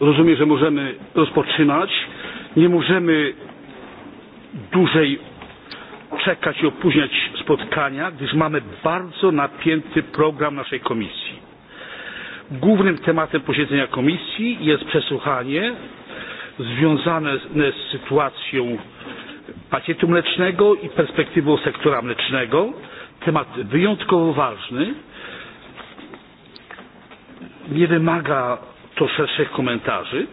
rozumie, że możemy rozpoczynać. Nie możemy dłużej czekać i opóźniać spotkania, gdyż mamy bardzo napięty program naszej komisji. Głównym tematem posiedzenia komisji jest przesłuchanie związane z sytuacją pakietu mlecznego i perspektywą sektora mlecznego. Temat wyjątkowo ważny. Nie wymaga to szerszych komentarzy.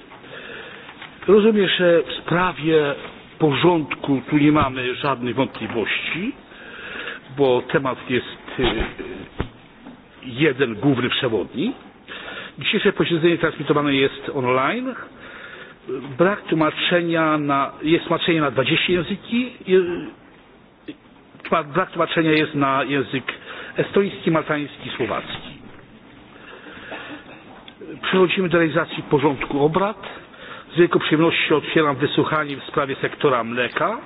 Rozumiem, że w sprawie porządku tu nie mamy żadnych wątpliwości, bo temat jest jeden główny przewodni. Dzisiejsze posiedzenie transmitowane jest online. Brak tłumaczenia na, jest tłumaczenie na 20 języki. Brak tłumaczenia jest na język estoński, maltański, słowacki Przechodzimy do realizacji porządku obrad. Z wielką przyjemnością otwieram wysłuchanie w sprawie sektora mleka,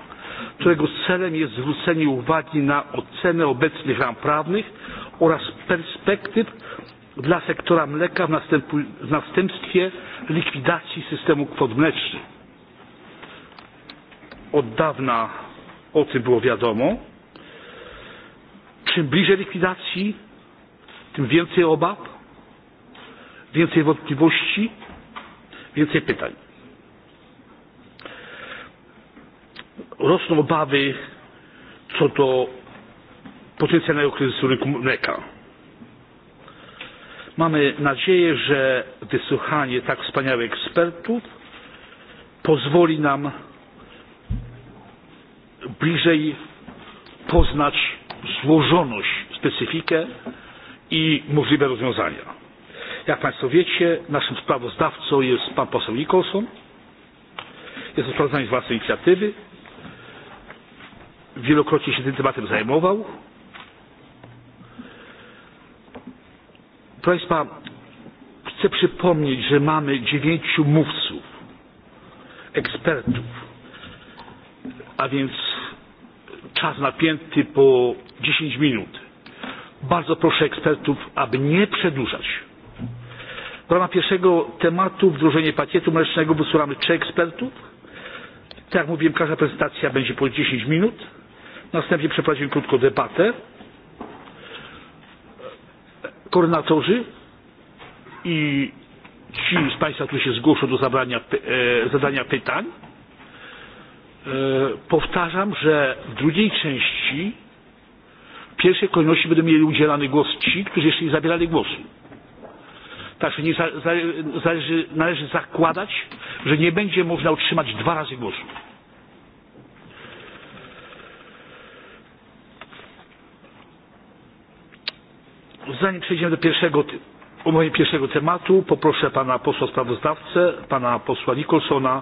którego celem jest zwrócenie uwagi na ocenę obecnych ram prawnych oraz perspektyw dla sektora mleka w, następu, w następstwie likwidacji systemu kwot mlecznych. Od dawna o tym było wiadomo. Czym bliżej likwidacji, tym więcej obaw Więcej wątpliwości, więcej pytań. Rosną obawy co do potencjalnego kryzysu rynku mleka. Mamy nadzieję, że wysłuchanie tak wspaniałych ekspertów pozwoli nam bliżej poznać złożoność, specyfikę i możliwe rozwiązania. Jak Państwo wiecie, naszym sprawozdawcą jest pan poseł Nicholson. Jest to sprawozdanie z własnej inicjatywy. Wielokrotnie się tym tematem zajmował. Proszę Państwa, chcę przypomnieć, że mamy dziewięciu mówców, ekspertów, a więc czas napięty po 10 minut. Bardzo proszę ekspertów, aby nie przedłużać. W ramach pierwszego tematu wdrożenie pakietu mlecznego wysłuchamy trzech ekspertów. Tak jak mówiłem, każda prezentacja będzie po 10 minut. Następnie przeprowadzimy krótką debatę. Koordynatorzy i ci z Państwa, którzy się zgłoszą do zabrania, e, zadania pytań, e, powtarzam, że w drugiej części w pierwszej kolejności będą mieli udzielany głos ci, którzy jeszcze nie zabierali głosu Także nie za, za, zależy, należy zakładać, że nie będzie można otrzymać dwa razy głosu. Zanim przejdziemy do pierwszego omówienia pierwszego tematu, poproszę pana posła sprawozdawcę, pana posła Nicholsona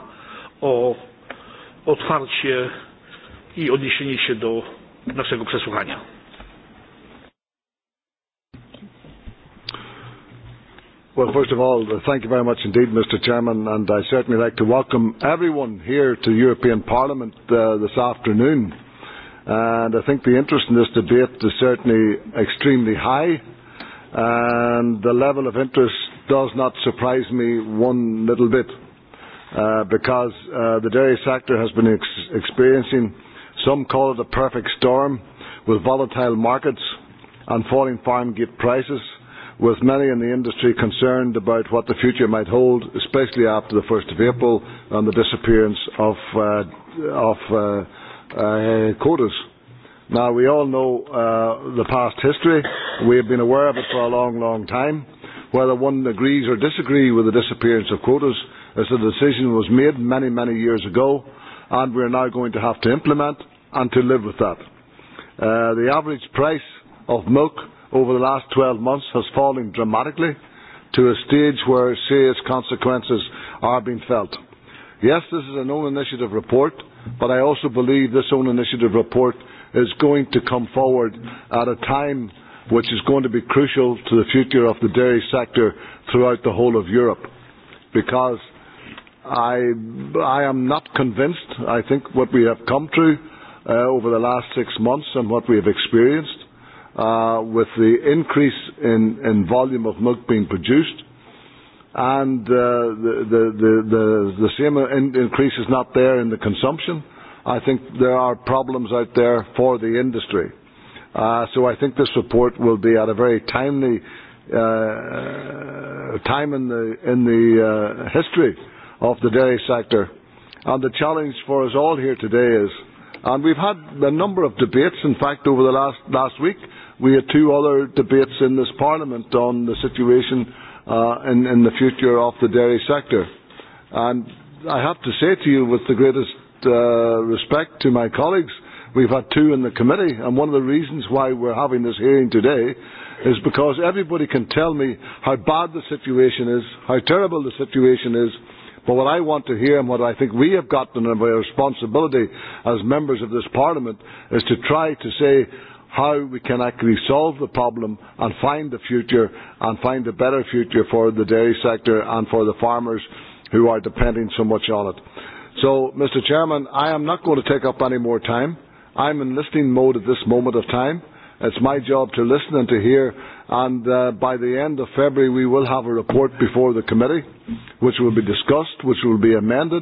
o otwarcie i odniesienie się do naszego przesłuchania. Well, first of all, thank you very much indeed, Mr. Chairman, and I certainly like to welcome everyone here to European Parliament uh, this afternoon. And I think the interest in this debate is certainly extremely high, and the level of interest does not surprise me one little bit, uh, because uh, the dairy sector has been ex- experiencing, some call it a perfect storm, with volatile markets and falling farm gate prices with many in the industry concerned about what the future might hold, especially after the 1st of April and the disappearance of, uh, of uh, uh, quotas. Now, we all know uh, the past history. We have been aware of it for a long, long time. Whether one agrees or disagrees with the disappearance of quotas is a decision was made many, many years ago, and we are now going to have to implement and to live with that. Uh, the average price of milk over the last 12 months has fallen dramatically to a stage where serious consequences are being felt. Yes, this is an own initiative report, but I also believe this own initiative report is going to come forward at a time which is going to be crucial to the future of the dairy sector throughout the whole of Europe. Because I, I am not convinced, I think what we have come through uh, over the last six months and what we have experienced uh, with the increase in, in volume of milk being produced, and uh, the, the, the, the, the same in, increase is not there in the consumption. I think there are problems out there for the industry. Uh, so I think this report will be at a very timely uh, time in the, in the uh, history of the dairy sector. And the challenge for us all here today is, and we've had a number of debates, in fact, over the last, last week We had two other debates in this Parliament on the situation uh, in, in the future of the dairy sector. And I have to say to you, with the greatest uh, respect to my colleagues, we've had two in the committee, and one of the reasons why we're having this hearing today is because everybody can tell me how bad the situation is, how terrible the situation is, but what I want to hear and what I think we have gotten and our responsibility as members of this Parliament is to try to say how we can actually solve the problem and find the future and find a better future for the dairy sector and for the farmers who are depending so much on it. So, Mr. Chairman, I am not going to take up any more time. I'm in listening mode at this moment of time. It's my job to listen and to hear, and uh, by the end of February we will have a report before the committee, which will be discussed, which will be amended,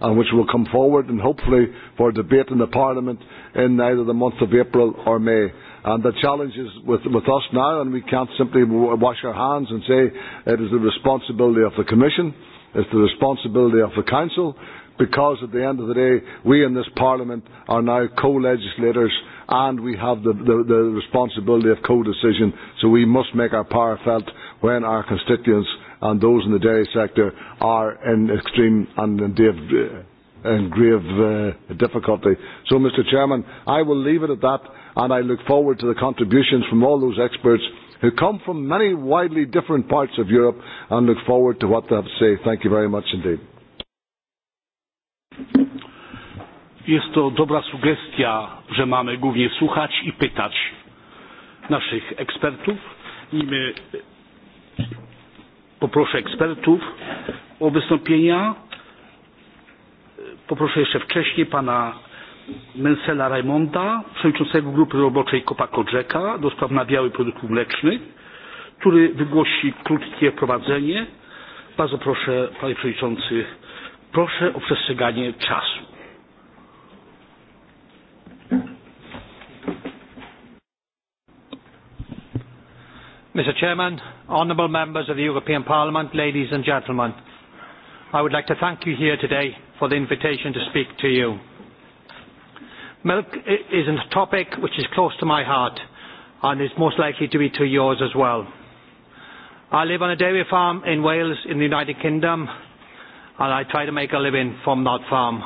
and which will come forward and hopefully for debate in the Parliament in either the month of April or May. And the challenge is with, with us now, and we can't simply wash our hands and say it is the responsibility of the Commission, it's the responsibility of the Council, because at the end of the day, we in this Parliament are now co-legislators and we have the, the, the responsibility of co-decision, so we must make our power felt when our constituents and those in the dairy sector are in extreme and indeed uh, in grave uh, difficulty. So, Mr Chairman, I will leave it at that, and I look forward to the contributions from all those experts who come from many widely different parts of Europe and look forward to what they have to say. Thank you very much indeed. Jest to dobra sugestia, że mamy głównie słuchać i pytać naszych ekspertów. I my Poproszę ekspertów o wystąpienia. Poproszę jeszcze wcześniej pana Mensela Raimonda, przewodniczącego Grupy Roboczej Kopa Kodrzeka do spraw nabiałych produktów mlecznych, który wygłosi krótkie wprowadzenie. Bardzo proszę, panie przewodniczący, proszę o przestrzeganie czasu. Mr. Chairman, honourable members of the European Parliament, ladies and gentlemen, I would like to thank you here today for the invitation to speak to you. Milk is a topic which is close to my heart and is most likely to be to yours as well. I live on a dairy farm in Wales in the United Kingdom and I try to make a living from that farm.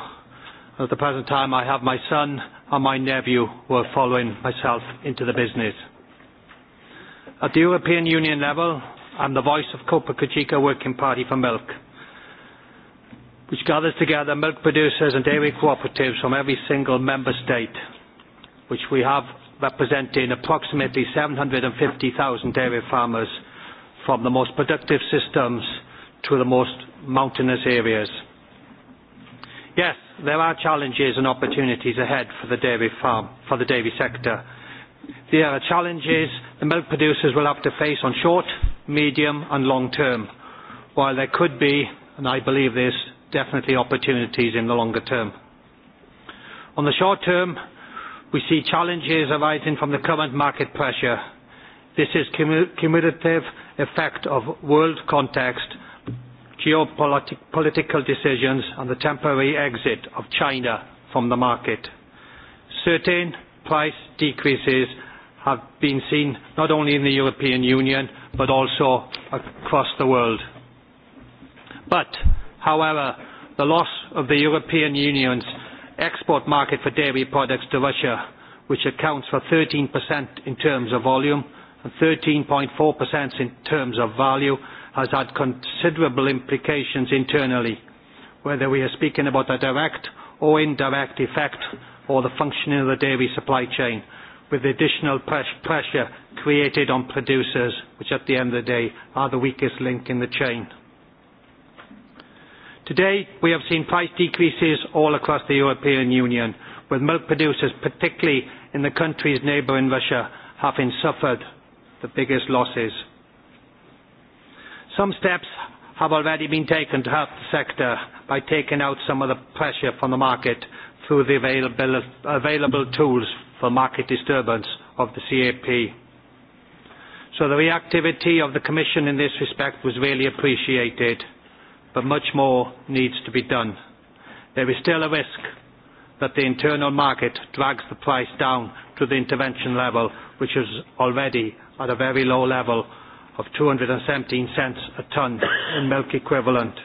At the present time I have my son and my nephew who are following myself into the business. At the European Union level, I'm the voice of Copa Cogeca Working Party for Milk, which gathers together milk producers and dairy cooperatives from every single member state, which we have representing approximately 750,000 dairy farmers from the most productive systems to the most mountainous areas. Yes, there are challenges and opportunities ahead for the dairy farm, for the dairy sector. There are challenges the milk producers will have to face on short, medium and long term, while there could be, and I believe there's definitely opportunities in the longer term. On the short term, we see challenges arising from the current market pressure. This is cumulative effect of world context, geopolitical decisions and the temporary exit of China from the market. Certain price decreases have been seen not only in the European Union but also across the world. But, however, the loss of the European Union's export market for dairy products to Russia, which accounts for 13% in terms of volume and 13.4% in terms of value, has had considerable implications internally, whether we are speaking about the direct or indirect effect or the functioning of the dairy supply chain with additional pressure created on producers, which at the end of the day are the weakest link in the chain. Today, we have seen price decreases all across the European Union, with milk producers, particularly in the country's neighbour in Russia, having suffered the biggest losses. Some steps have already been taken to help the sector by taking out some of the pressure from the market through the available, available tools for market disturbance of the CAP. So the reactivity of the Commission in this respect was really appreciated, but much more needs to be done. There is still a risk that the internal market drags the price down to the intervention level, which is already at a very low level of 217 cents a tonne in milk equivalent.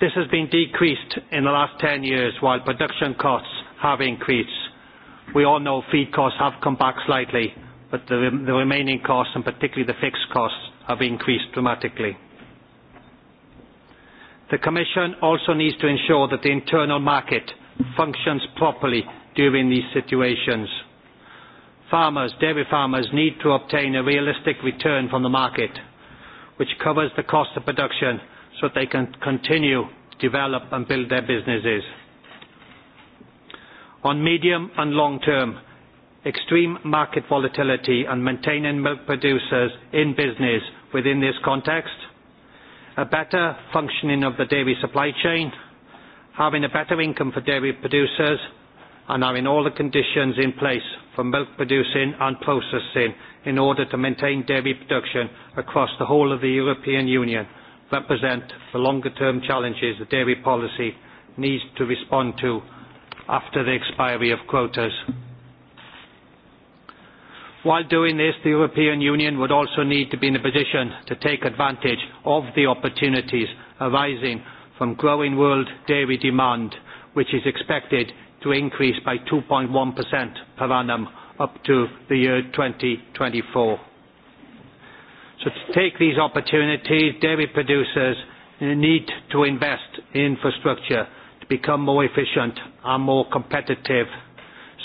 This has been decreased in the last 10 years, while production costs have increased. We all know feed costs have come back slightly, but the, the remaining costs, and particularly the fixed costs, have increased dramatically. The Commission also needs to ensure that the internal market functions properly during these situations. Farmers, dairy farmers, need to obtain a realistic return from the market, which covers the cost of production so they can continue to develop and build their businesses on medium and long term extreme market volatility and maintaining milk producers in business within this context, a better functioning of the dairy supply chain, having a better income for dairy producers, and having all the conditions in place for milk producing and processing in order to maintain dairy production across the whole of the European Union represent the longer term challenges the dairy policy needs to respond to after the expiry of quotas. While doing this, the European Union would also need to be in a position to take advantage of the opportunities arising from growing world dairy demand, which is expected to increase by 2.1% per annum up to the year 2024. So to take these opportunities, dairy producers need to invest in infrastructure become more efficient and more competitive.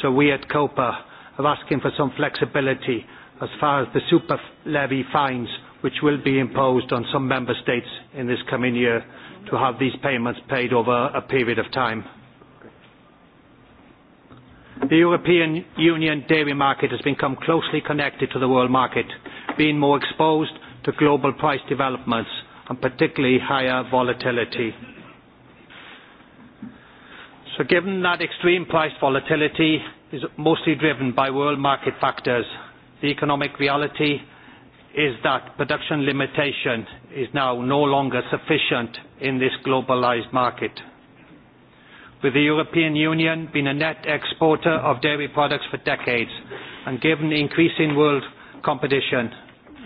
So we at COPA are asking for some flexibility as far as the super levy fines which will be imposed on some member states in this coming year to have these payments paid over a period of time. The European Union dairy market has become closely connected to the world market, being more exposed to global price developments and particularly higher volatility. So given that extreme price volatility is mostly driven by world market factors, the economic reality is that production limitation is now no longer sufficient in this globalized market. With the European Union being a net exporter of dairy products for decades, and given increasing world competition,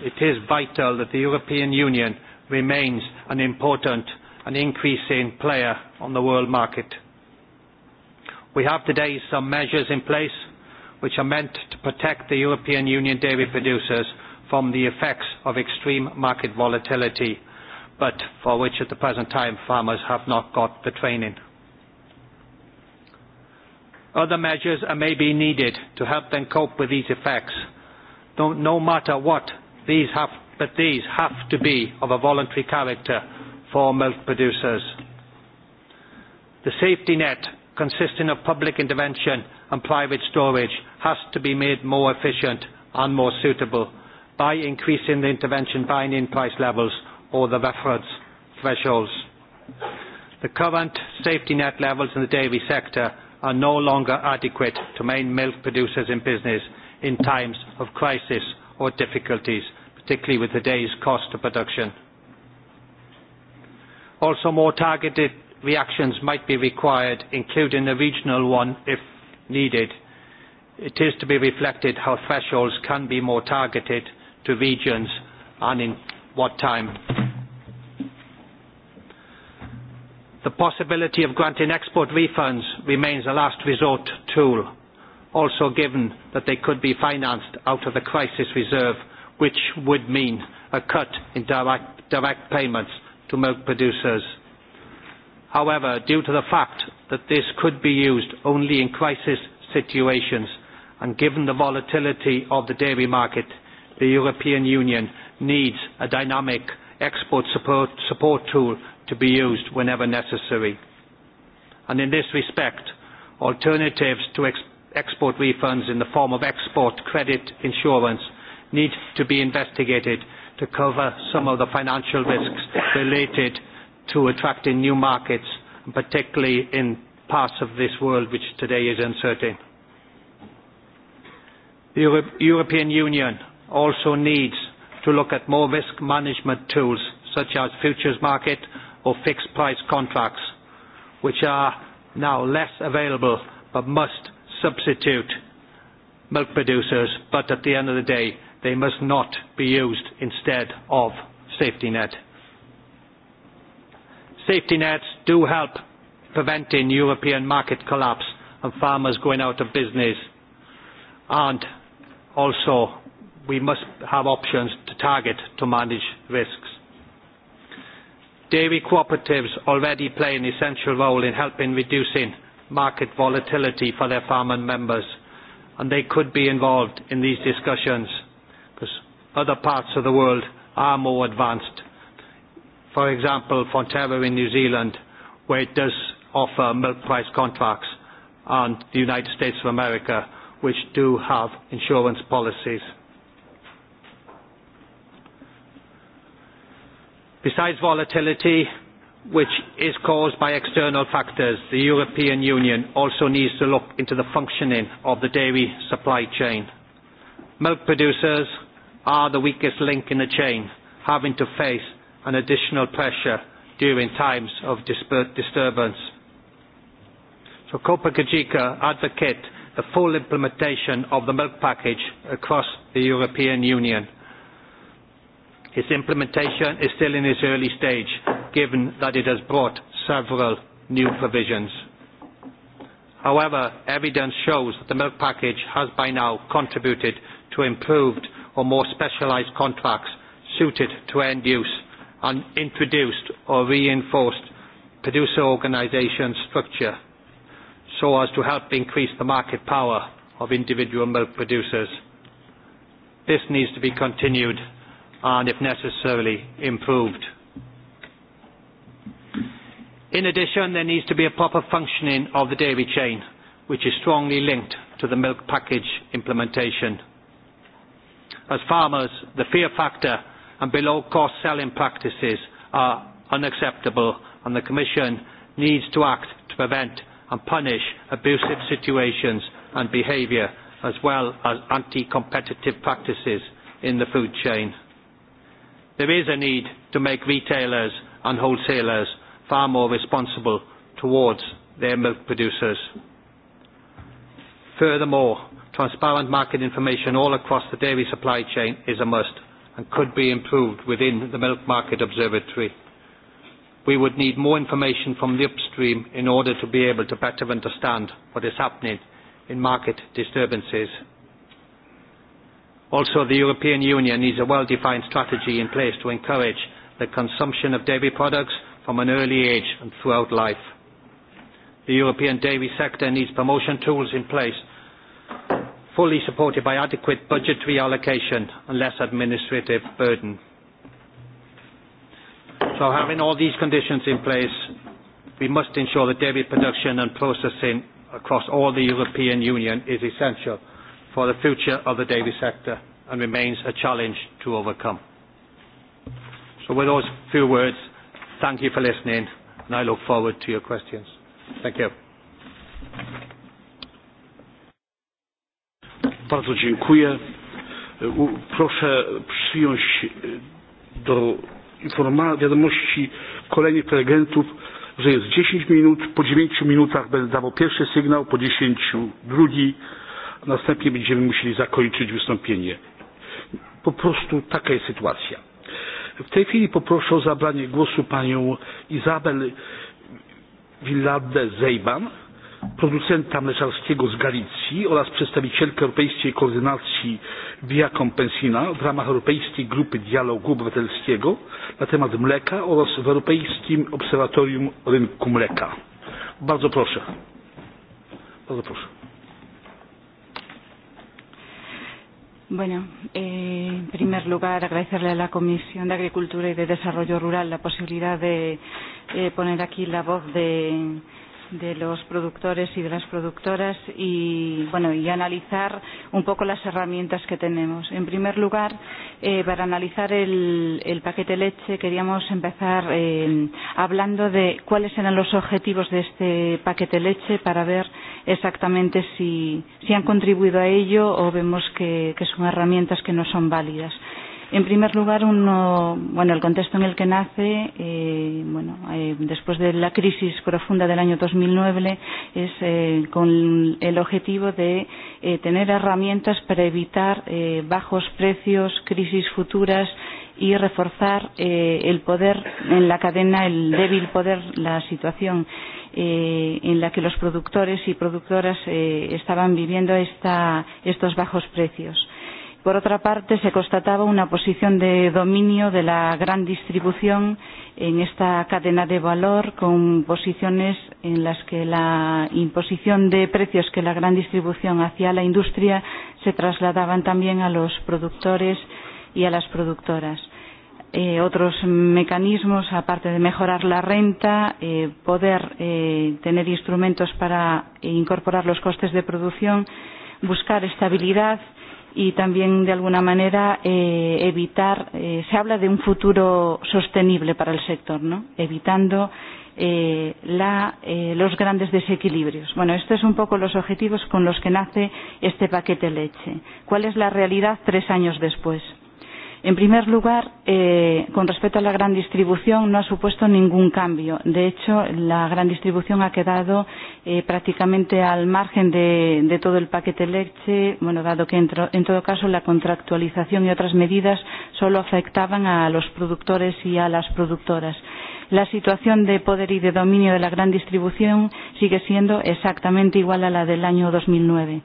it is vital that the European Union remains an important and increasing player on the world market. We have today some measures in place which are meant to protect the European Union dairy producers from the effects of extreme market volatility, but for which at the present time farmers have not got the training. Other measures are maybe needed to help them cope with these effects. Don't, no matter what, these have, but these have to be of a voluntary character for milk producers. The safety net consisting of public intervention and private storage has to be made more efficient and more suitable by increasing the intervention buying in price levels or the reference thresholds. The current safety net levels in the dairy sector are no longer adequate to main milk producers in business in times of crisis or difficulties, particularly with today's cost of production. Also, more targeted reactions might be required, including a regional one if needed. It is to be reflected how thresholds can be more targeted to regions and in what time. The possibility of granting export refunds remains a last resort tool, also given that they could be financed out of the crisis reserve, which would mean a cut in direct, direct payments to milk producers However, due to the fact that this could be used only in crisis situations and given the volatility of the dairy market, the European Union needs a dynamic export support, support tool to be used whenever necessary. And in this respect, alternatives to ex export refunds in the form of export credit insurance need to be investigated to cover some of the financial risks related to attracting new markets, particularly in parts of this world which today is uncertain. The Euro European Union also needs to look at more risk management tools such as futures market or fixed price contracts, which are now less available but must substitute milk producers, but at the end of the day, they must not be used instead of safety net. Safety nets do help preventing European market collapse and farmers going out of business. And also, we must have options to target to manage risks. Dairy cooperatives already play an essential role in helping reducing market volatility for their farmer members, and they could be involved in these discussions because other parts of the world are more advanced for example, Fonterra in New Zealand, where it does offer milk price contracts, and the United States of America, which do have insurance policies. Besides volatility, which is caused by external factors, the European Union also needs to look into the functioning of the dairy supply chain. Milk producers are the weakest link in the chain, having to face and additional pressure during times of disturbance. So Copa Cogeca advocate the full implementation of the milk package across the European Union. Its implementation is still in its early stage, given that it has brought several new provisions. However, evidence shows that the milk package has by now contributed to improved or more specialised contracts suited to end use and introduced or reinforced producer organisation structure so as to help increase the market power of individual milk producers. This needs to be continued and, if necessarily, improved. In addition, there needs to be a proper functioning of the dairy chain, which is strongly linked to the milk package implementation. As farmers, the fear factor and below cost selling practices are unacceptable and the Commission needs to act to prevent and punish abusive situations and behaviour as well as anti-competitive practices in the food chain. There is a need to make retailers and wholesalers far more responsible towards their milk producers. Furthermore, transparent market information all across the dairy supply chain is a must and could be improved within the Milk Market Observatory. We would need more information from the upstream in order to be able to better understand what is happening in market disturbances. Also, the European Union needs a well-defined strategy in place to encourage the consumption of dairy products from an early age and throughout life. The European dairy sector needs promotion tools in place fully supported by adequate budgetary allocation and less administrative burden. So having all these conditions in place, we must ensure that dairy production and processing across all the European Union is essential for the future of the dairy sector and remains a challenge to overcome. So with those few words, thank you for listening and I look forward to your questions. Thank you. Bardzo dziękuję. Proszę przyjąć e, do wiadomości kolejnych prelegentów, że jest 10 minut. Po 9 minutach będę dawał pierwszy sygnał, po 10 drugi. Następnie będziemy musieli zakończyć wystąpienie. Po prostu taka jest sytuacja. W tej chwili poproszę o zabranie głosu panią Izabel villade Zejban producenta mleczarskiego z Galicji oraz przedstawicielkę Europejskiej Koordynacji Via Compensina w ramach Europejskiej Grupy Dialogu Obywatelskiego na temat mleka oraz w Europejskim Obserwatorium Rynku Mleka. Bardzo proszę. Bardzo proszę. Bueno, eh, en primer lugar, agradecerle a la Comisión de Agricultura y de Desarrollo Rural la posibilidad de eh, poner aquí la voz de, de los productores y de las productoras y bueno y analizar un poco las herramientas que tenemos. En primer lugar, eh, para analizar el, el paquete leche queríamos empezar eh, hablando de cuáles eran los objetivos de este paquete leche para ver exactamente si, si han contribuido a ello o vemos que, que son herramientas que no son válidas. En primer lugar, uno, bueno, el contexto en el que nace, eh, bueno, eh, después de la crisis profunda del año 2009, es eh, con el objetivo de eh, tener herramientas para evitar eh, bajos precios, crisis futuras y reforzar eh, el poder en la cadena, el débil poder, la situación eh, en la que los productores y productoras eh, estaban viviendo esta, estos bajos precios Por otra parte, se constataba una posición de dominio de la gran distribución en esta cadena de valor con posiciones en las que la imposición de precios que la gran distribución hacía a la industria se trasladaban también a los productores y a las productoras. Eh, otros mecanismos, aparte de mejorar la renta, eh, poder eh, tener instrumentos para incorporar los costes de producción, buscar estabilidad y también de alguna manera eh, evitar eh, se habla de un futuro sostenible para el sector no evitando eh, la, eh, los grandes desequilibrios. Bueno, estos es son un poco los objetivos con los que nace este paquete leche. ¿Cuál es la realidad tres años después? En primer lugar, eh, con respecto a la gran distribución, no ha supuesto ningún cambio. De hecho, la gran distribución ha quedado eh, prácticamente al margen de, de todo el paquete leche, bueno, dado que en, en todo caso la contractualización y otras medidas solo afectaban a los productores y a las productoras la situación de poder y de dominio de la gran distribución sigue siendo exactamente igual a la del año 2009.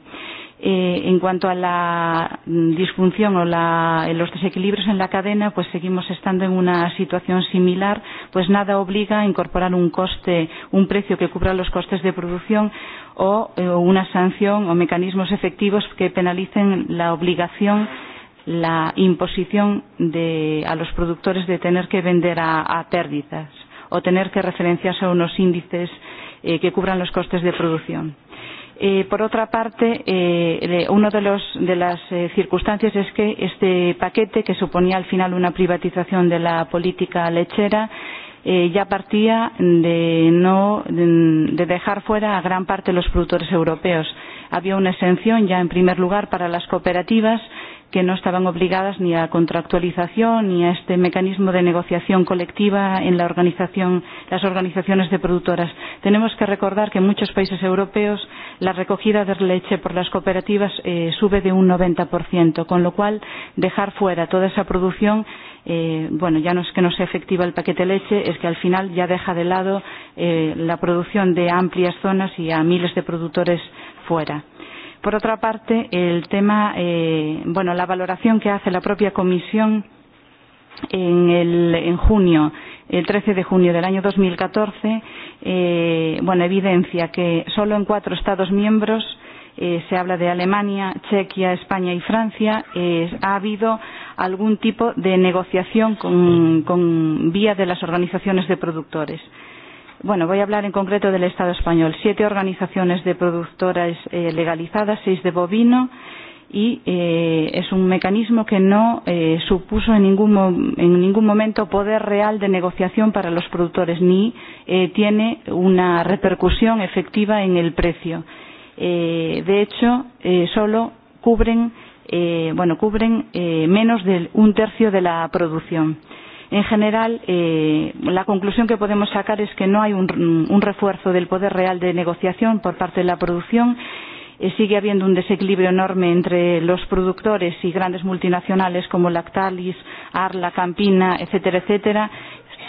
Eh, en cuanto a la mm, disfunción o la, eh, los desequilibrios en la cadena, pues seguimos estando en una situación similar, pues nada obliga a incorporar un coste, un precio que cubra los costes de producción o eh, una sanción o mecanismos efectivos que penalicen la obligación la imposición de, a los productores de tener que vender a, a pérdidas o tener que referenciarse a unos índices eh, que cubran los costes de producción. Eh, por otra parte, eh, una de, de las eh, circunstancias es que este paquete, que suponía al final una privatización de la política lechera, eh, ya partía de, no, de dejar fuera a gran parte de los productores europeos. Había una exención ya, en primer lugar, para las cooperativas que no estaban obligadas ni a contractualización ni a este mecanismo de negociación colectiva en la organización, las organizaciones de productoras. Tenemos que recordar que en muchos países europeos la recogida de leche por las cooperativas eh, sube de un 90%, con lo cual dejar fuera toda esa producción eh, bueno, ya no es que no sea efectiva el paquete leche, es que al final ya deja de lado eh, la producción de amplias zonas y a miles de productores fuera. Por otra parte, el tema, eh, bueno, la valoración que hace la propia Comisión en, el, en junio, el 13 de junio del año 2014, eh, bueno, evidencia que solo en cuatro Estados miembros eh, se habla de Alemania, Chequia, España y Francia, eh, ha habido algún tipo de negociación con, con vía de las organizaciones de productores. Eh, Bueno, voy a hablar en concreto del Estado español. Siete organizaciones de productoras eh, legalizadas, seis de bovino, y eh, es un mecanismo que no eh, supuso en ningún, en ningún momento poder real de negociación para los productores, ni eh, tiene una repercusión efectiva en el precio. Eh, de hecho, eh, solo cubren, eh, bueno, cubren eh, menos de un tercio de la producción. Eh, en general, eh, la conclusión que podemos sacar es que no hay un, un refuerzo del poder real de negociación por parte de la producción. Eh, sigue habiendo un desequilibrio enorme entre los productores y grandes multinacionales como Lactalis, Arla, Campina, etcétera, etcétera.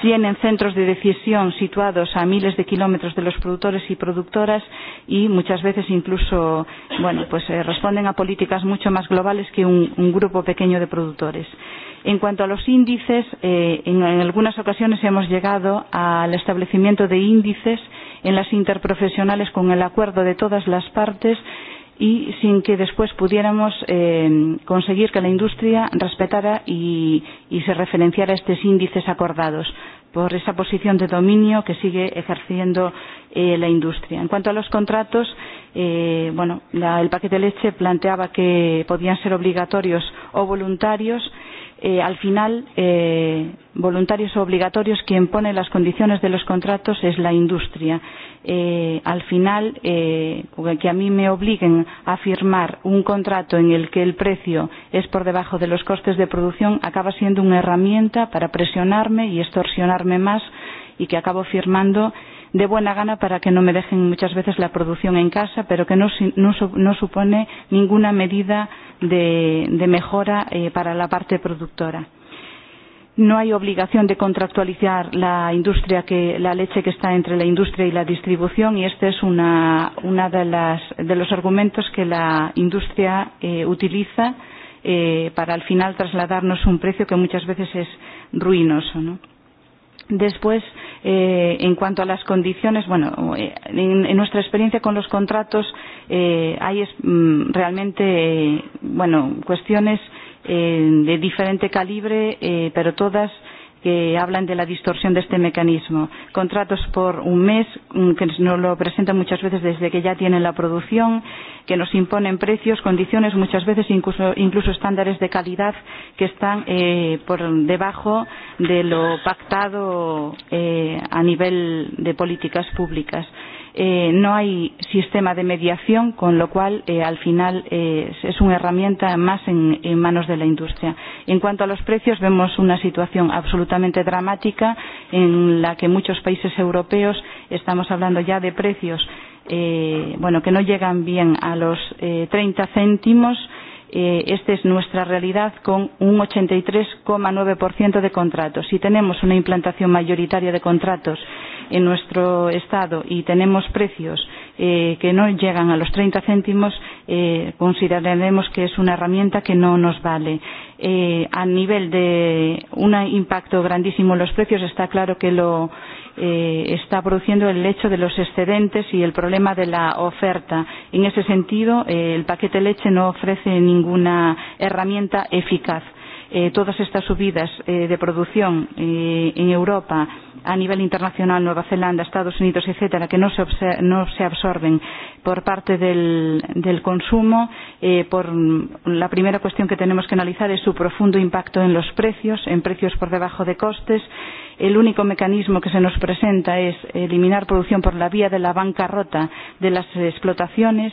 Tienen centros de decisión situados a miles de kilómetros de los productores y productoras y muchas veces incluso bueno, pues, eh, responden a políticas mucho más globales que un, un grupo pequeño de productores. En cuanto a los índices, eh, en, en algunas ocasiones hemos llegado al establecimiento de índices en las interprofesionales con el acuerdo de todas las partes y sin que después pudiéramos eh, conseguir que la industria respetara y, y se referenciara a estos índices acordados por esa posición de dominio que sigue ejerciendo eh, la industria. En cuanto a los contratos, eh, bueno, la, el paquete de leche planteaba que podían ser obligatorios o voluntarios eh, al final, eh, voluntarios o obligatorios, quien pone las condiciones de los contratos es la industria. Eh, al final, eh, que a mí me obliguen a firmar un contrato en el que el precio es por debajo de los costes de producción, acaba siendo una herramienta para presionarme y extorsionarme más y que acabo firmando de buena gana para que no me dejen muchas veces la producción en casa, pero que no, no, no supone ninguna medida de, de mejora eh, para la parte productora no hay obligación de contractualizar la industria que la leche que está entre la industria y la distribución y este es uno una de de los argumentos que la industria eh, utiliza eh, para al final trasladarnos un precio que muchas veces es ruinoso, ¿no? Después, eh, en cuanto a las condiciones, bueno, eh, en, en nuestra experiencia con los contratos eh, hay es, mm, realmente, eh, bueno, cuestiones eh, de diferente calibre, eh, pero todas que hablan de la distorsión de este mecanismo. Contratos por un mes, mm, que nos lo presentan muchas veces desde que ya tienen la producción, que nos imponen precios, condiciones, muchas veces incluso, incluso estándares de calidad que están eh, por debajo de lo pactado eh, a nivel de políticas públicas eh, no hay sistema de mediación, con lo cual eh, al final eh, es una herramienta más en, en manos de la industria. En cuanto a los precios, vemos una situación absolutamente dramática en la que muchos países europeos estamos hablando ya de precios eh, bueno, que no llegan bien a los eh, 30 céntimos. Eh, esta es nuestra realidad con un 83,9% de contratos. Si tenemos una implantación mayoritaria de contratos en nuestro estado y tenemos precios eh, que no llegan a los 30 céntimos, eh, consideraremos que es una herramienta que no nos vale. Eh, a nivel de un impacto grandísimo en los precios, está claro que lo eh, está produciendo el hecho de los excedentes y el problema de la oferta. En ese sentido, eh, el paquete leche no ofrece ninguna herramienta eficaz eh, todas estas subidas eh, de producción eh, en Europa, a nivel internacional, Nueva Zelanda, Estados Unidos, etcétera, que no se, observe, no se absorben por parte del, del consumo, eh, por la primera cuestión que tenemos que analizar es su profundo impacto en los precios, en precios por debajo de costes. El único mecanismo que se nos presenta es eliminar producción por la vía de la bancarrota de las explotaciones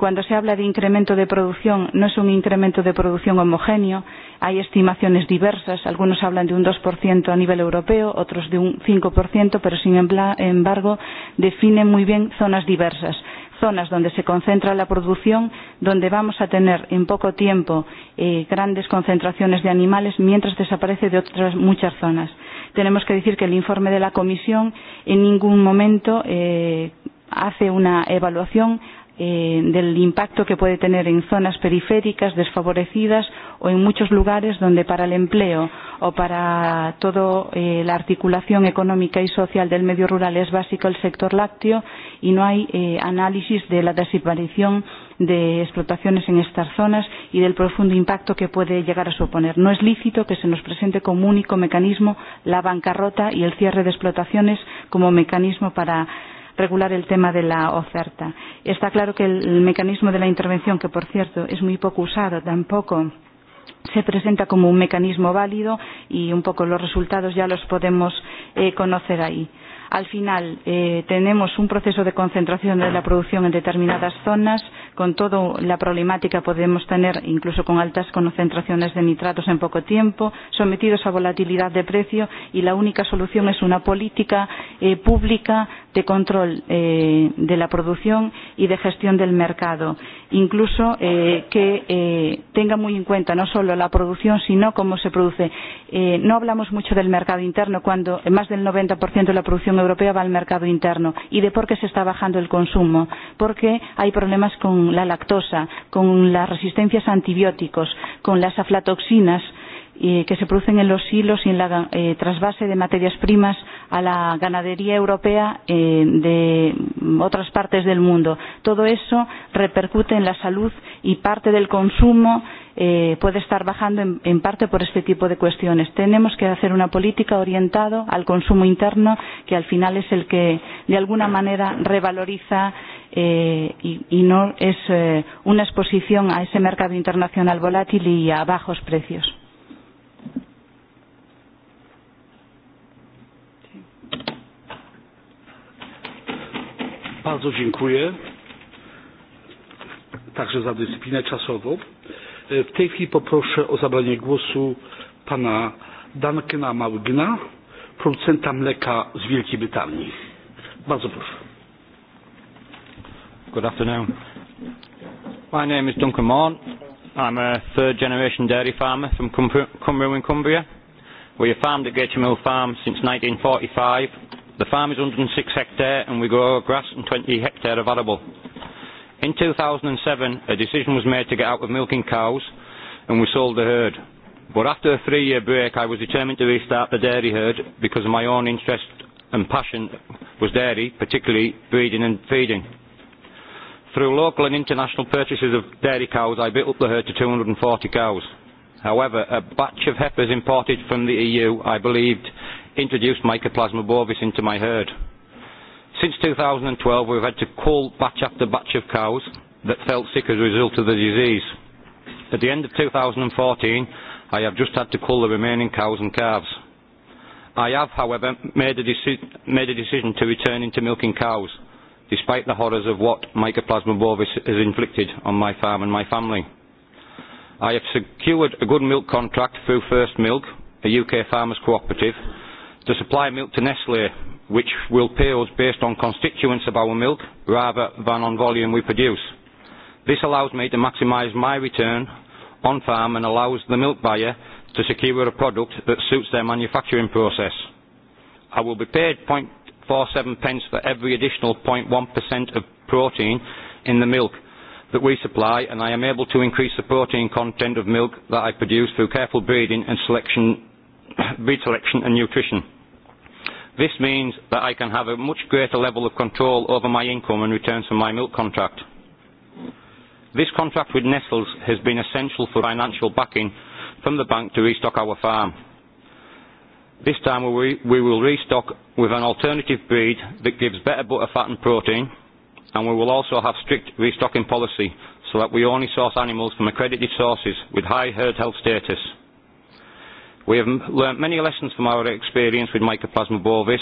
Cuando se habla de incremento de producción, no es un incremento de producción homogéneo. Hay estimaciones diversas. Algunos hablan de un 2% a nivel europeo, otros de un 5%, pero sin embargo definen muy bien zonas diversas zonas donde se concentra la producción, donde vamos a tener en poco tiempo eh, grandes concentraciones de animales mientras desaparece de otras muchas zonas. Tenemos que decir que el informe de la Comisión en ningún momento eh, hace una evaluación eh, del impacto que puede tener en zonas periféricas, desfavorecidas o en muchos lugares donde para el empleo o para toda eh, la articulación económica y social del medio rural es básico el sector lácteo y no hay eh, análisis de la desaparición de explotaciones en estas zonas y del profundo impacto que puede llegar a suponer. No es lícito que se nos presente como único mecanismo la bancarrota y el cierre de explotaciones como mecanismo para regular el tema de la oferta. Está claro que el mecanismo de la intervención, que por cierto es muy poco usado, tampoco se presenta como un mecanismo válido y un poco los resultados ya los podemos eh, conocer ahí. Al final, eh, tenemos un proceso de concentración de la producción en determinadas zonas, con toda la problemática podemos tener, incluso con altas concentraciones de nitratos en poco tiempo, sometidos a volatilidad de precio, y la única solución es una política eh, pública de control eh, de la producción y de gestión del mercado, incluso eh, que eh, tenga muy en cuenta no solo la producción, sino cómo se produce. Eh, no hablamos mucho del mercado interno cuando más del 90% de la producción europea va al mercado interno y de por qué se está bajando el consumo, porque hay problemas con la lactosa, con las resistencias a antibióticos, con las aflatoxinas, eh, que se producen en los hilos y en la eh, trasvase de materias primas a la ganadería europea eh, de otras partes del mundo. Todo eso repercute en la salud y parte del consumo eh, puede estar bajando en, en parte por este tipo de cuestiones. Tenemos que hacer una política orientada al consumo interno, que al final es el que de alguna manera revaloriza eh, y, y no es eh, una exposición a ese mercado internacional volátil y a bajos precios. Bardzo dziękuję także za dyscyplinę czasową. E, w tej chwili poproszę o zabranie głosu pana Duncana Małgna, producenta mleka z Wielkiej Brytanii. Bardzo proszę. Good afternoon. My name is Duncan Morn. I'm a third generation dairy farmer from Cumbria in Cumbria. We have farmed at Gator Mill Farm since 1945 The farm is 106 hectare and we grow grass and 20 hectare of arable. In 2007, a decision was made to get out of milking cows and we sold the herd. But after a three-year break, I was determined to restart the dairy herd because my own interest and passion was dairy, particularly breeding and feeding. Through local and international purchases of dairy cows, I built up the herd to 240 cows. However, a batch of heifers imported from the EU, I believed, introduced Mycoplasma bovis into my herd. Since 2012, we've had to cull batch after batch of cows that felt sick as a result of the disease. At the end of 2014, I have just had to cull the remaining cows and calves. I have, however, made a, deci- made a decision to return into milking cows, despite the horrors of what Mycoplasma bovis has inflicted on my farm and my family. I have secured a good milk contract through First Milk, a UK farmers cooperative, to supply milk to Nestle, which will pay us based on constituents of our milk rather than on volume we produce. This allows me to maximise my return on farm and allows the milk buyer to secure a product that suits their manufacturing process. I will be paid 0.47 pence for every additional 0.1% of protein in the milk that we supply, and I am able to increase the protein content of milk that I produce through careful breeding and selection breed selection and nutrition. This means that I can have a much greater level of control over my income and returns from my milk contract. This contract with Nestles has been essential for financial backing from the bank to restock our farm. This time we, we will restock with an alternative breed that gives better butter fat and protein, and we will also have strict restocking policy so that we only source animals from accredited sources with high herd health status. We have learnt many lessons from our experience with Mycoplasma bovis,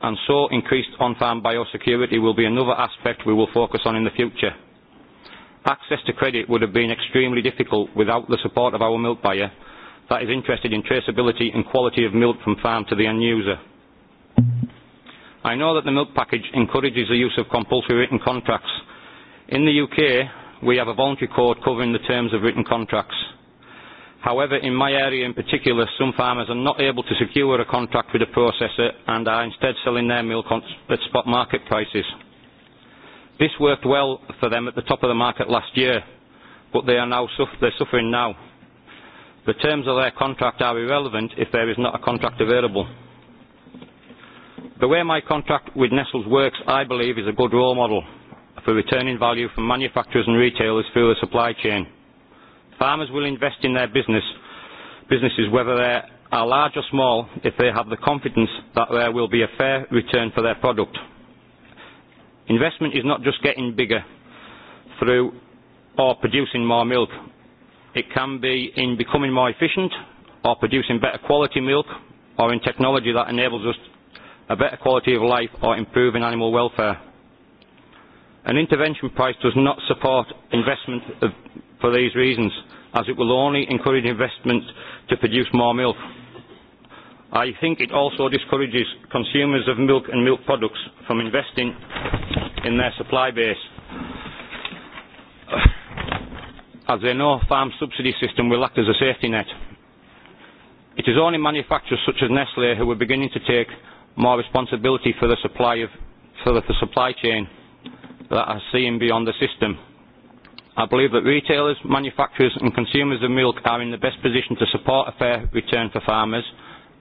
and so increased on-farm biosecurity will be another aspect we will focus on in the future. Access to credit would have been extremely difficult without the support of our milk buyer that is interested in traceability and quality of milk from farm to the end user. I know that the milk package encourages the use of compulsory written contracts. In the UK, we have a voluntary code covering the terms of written contracts. However, in my area in particular, some farmers are not able to secure a contract with a processor and are instead selling their milk at spot market prices. This worked well for them at the top of the market last year, but they are now they're suffering now. The terms of their contract are irrelevant if there is not a contract available. The way my contract with Nestle's works, I believe, is a good role model for returning value from manufacturers and retailers through the supply chain Farmers will invest in their business, businesses, whether they are large or small, if they have the confidence that there will be a fair return for their product. Investment is not just getting bigger through or producing more milk. It can be in becoming more efficient or producing better quality milk or in technology that enables us a better quality of life or improving animal welfare. An intervention price does not support investment of for these reasons, as it will only encourage investment to produce more milk. I think it also discourages consumers of milk and milk products from investing in their supply base, as they know farm subsidy system will act as a safety net. It is only manufacturers such as Nestle who are beginning to take more responsibility for the supply, of, for the, for supply chain that are seeing beyond the system I believe that retailers, manufacturers and consumers of milk are in the best position to support a fair return for farmers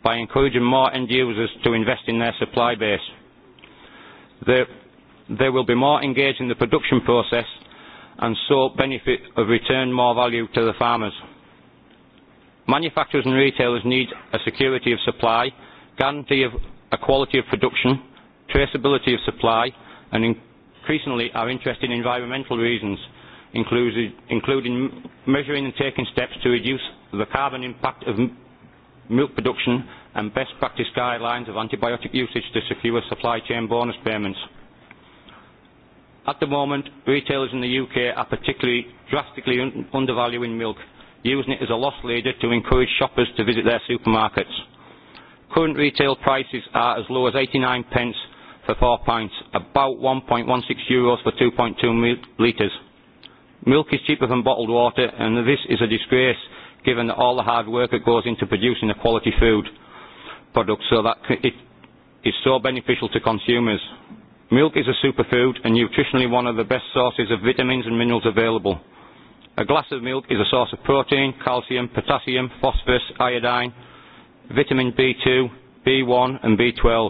by encouraging more end users to invest in their supply base. They, they will be more engaged in the production process and so benefit of return more value to the farmers. Manufacturers and retailers need a security of supply, guarantee of a quality of production, traceability of supply and increasingly are interested in environmental reasons – including measuring and taking steps to reduce the carbon impact of milk production and best practice guidelines of antibiotic usage to secure supply chain bonus payments. At the moment, retailers in the UK are particularly drastically undervaluing milk, using it as a loss leader to encourage shoppers to visit their supermarkets. Current retail prices are as low as 89 pence for 4 pints, about 1.16 euros for 2.2 litres. Milk is cheaper than bottled water, and this is a disgrace given all the hard work that goes into producing a quality food product so that it is so beneficial to consumers. Milk is a superfood and nutritionally one of the best sources of vitamins and minerals available. A glass of milk is a source of protein, calcium, potassium, phosphorus, iodine, vitamin B2, B1 and B12.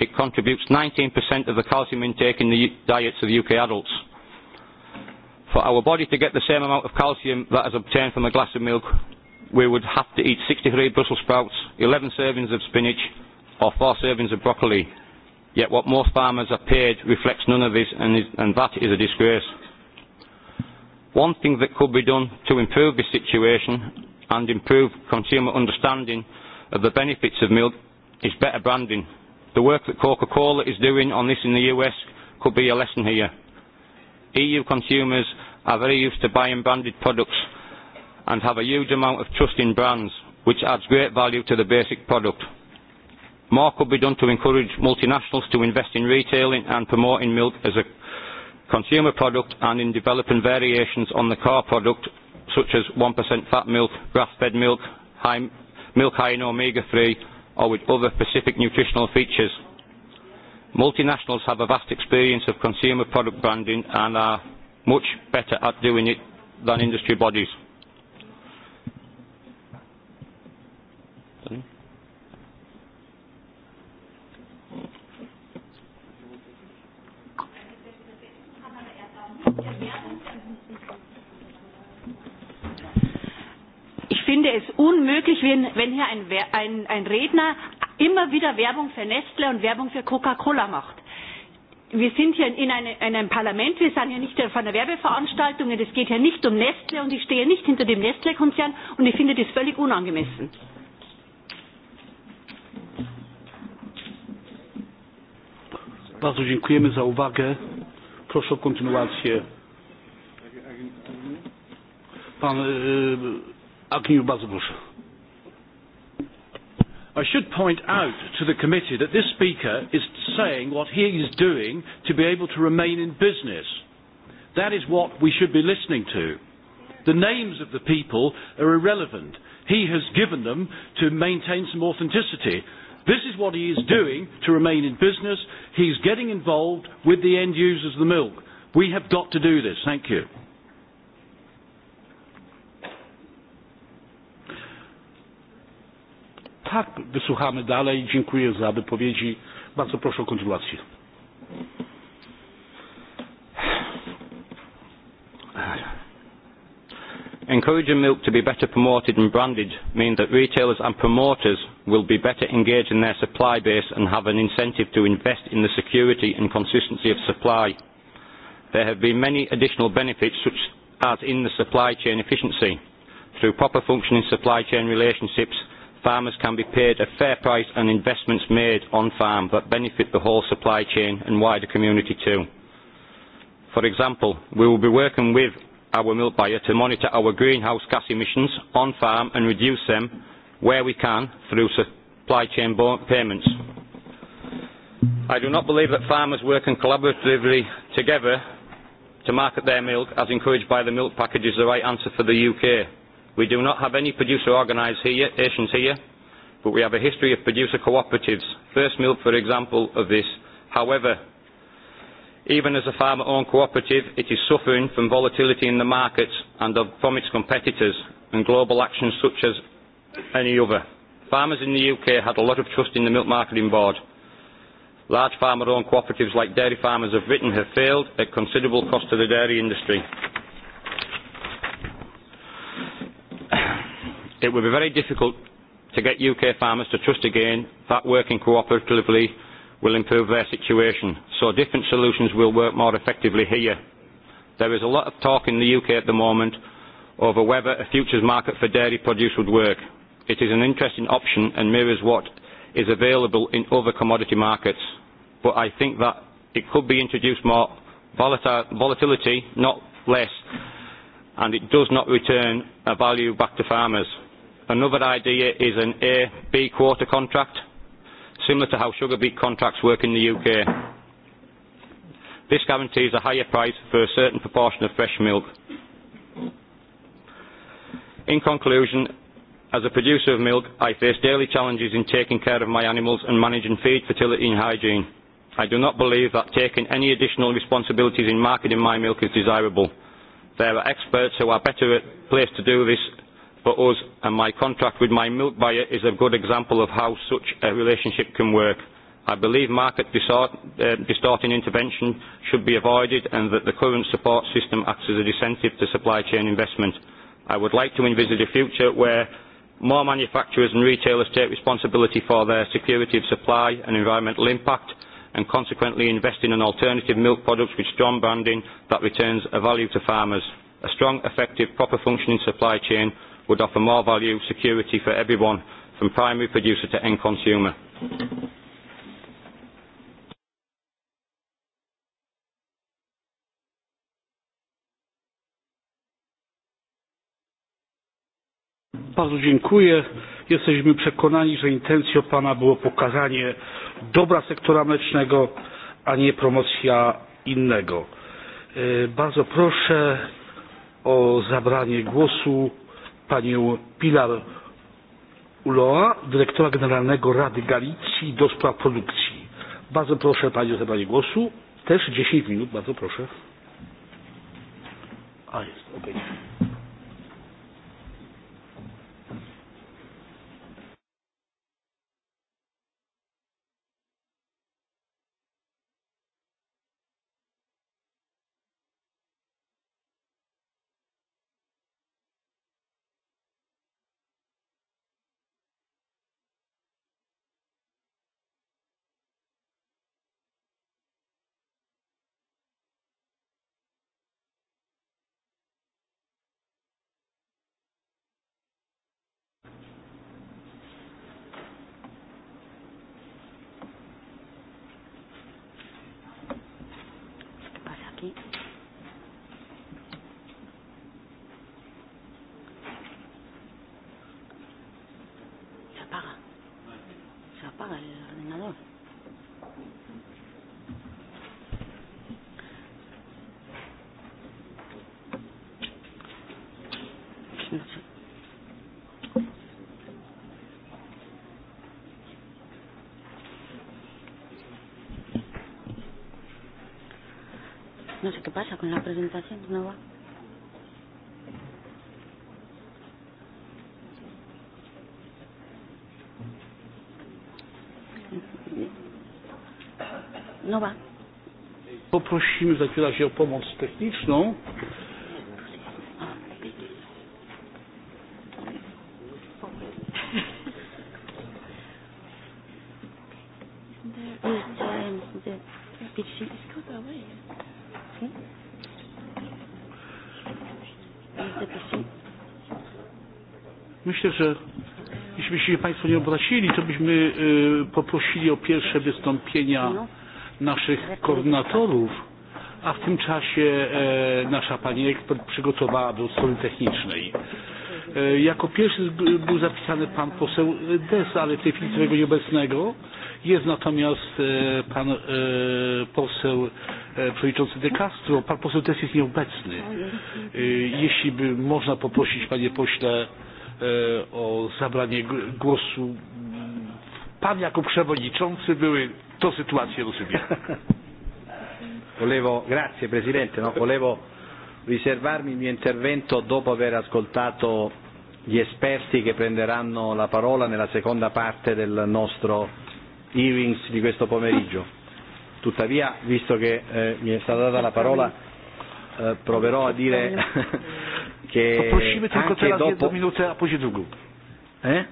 It contributes 19% of the calcium intake in the diets of UK adults For our body to get the same amount of calcium that is obtained from a glass of milk, we would have to eat 63 Brussels sprouts, 11 servings of spinach, or 4 servings of broccoli. Yet what most farmers are paid reflects none of this, and, is, and that is a disgrace. One thing that could be done to improve this situation and improve consumer understanding of the benefits of milk is better branding. The work that Coca-Cola is doing on this in the US could be a lesson here. EU consumers are very used to buying branded products and have a huge amount of trust in brands, which adds great value to the basic product. More could be done to encourage multinationals to invest in retailing and promoting milk as a consumer product and in developing variations on the core product, such as 1% fat milk, grass-fed milk, high, milk high in omega-3, or with other specific nutritional features. Multinationals have a vast experience of consumer product branding and are much better at doing it than industry bodies. Ich finde es unmöglich, wenn, hier ein Redner immer wieder Werbung für Nestle und Werbung für Coca-Cola macht. Wir sind hier in, eine, in einem Parlament, wir sind hier nicht von einer Werbeveranstaltung, es geht hier nicht um Nestle und ich stehe nicht hinter dem Nestle-Konzern und ich finde das völlig unangemessen. Bardzo dziękujemy za uwagę. Proszę o kontynuację. Pan Agniu, bardzo proszę. I should point out to the committee that this speaker is saying what he is doing to be able to remain in business. That is what we should be listening to. The names of the people are irrelevant. He has given them to maintain some authenticity. This is what he is doing to remain in business. He's getting involved with the end users of the milk. We have got to do this. Thank you. tak, wysłuchamy dalej. Dziękuję za wypowiedzi. Bardzo proszę o kontynuację. Encouraging milk to be better promoted and branded means that retailers and promoters will be better engaged in their supply base and have an incentive to invest in the security and consistency of supply. There have been many additional benefits such as in the supply chain efficiency. Through proper functioning supply chain relationships, farmers can be paid a fair price and investments made on farm that benefit the whole supply chain and wider community too. For example, we will be working with our milk buyer to monitor our greenhouse gas emissions on farm and reduce them where we can through supply chain payments. I do not believe that farmers working collaboratively together to market their milk, as encouraged by the milk package, is the right answer for the UK We do not have any producer organisations here, but we have a history of producer cooperatives. First Milk, for example, of this. However, even as a farmer-owned cooperative, it is suffering from volatility in the markets and from its competitors and global actions such as any other. Farmers in the UK had a lot of trust in the Milk Marketing Board. Large farmer-owned cooperatives like Dairy Farmers of Britain have failed at considerable cost to the dairy industry. It would be very difficult to get UK farmers to trust again that working cooperatively will improve their situation, so different solutions will work more effectively here. There is a lot of talk in the UK at the moment over whether a futures market for dairy produce would work. It is an interesting option and mirrors what is available in other commodity markets, but I think that it could be introduced more volatile, volatility, not less, and it does not return a value back to farmers. Another idea is an A-B quarter contract, similar to how sugar beet contracts work in the UK. This guarantees a higher price for a certain proportion of fresh milk. In conclusion, as a producer of milk, I face daily challenges in taking care of my animals and managing feed, fertility and hygiene. I do not believe that taking any additional responsibilities in marketing my milk is desirable. There are experts who are better placed to do this for us, and my contract with my milk buyer is a good example of how such a relationship can work. I believe market distort, uh, distorting intervention should be avoided and that the current support system acts as a incentive to supply chain investment. I would like to envisage a future where more manufacturers and retailers take responsibility for their security of supply and environmental impact and consequently invest in an alternative milk products with strong branding that returns a value to farmers. A strong, effective, proper functioning supply chain would offer more value security for everyone from primary producer to end consumer. Bardzo dziękuję. Jesteśmy przekonani, że intencją Pana było pokazanie dobra sektora mlecznego, a nie promocja innego. E, bardzo proszę o zabranie głosu panią Pilar ulloa dyrektora generalnego Rady Galicji do spraw produkcji. Bardzo proszę Panią o zabranie głosu. Też 10 minut, bardzo proszę. A jest, okej. Okay. no sé qué pasa con la presentación, no va. No va. Poprosimy zaciera się o pomoc techniczną. jeśli Państwo nie obrazili, to byśmy poprosili o pierwsze wystąpienia no. naszych koordynatorów, a w tym czasie nasza Pani ekspert przygotowała do strony technicznej. Jako pierwszy był zapisany Pan poseł Des, ale w tej chwili swojego nieobecnego. Jest natomiast Pan poseł przewodniczący De Castro. Pan poseł Des jest nieobecny. No, jeśli by można poprosić, Panie pośle, E, o zabranie głosu. Pan jako przewodniczący były to sytuację rozumie. Volevo, grazie Presidente, no, volevo riservarmi il mio intervento dopo aver ascoltato gli esperti che prenderanno la parola nella seconda parte del nostro hearings di questo pomeriggio. Tuttavia, visto che eh, mi è stata data la parola, eh, proverò a dire che Poprosimy tylko teraz dopo... jedną minutę, a później drugą. E?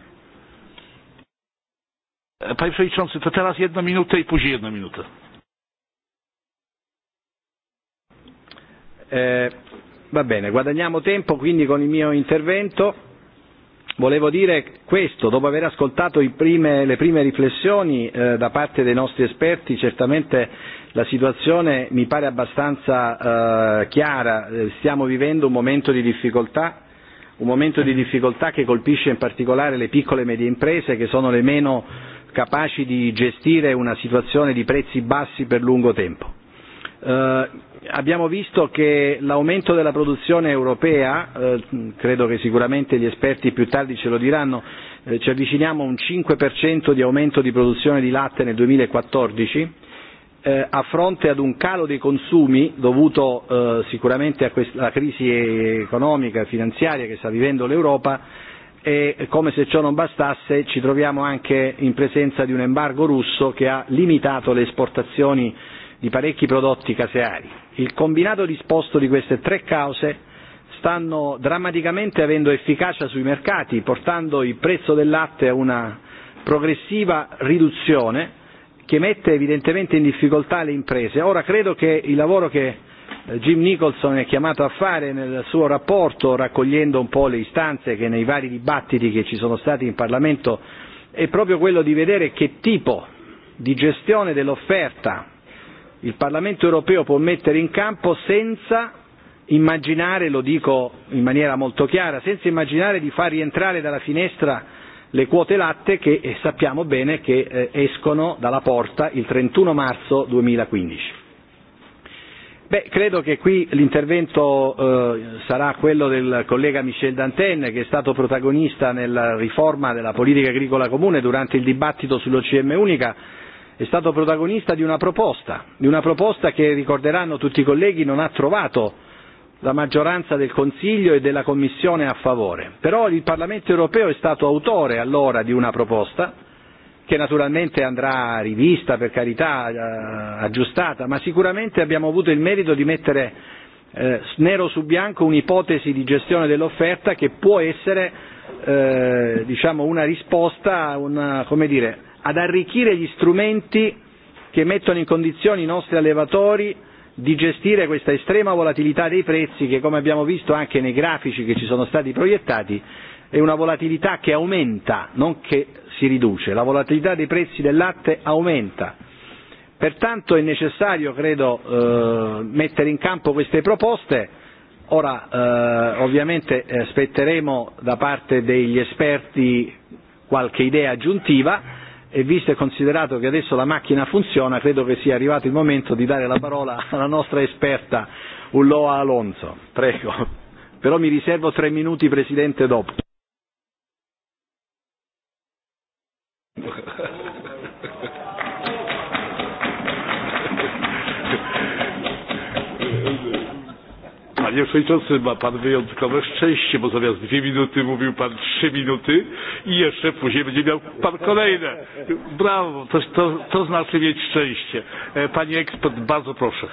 Panie Przewodniczący, to teraz jedną minutę i później jedną minutę. E, va bene, guadagniamo tempo quindi con il mio intervento. Volevo dire questo, dopo aver ascoltato i prime, le prime riflessioni eh, da parte dei nostri esperti, certamente la situazione mi pare abbastanza eh, chiara, stiamo vivendo un momento di difficoltà, un momento di difficoltà che colpisce in particolare le piccole e medie imprese che sono le meno capaci di gestire una situazione di prezzi bassi per lungo tempo. Eh, abbiamo visto che l'aumento della produzione europea, eh, credo che sicuramente gli esperti più tardi ce lo diranno, eh, ci avviciniamo a un 5% di aumento di produzione di latte nel 2014, eh, a fronte ad un calo dei consumi dovuto eh, sicuramente a questa, alla crisi economica e finanziaria che sta vivendo l'Europa e come se ciò non bastasse ci troviamo anche in presenza di un embargo russo che ha limitato le esportazioni di parecchi prodotti caseari. Il combinato disposto di queste tre cause stanno drammaticamente avendo efficacia sui mercati, portando il prezzo del latte a una progressiva riduzione che mette evidentemente in difficoltà le imprese. Ora credo che il lavoro che eh, Jim Nicholson è chiamato a fare nel suo rapporto, raccogliendo un po' le istanze che nei vari dibattiti che ci sono stati in Parlamento, è proprio quello di vedere che tipo di gestione dell'offerta il Parlamento europeo può mettere in campo senza immaginare, lo dico in maniera molto chiara, senza immaginare di far rientrare dalla finestra le quote latte che eh, sappiamo bene che eh, escono dalla porta il 31 marzo 2015. Beh, credo che qui l'intervento eh, sarà quello del collega Michel Danten, che è stato protagonista nella riforma della politica agricola comune durante il dibattito sull'OCM unica, è stato protagonista di una proposta, di una proposta che ricorderanno tutti i colleghi non ha trovato la maggioranza del Consiglio e della Commissione a favore. Però il Parlamento europeo è stato autore allora di una proposta che naturalmente andrà rivista, per carità, eh, aggiustata, ma sicuramente abbiamo avuto il merito di mettere eh, nero su bianco un'ipotesi di gestione dell'offerta che può essere eh, diciamo una risposta una, come dire, ad arricchire gli strumenti che mettono in condizione i nostri allevatori di gestire questa estrema volatilità dei prezzi che, come abbiamo visto anche nei grafici che ci sono stati proiettati, è una volatilità che aumenta, non che si riduce. La volatilità dei prezzi del latte aumenta. Pertanto è necessario, credo, eh, mettere in campo queste proposte. Ora eh, ovviamente aspetteremo da parte degli esperti qualche idea aggiuntiva e visto e considerato che adesso la macchina funziona, credo che sia arrivato il momento di dare la parola alla nostra esperta Ulloa Alonso. Prego. Però mi riservo tre minuti, Presidente, dopo. Panie Przewodniczący, ma Pan wyjątkowe szczęście, bo zamiast dwie minuty mówił Pan trzy minuty i jeszcze później będzie miał Pan kolejne. Brawo, to, to, to znaczy mieć szczęście. E, Panie ekspert, bardzo proszę.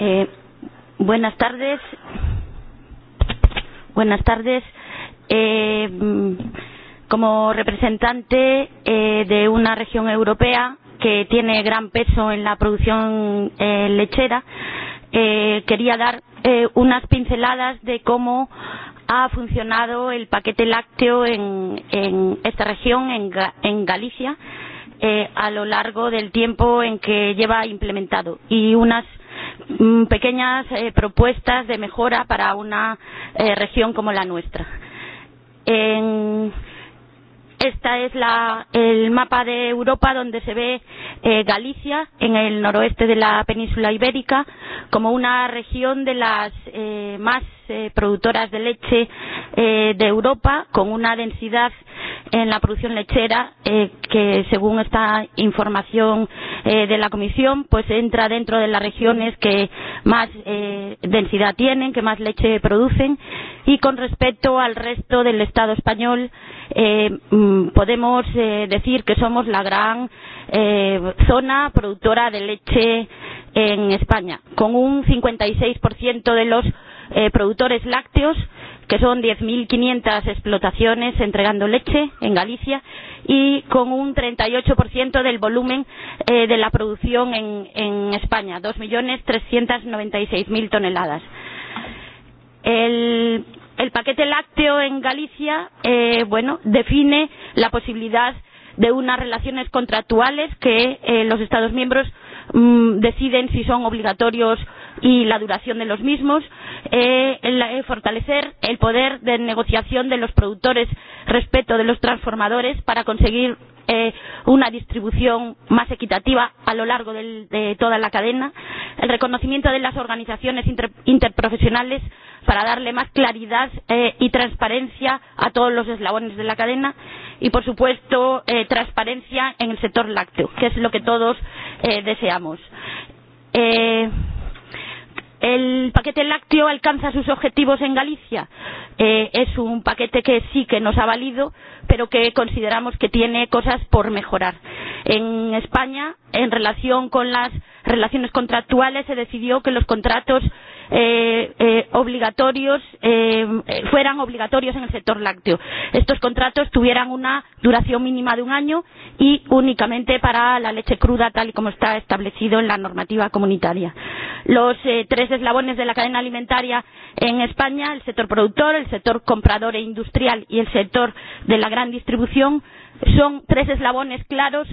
Eh, buenas tardes. Buenas tardes. Eh, como representante eh, de una región europea que tiene gran peso en la producción eh, lechera, eh, quería dar eh, unas pinceladas de cómo ha funcionado el paquete lácteo en, en esta región, en, en Galicia, eh, a lo largo del tiempo en que lleva implementado y unas mm, pequeñas eh, propuestas de mejora para una eh, región como la nuestra. En, Esta es la, el mapa de Europa donde se ve eh, Galicia en el noroeste de la península ibérica como una región de las eh, más eh, productoras de leche eh, de Europa con una densidad en la producción lechera, eh, que según esta información eh, de la Comisión, pues entra dentro de las regiones que más eh, densidad tienen, que más leche producen. Y con respecto al resto del Estado español, eh, mm, podemos eh, decir que somos la gran eh, zona productora de leche en España, con un 56% de los eh, productores lácteos que son 10.500 explotaciones entregando leche en Galicia y con un 38% del volumen eh, de la producción en, en España, 2.396.000 toneladas. El, el paquete lácteo en Galicia eh, bueno, define la posibilidad de unas relaciones contractuales que eh, los Estados miembros mmm, deciden si son obligatorios y la duración de los mismos eh, la, eh, fortalecer el poder de negociación de los productores respecto de los transformadores para conseguir eh, una distribución más equitativa a lo largo del, de toda la cadena, el reconocimiento de las organizaciones inter, interprofesionales para darle más claridad eh, y transparencia a todos los eslabones de la cadena y, por supuesto, eh, transparencia en el sector lácteo, que es lo que todos eh, deseamos. Eh, el paquete lácteo alcanza sus objetivos en Galicia. Eh, es un paquete que sí que nos ha valido, pero que consideramos que tiene cosas por mejorar. En España, en relación con las relaciones contractuales, se decidió que los contratos eh, eh, obligatorios eh, eh, fueran obligatorios en el sector lácteo. Estos contratos tuvieran una duración mínima de un año y únicamente para la leche cruda tal y como está establecido en la normativa comunitaria. Los eh, tres eslabones de la cadena alimentaria en España, el sector productor, el sector comprador e industrial y el sector de la gran distribución, son tres eslabones claros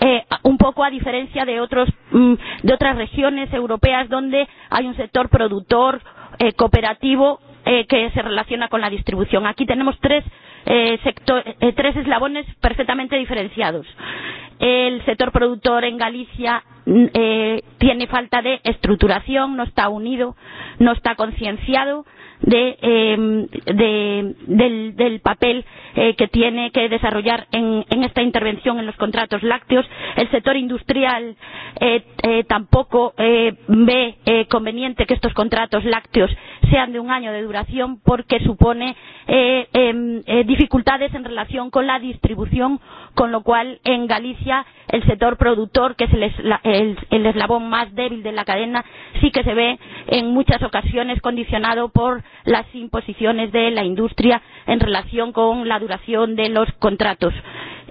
eh, un poco a diferencia de, otros, mm, de otras regiones europeas donde hay un sector productor eh, cooperativo eh, que se relaciona con la distribución. Aquí tenemos tres, eh, sector, eh, tres eslabones perfectamente diferenciados. El sector productor en Galicia Mm, eh, tiene falta de estructuración, no está unido, no está concienciado de, eh, de, del, del papel eh, que tiene que desarrollar en, en esta intervención en los contratos lácteos. El sector industrial eh, eh, tampoco eh, ve eh, conveniente que estos contratos lácteos sean de un año de duración porque supone eh, eh, dificultades en relación con la distribución con lo cual en Galicia el sector productor, que es el, esla, el, el eslabón más débil de la cadena, sí que se ve en muchas ocasiones condicionado por las imposiciones de la industria en relación con la duración de los contratos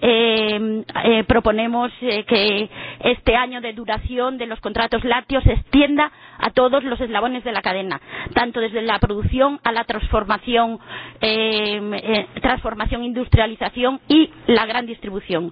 eh, eh, proponemos eh, que este año de duración de los contratos lácteos se extienda a todos los eslabones de la cadena, tanto desde la producción a la transformación, eh, eh, transformación industrialización y la gran distribución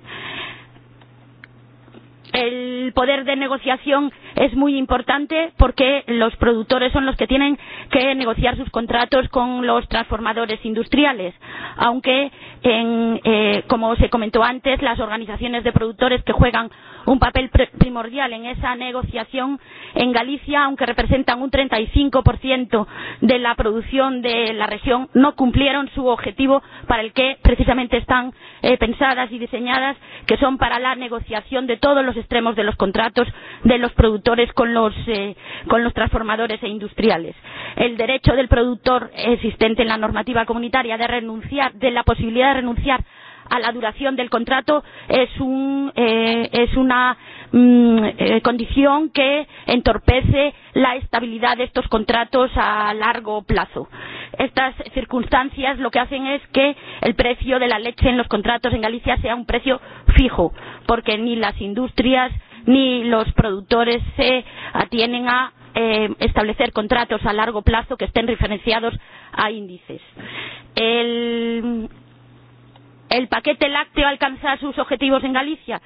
el poder de negociación es muy importante porque los productores son los que tienen que negociar sus contratos con los transformadores industriales, aunque en, eh, como se comentó antes, las organizaciones de productores que juegan un papel primordial en esa negociación en Galicia, aunque representan un 35% de la producción de la región, no cumplieron su objetivo para el que precisamente están eh, pensadas y diseñadas, que son para la negociación de todos los extremos de los contratos de los productores agricultores con los, eh, con los transformadores e industriales. El derecho del productor existente en la normativa comunitaria de renunciar, de la posibilidad de renunciar a la duración del contrato es, un, eh, es una mm, eh, condición que entorpece la estabilidad de estos contratos a largo plazo. Estas circunstancias lo que hacen es que el precio de la leche en los contratos en Galicia sea un precio fijo, porque ni las industrias ni los productores se atienen a eh, establecer contratos a largo plazo que estén referenciados a índices. El, el paquete lácteo alcanzará sus objetivos en Galicia.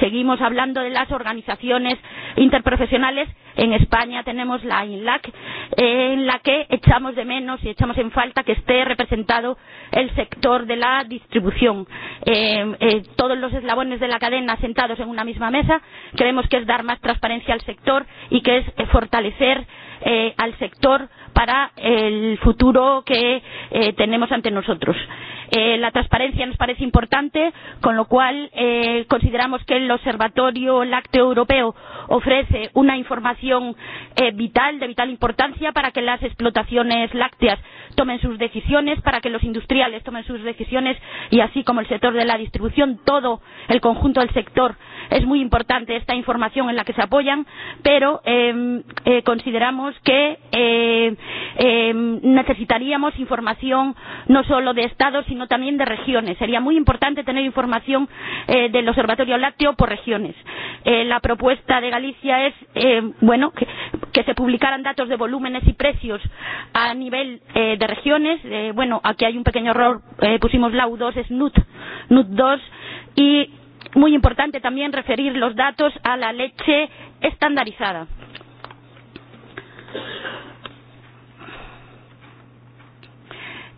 Seguimos hablando de las organizaciones interprofesionales. En España tenemos la INLAC, en la que echamos de menos y echamos en falta que esté representado el sector de la distribución. Eh, eh, todos los eslabones de la cadena sentados en una misma mesa. Creemos que es dar más transparencia al sector y que es fortalecer eh, al sector para el futuro que eh, tenemos ante nosotros. Eh, la transparencia nos parece importante, con lo cual eh, consideramos que el Observatorio Lácteo Europeo ofrece una información eh, vital, de vital importancia, para que las explotaciones lácteas tomen sus decisiones, para que los industriales tomen sus decisiones y así como el sector de la distribución, todo el conjunto del sector es muy importante esta información en la que se apoyan, pero eh, eh, consideramos que eh, eh, necesitaríamos información no solo de estados, sino también de regiones. Sería muy importante tener información eh, del Observatorio Lácteo por regiones. Eh, la propuesta de Galicia es eh, bueno que, que se publicaran datos de volúmenes y precios a nivel eh, de regiones. Eh, bueno, aquí hay un pequeño error, eh, pusimos LAU2, es NUT, NUT2 y muy importante también referir los datos a la leche estandarizada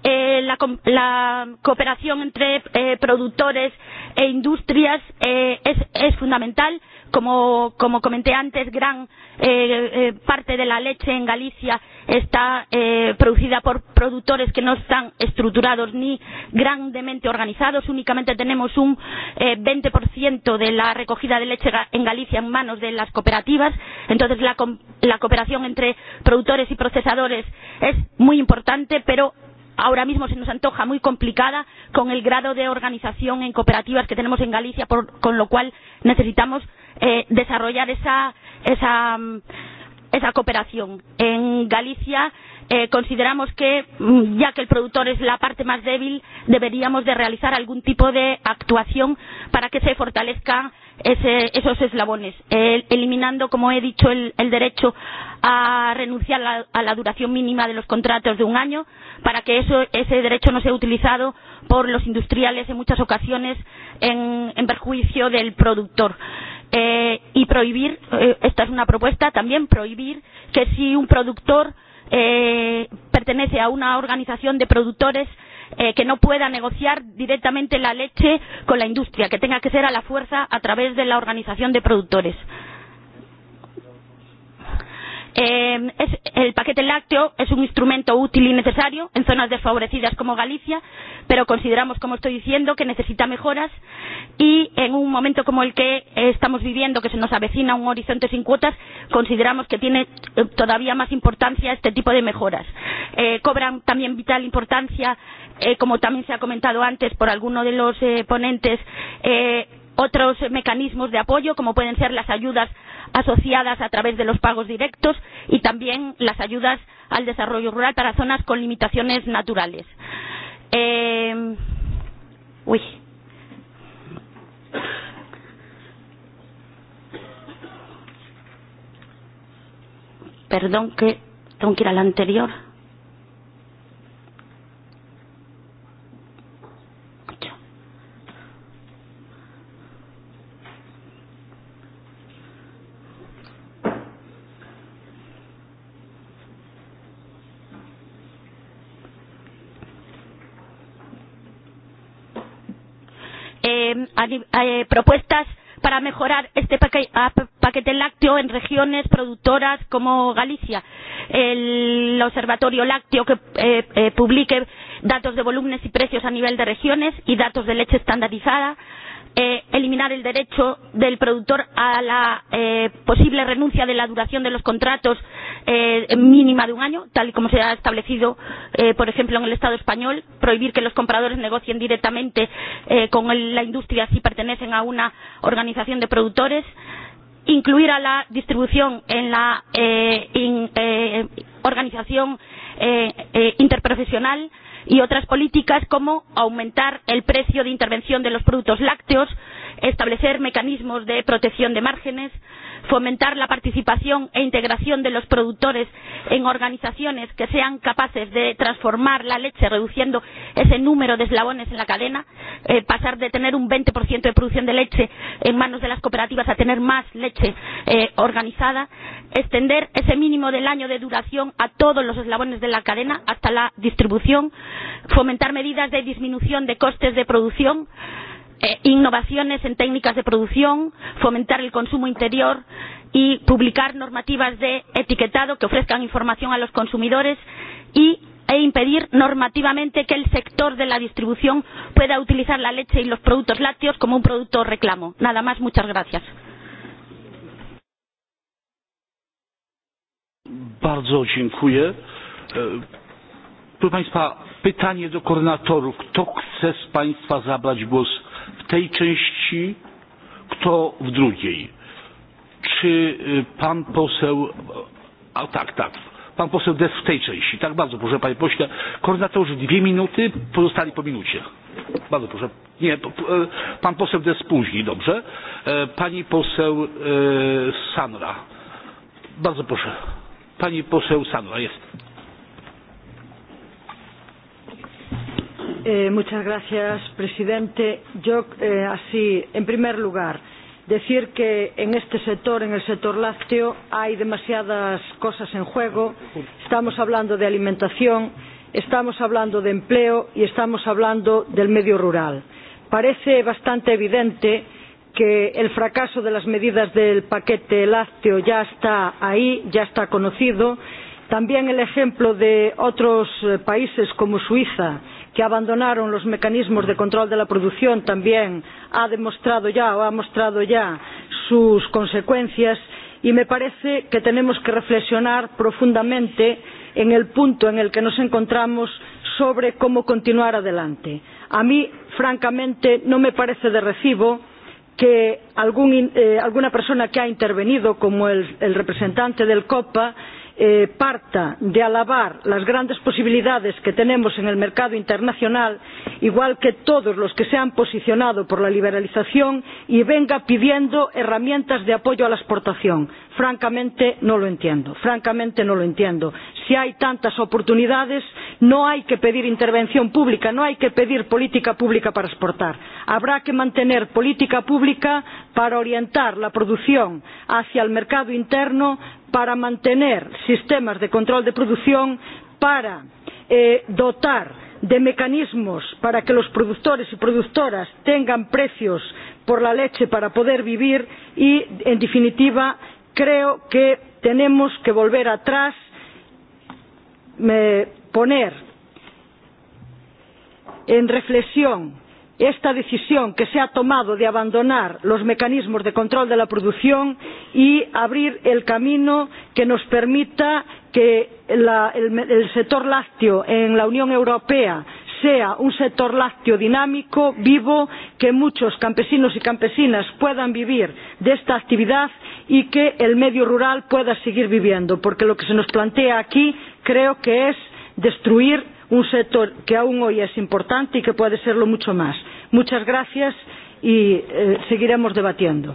eh, la, la cooperación entre eh, productores e industrias eh, es, es fundamental. Como, como comenté antes, gran eh, eh, parte de la leche en Galicia está eh, producida por productores que no están estructurados ni grandemente organizados. Únicamente tenemos un eh, 20% de la recogida de leche en Galicia en manos de las cooperativas. Entonces, la, la cooperación entre productores y procesadores es muy importante, pero ahora mismo se nos antoja muy complicada con el grado de organización en cooperativas que tenemos en Galicia, por, con lo cual necesitamos eh, desarrollar esa, esa mm, esa cooperación. En Galicia eh, consideramos que, mm, ya que el productor es la parte más débil, deberíamos de realizar algún tipo de actuación para que se fortalezca ese, esos eslabones, eh, eliminando, como he dicho, el, el derecho a renunciar la, a la duración mínima de los contratos de un año, para que eso, ese derecho no sea utilizado por los industriales en muchas ocasiones en, en perjuicio del productor eh, y prohibir, eh, esta es una propuesta, también prohibir que si un productor eh, pertenece a una organización de productores eh, que no pueda negociar directamente la leche con la industria, que tenga que ser a la fuerza a través de la organización de productores. Eh, Eh, es, el paquete lácteo es un instrumento útil y necesario en zonas desfavorecidas como Galicia, pero consideramos, como estoy diciendo, que necesita mejoras y en un momento como el que estamos viviendo, que se nos avecina un horizonte sin cuotas, consideramos que tiene eh, todavía más importancia este tipo de mejoras. Eh, cobran también vital importancia, eh, como también se ha comentado antes por alguno de los eh, ponentes, eh, otros mecanismos de apoyo, como pueden ser las ayudas asociadas a través de los pagos directos y también las ayudas al desarrollo rural para zonas con limitaciones naturales. Eh, uy. Perdón que tengo que ir a la anterior. eh, propuestas para mejorar este paquete lácteo en regiones productoras como Galicia. El Observatorio Lácteo que eh, eh, publique datos de volúmenes y precios a nivel de regiones y datos de leche estandarizada. Eh, eh, eliminar el derecho del productor a la eh, posible renuncia de la duración de los contratos eh, mínima de un año, tal y como se ha establecido, eh, por ejemplo, en el Estado español, prohibir que los compradores negocien directamente eh, con el, la industria si pertenecen a una organización de productores, incluir a la distribución en la eh, in, eh, organización eh, eh, interprofesional, eh, y otras políticas como aumentar el precio de intervención de los productos lácteos establecer mecanismos de protección de márgenes etc fomentar la participación e integración de los productores en organizaciones que sean capaces de transformar la leche reduciendo ese número de eslabones en la cadena, eh, pasar de tener un 20% de producción de leche en manos de las cooperativas a tener más leche eh, organizada, extender ese mínimo del año de duración a todos los eslabones de la cadena hasta la distribución, fomentar medidas de disminución de costes de producción, eh, eh, innovaciones en técnicas de producción, fomentar el consumo interior y publicar normativas de etiquetado que ofrezcan información a los consumidores y e impedir normativamente que el sector de la distribución pueda utilizar la leche y los productos lácteos como un producto reclamo. Nada más, muchas gracias. Bardzo dziękuję. E, proszę Państwa, pytanie do koordynatorów. Kto chce z Państwa zabrać głos w tej części, kto w drugiej. Czy pan poseł. A tak, tak. Pan poseł Des w tej części. Tak, bardzo proszę, panie pośle. Koordynatorzy dwie minuty, pozostali po minucie. Bardzo proszę. Nie, pan poseł Des później, dobrze. E, pani poseł e, Sanra. Bardzo proszę. Pani poseł Sanra jest. Eh, muchas gracias, presidente. Yo, eh, así, en primer lugar, decir que en este sector, en el sector lácteo, hay demasiadas cosas en juego. Estamos hablando de alimentación, estamos hablando de empleo y estamos hablando del medio rural. Parece bastante evidente que el fracaso de las medidas del paquete lácteo ya está ahí, ya está conocido. También el ejemplo de otros eh, países como Suiza, que abandonaron los mecanismos de control de la producción también ha demostrado ya o ha mostrado ya sus consecuencias y me parece que tenemos que reflexionar profundamente en el punto en el que nos encontramos sobre cómo continuar adelante. A mí, francamente, no me parece de recibo que algún, eh, alguna persona que ha intervenido, como el, el representante del COPA, eh, parta de alabar las grandes posibilidades que tenemos en el mercado internacional, igual que todos los que se han posicionado por la liberalización, y venga pidiendo herramientas de apoyo a la exportación francamente no lo entiendo francamente no lo entiendo. si hay tantas oportunidades no hay que pedir intervención pública no hay que pedir política pública para exportar habrá que mantener política pública para orientar la producción hacia el mercado interno para mantener sistemas de control de producción para eh, dotar de mecanismos para que los productores y productoras tengan precios por la leche para poder vivir y en definitiva creo que tenemos que volver atrás, eh, poner en reflexión esta decisión que se ha tomado de abandonar los mecanismos de control de la producción y abrir el camino que nos permita que la, el, el sector lácteo en la Unión Europea sea un sector lácteo dinámico, vivo, que muchos campesinos y campesinas puedan vivir de esta actividad y que el medio rural pueda seguir viviendo porque lo que se nos plantea aquí creo que es destruir un sector que aún hoy es importante y que puede serlo mucho más. Muchas gracias y eh, seguiremos debatiendo.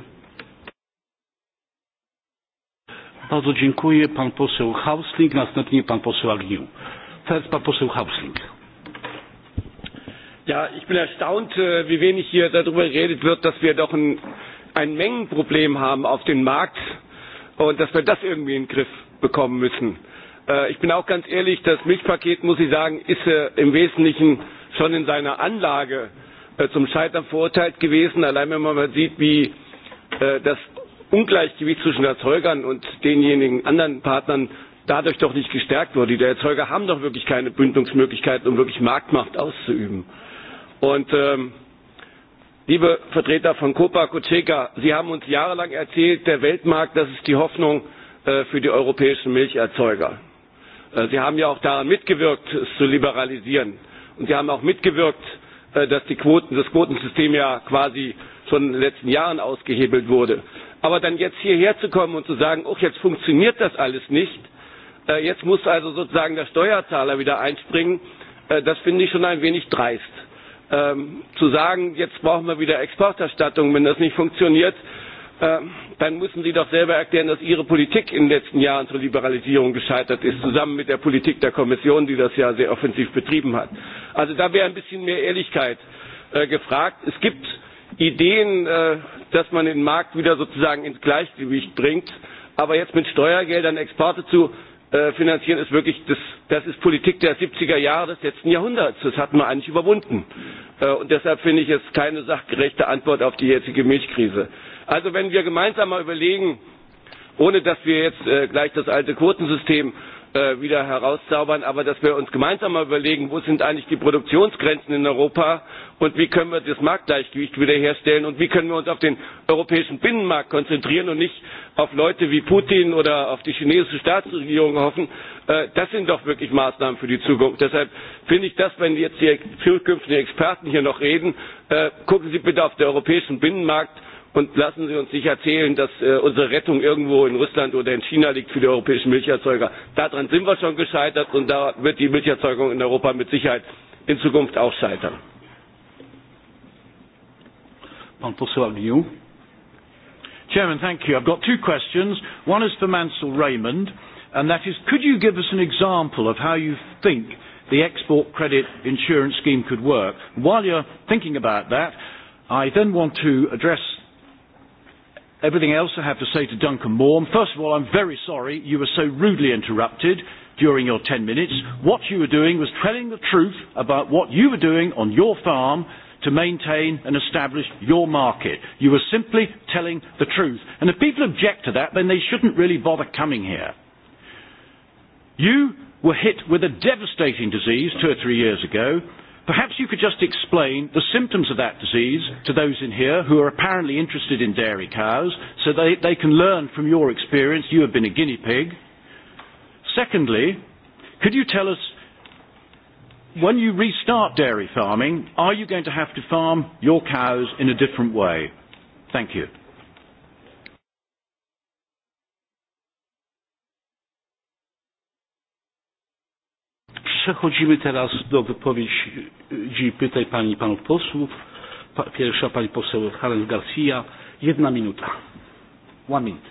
Bardzo dziękuję. Pan poseł Hausling, następnie pan poseł Agniu. Teraz pan poseł Hausling. Ja, ich bin erstaunt, äh, wie wenig hier darüber geredet wird, dass wir doch ein ein Mengenproblem haben auf dem Markt und dass wir das irgendwie in den Griff bekommen müssen. Äh, ich bin auch ganz ehrlich, das Milchpaket, muss ich sagen, ist äh, im Wesentlichen schon in seiner Anlage äh, zum Scheitern verurteilt gewesen. Allein wenn man mal sieht, wie äh, das Ungleichgewicht zwischen Erzeugern und denjenigen anderen Partnern dadurch doch nicht gestärkt wurde. Die Erzeuger haben doch wirklich keine Bündungsmöglichkeiten, um wirklich Marktmacht auszuüben. Und ähm, liebe vertreter von copa cogeca sie haben uns jahrelang erzählt der weltmarkt das ist die hoffnung äh, für die europäischen milcherzeuger. Äh, sie haben ja auch daran mitgewirkt es zu liberalisieren und sie haben auch mitgewirkt äh, dass die Quoten, das Quotensystem ja quasi schon in den letzten Jahren ausgehebelt wurde. Aber dann jetzt hierher zu kommen und zu sagen, oh, jetzt funktioniert das alles nicht, jetzt muss also sozusagen der Steuerzahler wieder einspringen, das finde ich schon ein wenig dreist ähm, zu sagen, jetzt brauchen wir wieder Exporterstattung, wenn das nicht funktioniert, ähm, dann müssen Sie doch selber erklären, dass Ihre Politik in den letzten Jahren zur Liberalisierung gescheitert ist, zusammen mit der Politik der Kommission, die das ja sehr offensiv betrieben hat. Also da wäre ein bisschen mehr Ehrlichkeit äh, gefragt. Es gibt Ideen, äh, dass man den Markt wieder sozusagen ins Gleichgewicht bringt, aber jetzt mit Steuergeldern Exporte zu Äh, finanzieren, ist wirklich, das, das ist Politik der 70er Jahre des letzten Jahrhunderts. Das hatten wir eigentlich überwunden. Äh, und deshalb finde ich es keine sachgerechte Antwort auf die jetzige Milchkrise. Also wenn wir gemeinsam mal überlegen, ohne dass wir jetzt äh, gleich das alte Quotensystem Äh, wieder herauszaubern, aber dass wir uns gemeinsam mal überlegen, wo sind eigentlich die Produktionsgrenzen in Europa und wie können wir das Marktgleichgewicht wiederherstellen und wie können wir uns auf den europäischen Binnenmarkt konzentrieren und nicht auf Leute wie Putin oder auf die chinesische Staatsregierung hoffen. Äh, das sind doch wirklich Maßnahmen für die Zukunft. Deshalb finde ich das, wenn jetzt die zukünftigen Experten hier noch reden, äh, gucken Sie bitte auf den europäischen Binnenmarkt Und lassen Sie uns nicht erzählen, dass äh, unsere Rettung irgendwo in Russland oder in China liegt für die europäischen Milcherzeuger. Daran sind wir schon gescheitert und da wird die Milcherzeugung in Europa mit Sicherheit in Zukunft auch scheitern. Chairman, thank you. I've got two questions. One is for Mansell Raymond, and that is, could you give us an example of how you think the export credit insurance scheme could work? While you're thinking about that, I then want to address everything else I have to say to Duncan Moore. First of all, I'm very sorry you were so rudely interrupted during your 10 minutes. What you were doing was telling the truth about what you were doing on your farm to maintain and establish your market. You were simply telling the truth. And if people object to that, then they shouldn't really bother coming here. You were hit with a devastating disease two or three years ago Perhaps you could just explain the symptoms of that disease to those in here who are apparently interested in dairy cows so they, they can learn from your experience. You have been a guinea pig. Secondly, could you tell us when you restart dairy farming, are you going to have to farm your cows in a different way? Thank you. Przechodzimy teraz do wypowiedzi pytań pani i panów posłów. Pierwsza pani poseł Helen Garcia. Jedna minuta. One minute.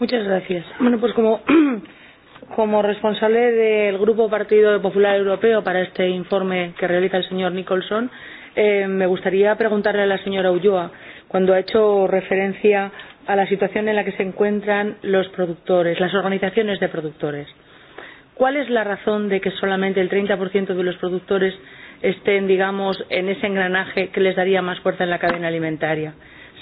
Muchas gracias. Bueno, pues como, como responsable del Grupo Partido Popular Europeo para este informe que realiza el señor Nicholson, eh, me gustaría preguntarle a la señora Ulloa, cuando ha hecho referencia a la situación en la que se encuentran los productores, las organizaciones de productores. ¿Cuál es la razón de que solamente el 30% de los productores estén, digamos, en ese engranaje que les daría más fuerza en la cadena alimentaria?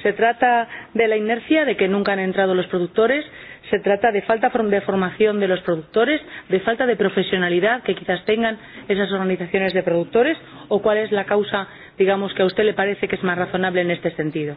¿Se trata de la inercia, de que nunca han entrado los productores? ¿Se trata de falta de formación de los productores? ¿De falta de profesionalidad que quizás tengan esas organizaciones de productores? ¿O cuál es la causa digamos que a usted le parece que es más razonable en este sentido.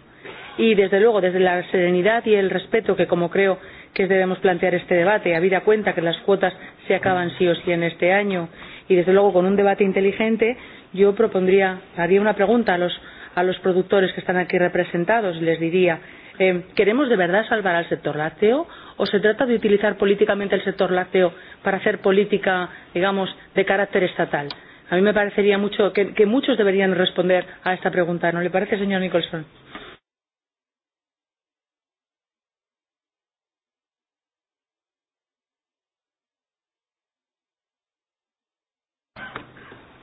Y desde luego, desde la serenidad y el respeto que como creo que debemos plantear este debate, habida cuenta que las cuotas se acaban sí o sí en este año y desde luego con un debate inteligente, yo propondría, haría una pregunta a los, a los productores que están aquí representados y les diría, eh, ¿queremos de verdad salvar al sector lácteo o se trata de utilizar políticamente el sector lácteo para hacer política, digamos, de carácter estatal? A mí me parecería mucho que, que muchos deberían responder a esta pregunta, ¿no le parece, señor Nicholson?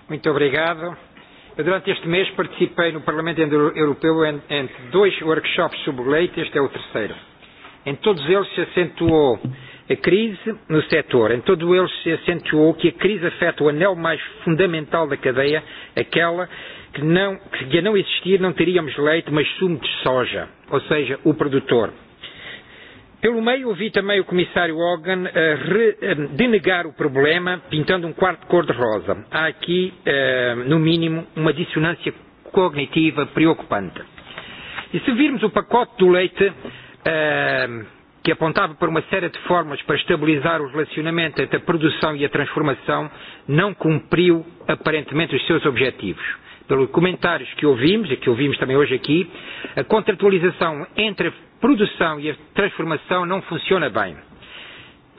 Muito obrigado. Eu, durante este mês, participei no Parlamento Europeu entre dois workshops sobre leite, este é o terceiro. Em todos eles se acentuou A crise no setor, em todo ele, se acentuou que a crise afeta o anel mais fundamental da cadeia, aquela que, não, que a não existir não teríamos leite, mas sumo de soja, ou seja, o produtor. Pelo meio, ouvi também o comissário Hogan eh, re, uh, denegar o problema, pintando um quarto de cor-de-rosa. Há aqui, uh, no mínimo, uma dissonância cognitiva preocupante. E se virmos o pacote do leite, uh, que apontava para uma série de formas para estabilizar o relacionamento entre a produção e a transformação, não cumpriu aparentemente os seus objetivos. Pelos comentários que ouvimos, e que ouvimos também hoje aqui, a contratualização entre a produção e a transformação não funciona bem.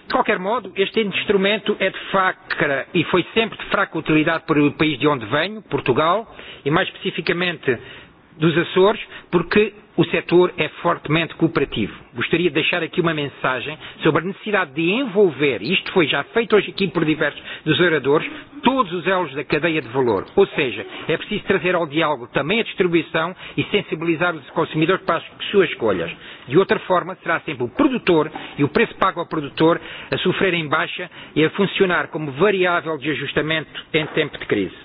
De qualquer modo, este instrumento é de fraca e foi sempre de fraca utilidade para o país de onde venho, Portugal, e mais especificamente dos Açores, porque o setor é fortemente cooperativo. Gostaria de deixar aqui uma mensagem sobre a necessidade de envolver, e isto foi já feito hoje aqui por diversos dos oradores, todos os elos da cadeia de valor. Ou seja, é preciso trazer ao diálogo também a distribuição e sensibilizar os consumidores para as suas escolhas. De outra forma, será sempre o produtor e o preço pago ao produtor a sofrer em baixa e a funcionar como variável de ajustamento em tempo de crise.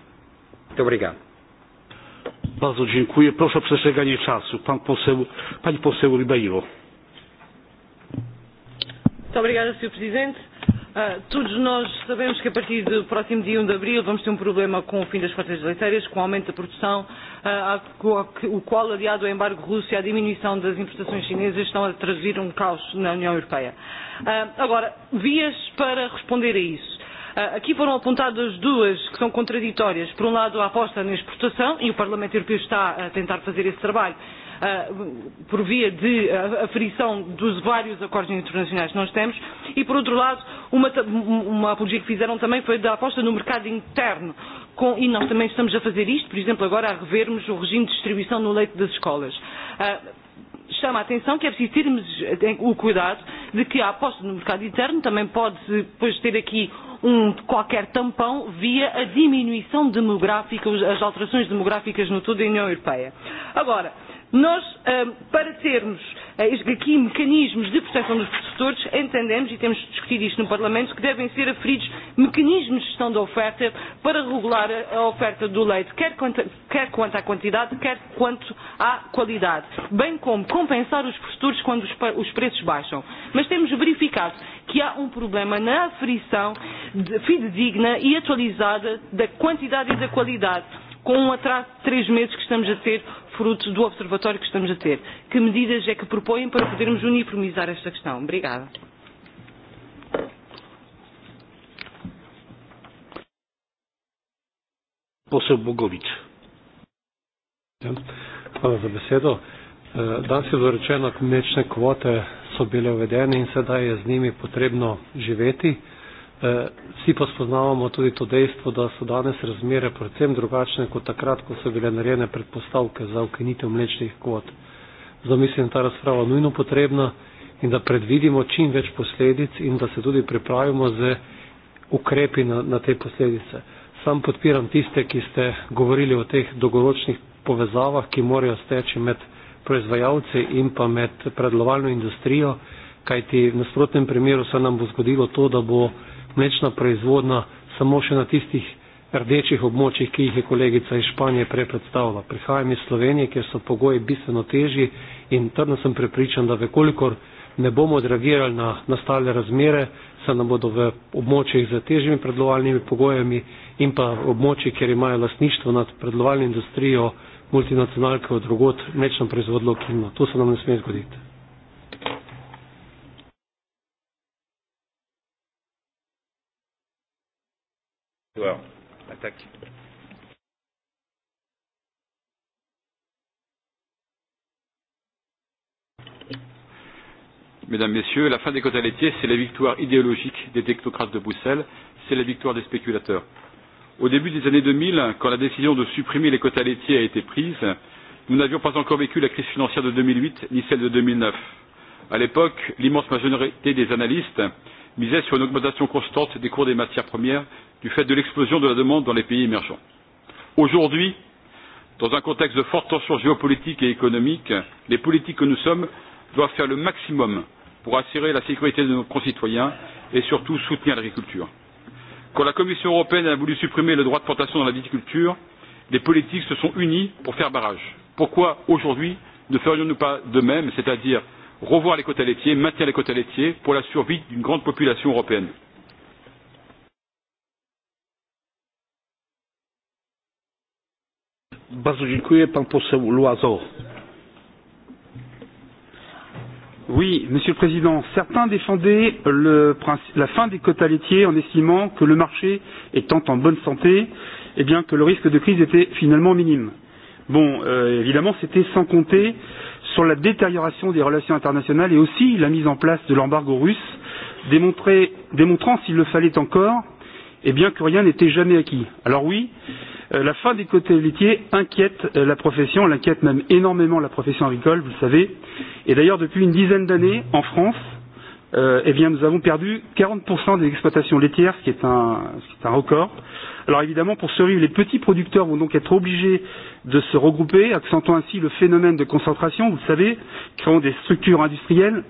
Muito obrigado. Bardzo dziękuję. Proszę o przestrzeganie czasu. Pan poseł, pani poseł Ribeiro. obrigada, Sr. Presidente. Uh, todos nós sabemos que a partir do próximo dia 1 um de abril vamos ter um problema com o fim das cotas leiteiras, com o aumento da produção, uh, o qual, aliado ao embargo russo e à diminuição das importações chinesas, estão a trazer um caos na União Europeia. Uh, agora, vias para responder a isso Eh, aqui foram apontadas duas que são contraditórias. Por um lado, a aposta na exportação, e o Parlamento Europeu está a tentar fazer esse trabalho eh, por via de eh, aferição dos vários acordos internacionais que nós temos, e por outro lado, uma, um, um, uma apologia que fizeram também foi da aposta no mercado interno. Com, e nós também estamos a fazer isto, por exemplo, agora a revermos o regime de distribuição no leite das escolas. Uh, chama a atenção que é preciso termos o cuidado de que a aposta no mercado interno também pode depois ter aqui um qualquer tampão via a diminuição demográfica, as alterações demográficas no todo da União Europeia. Agora, nós, eh, para termos Eh, aqui mecanismos de proteção dos produtores, entendemos, e temos discutido isto no Parlamento, que devem ser aferidos mecanismos de gestão da oferta para regular a oferta do leite, quer quanto, quer quanto à quantidade, quer quanto à qualidade, bem como compensar os produtores quando os, os preços baixam. Mas temos verificado que há um problema na aferição de, fidedigna e atualizada da quantidade e da qualidade com um atraso de três meses que estamos a ter fruto do observatório que estamos a ter. Que medidas é que propõem para podermos uniformizar esta questão? Obrigada. Poseł Bogovic. Hvala za besedo. E, danes je bilo rečeno, mlečne kvote so bile uvedene in sedaj je z njimi potrebno živeti. Eh, vsi pa spoznavamo tudi to dejstvo, da so danes razmere predvsem drugačne kot takrat, ko so bile narejene predpostavke za ukinitev mlečnih kvot. Zato mislim, da je ta razprava nujno potrebna in da predvidimo čim več posledic in da se tudi pripravimo z ukrepi na, na te posledice. Sam podpiram tiste, ki ste govorili o teh dolgoročnih povezavah, ki morajo steči med proizvajalci in pa med predlovalno industrijo, kajti v nasprotnem primeru se nam bo zgodilo to, da bo mlečna proizvodna samo še na tistih rdečih območjih, ki jih je kolegica iz Španije prej predstavila. Prihajam iz Slovenije, kjer so pogoji bistveno težji in trdno sem prepričan, da vekolikor ne bomo odreagirali na nastale razmere, se nam bodo v območjih z težjimi predlovalnimi pogojami in pa območjih, kjer imajo lasništvo nad predelovalno industrijo multinacionalke od drugot mlečno proizvodilo kino. To se nam ne sme zgoditi. Joueur. Attaque. Mesdames, Messieurs, la fin des quotas laitiers, c'est la victoire idéologique des technocrates de Bruxelles, c'est la victoire des spéculateurs. Au début des années 2000, quand la décision de supprimer les quotas laitiers a été prise, nous n'avions pas encore vécu la crise financière de 2008 ni celle de 2009. À l'époque, l'immense majorité des analystes misait sur une augmentation constante des cours des matières premières du fait de l'explosion de la demande dans les pays émergents. Aujourd'hui, dans un contexte de forte tension géopolitique et économique, les politiques que nous sommes doivent faire le maximum pour assurer la sécurité de nos concitoyens et surtout soutenir l'agriculture. Quand la Commission européenne a voulu supprimer le droit de plantation dans la viticulture, les politiques se sont unis pour faire barrage. Pourquoi aujourd'hui ne ferions-nous pas de même, c'est-à-dire revoir les quotas laitiers, maintenir les quotas laitiers pour la survie d'une grande population européenne Bardzo dziękuję. Pan poseł Loiseau. Oui, Monsieur le Président, certains défendaient le, la fin des quotas laitiers en estimant que le marché étant en bonne santé, eh bien que le risque de crise était finalement minime. Bon, euh, évidemment, c'était sans compter sur la détérioration des relations internationales et aussi la mise en place de l'embargo russe, démontrant, s'il le fallait encore, eh bien que rien n'était jamais acquis. Alors oui, euh, Euh, la fin des quotas laitiers inquiète euh, la profession, elle inquiète même énormément la profession agricole, vous le savez. Et d'ailleurs, depuis une dizaine d'années, en France, euh, eh bien, nous avons perdu 40% des exploitations laitières, ce qui est un, ce qui est un record. Alors évidemment, pour survivre, les petits producteurs vont donc être obligés de se regrouper, accentuant ainsi le phénomène de concentration, vous le savez, créant des structures industrielles,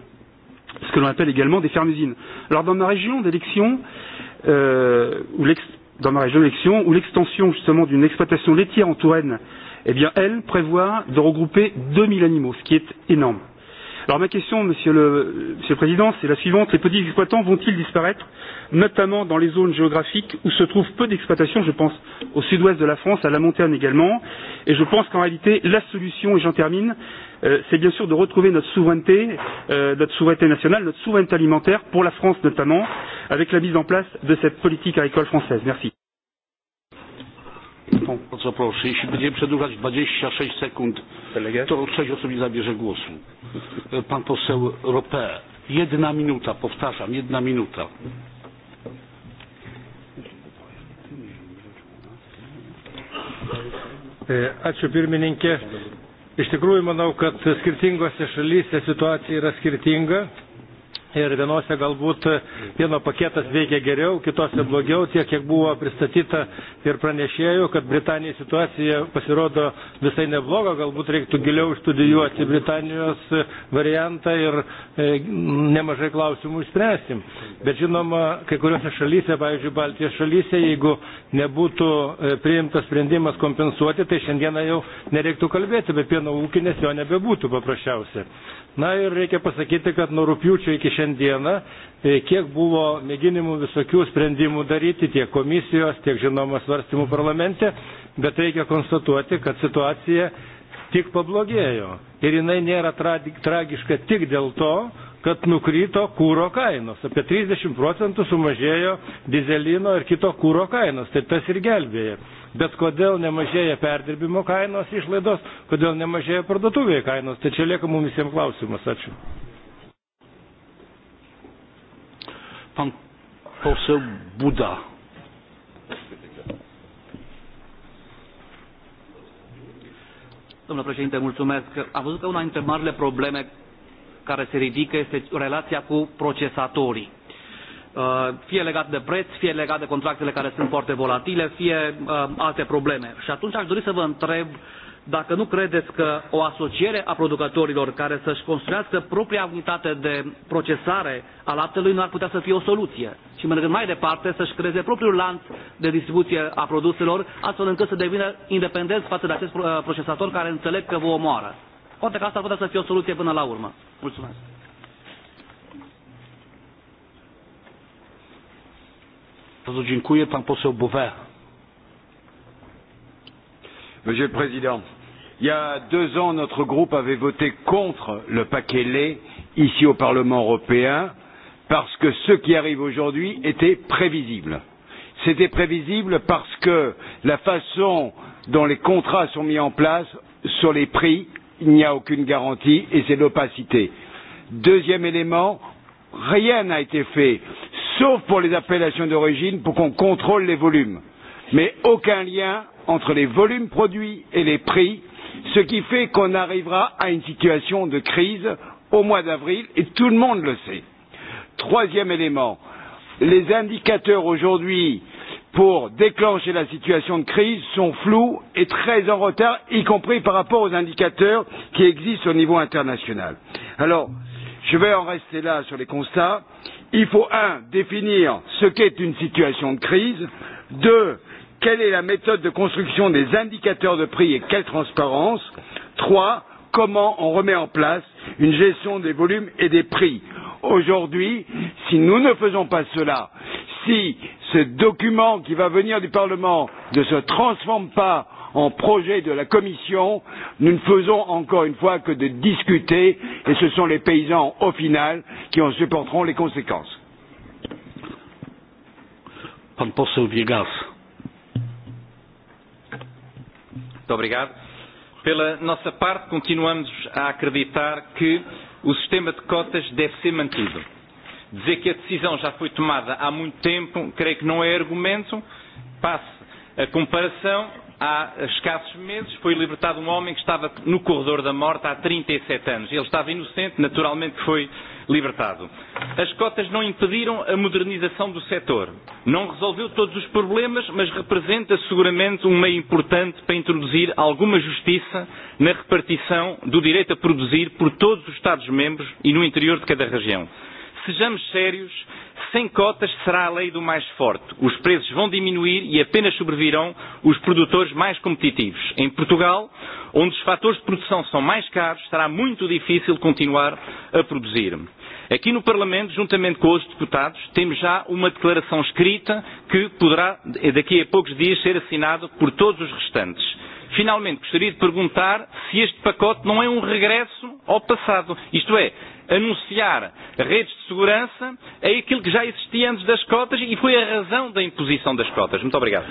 ce que l'on appelle également des fermes-usines. Alors dans ma région d'élection, euh, où l'exploitation dans ma région d'élection, où l'extension justement d'une exploitation laitière en Touraine, eh bien, elle prévoit de regrouper 2000 animaux, ce qui est énorme. Alors ma question, Monsieur le, monsieur le Président, c'est la suivante. Les petits exploitants vont-ils disparaître, notamment dans les zones géographiques où se trouvent peu d'exploitations Je pense au sud-ouest de la France, à la montagne également. Et je pense qu'en réalité, la solution, et j'en termine, Euh, c'est bien sûr de retrouver notre souveraineté, euh, notre souveraineté nationale, notre souveraineté alimentaire, pour la France notamment, avec la mise en place de cette politique agricole française. Merci. Bardzo proszę, jeśli będziemy przedłużać 26 sekund, to sześć osób nie zabierze głosu. E, pan poseł Ropé, jedna minuta, powtarzam, jedna minuta. E, ačiū pirmininkė. Iš tikrųjų, manau, kad skirtingose šalyse situacija yra skirtinga ir vienose galbūt vieno paketas veikia geriau, kitose blogiau, tiek kiek buvo pristatyta ir pranešėjų, kad Britanijai situacija pasirodo visai nebloga, galbūt reiktų giliau studijuoti Britanijos variantą ir e, nemažai klausimų išspręsti. Bet žinoma, kai kuriuose šalyse, pavyzdžiui, Baltijos šalyse, jeigu nebūtų e, priimtas sprendimas kompensuoti, tai šiandieną jau nereiktų kalbėti apie pieno ūkį, nes jo nebebūtų paprasčiausia. Na ir reikia pasakyti, kad nuo rūpiučio iki šiandieną, e, kiek buvo mėginimų visokių sprendimų daryti tiek komisijos, tiek žinoma svarstymų parlamente, bet reikia konstatuoti, kad situacija tik pablogėjo. Ir jinai nėra tragiška tik dėl to, kad nukrito kūro kainos. Apie 30 procentų sumažėjo dizelino ir kito kūro kainos. Tai tas ir gelbėja. Bet kodėl nemažėja perdirbimo kainos išlaidos, kodėl nemažėja parduotuvėje kainos, tai čia lieka mums visiems klausimas. Ačiū. Pan poseł Buda. Domnule președinte, mulțumesc. Am văzut că una dintre marile probleme care se ridică este relația cu procesatorii. Uh, fie legat de preț, fie legat de contractele care sunt foarte volatile, fie uh, alte probleme. Și atunci aș dori să vă întreb uh, dacă nu credeți că o asociere a producătorilor care să-și construiască propria unitate de procesare a laptelui nu ar putea să fie o soluție și mergând mai departe să-și creeze propriul lanț de distribuție a produselor astfel încât să devină independenți față de acest uh, procesator care înțeleg că vă omoară. Poate că asta ar putea să fie o soluție până la urmă. Mulțumesc. Bardzo dziękuję. Pan poseł Bouvert. Monsieur le Président, Il y a deux ans, notre groupe avait voté contre le paquet lait ici au Parlement européen parce que ce qui arrive aujourd'hui était prévisible. C'était prévisible parce que la façon dont les contrats sont mis en place sur les prix, il n'y a aucune garantie et c'est l'opacité. Deuxième élément, rien n'a été fait, sauf pour les appellations d'origine, pour qu'on contrôle les volumes. Mais aucun lien entre les volumes produits et les prix ce qui fait qu'on arrivera à une situation de crise au mois d'avril et tout le monde le sait. Troisième élément, les indicateurs aujourd'hui pour déclencher la situation de crise sont flous et très en retard, y compris par rapport aux indicateurs qui existent au niveau international. Alors, je vais en rester là sur les constats. Il faut, un, définir ce qu'est une situation de crise, deux, Quelle est la méthode de construction des indicateurs de prix et quelle transparence Trois, comment on remet en place une gestion des volumes et des prix Aujourd'hui, si nous ne faisons pas cela, si ce document qui va venir du Parlement ne se transforme pas en projet de la Commission, nous ne faisons encore une fois que de discuter et ce sont les paysans au final qui en supporteront les conséquences. Pan poseł Wiegas. Muito obrigado. Pela nossa parte, continuamos a acreditar que o sistema de cotas deve ser mantido. Dizer que a decisão já foi tomada há muito tempo, creio que não é argumento. Passe a comparação há escassos meses, foi libertado um homem que estava no corredor da morte há 37 e anos. Ele estava inocente, naturalmente foi libertado. As cotas não impediram a modernização do setor. Não resolveu todos os problemas, mas representa seguramente um meio importante para introduzir alguma justiça na repartição do direito a produzir por todos os Estados-membros e no interior de cada região. Sejamos sérios Sem cotas será a lei do mais forte. Os preços vão diminuir e apenas sobrevirão os produtores mais competitivos. Em Portugal, onde os fatores de produção são mais caros, será muito difícil continuar a produzir. Aqui no Parlamento, juntamente com os deputados, temos já uma declaração escrita que poderá, daqui a poucos dias, ser assinada por todos os restantes. Finalmente, gostaria de perguntar se este pacote não é um regresso ao passado. Isto é, anunciar redes de segurança é aquilo que já existia antes das cotas e foi a razão da imposição das cotas. Muito obrigado.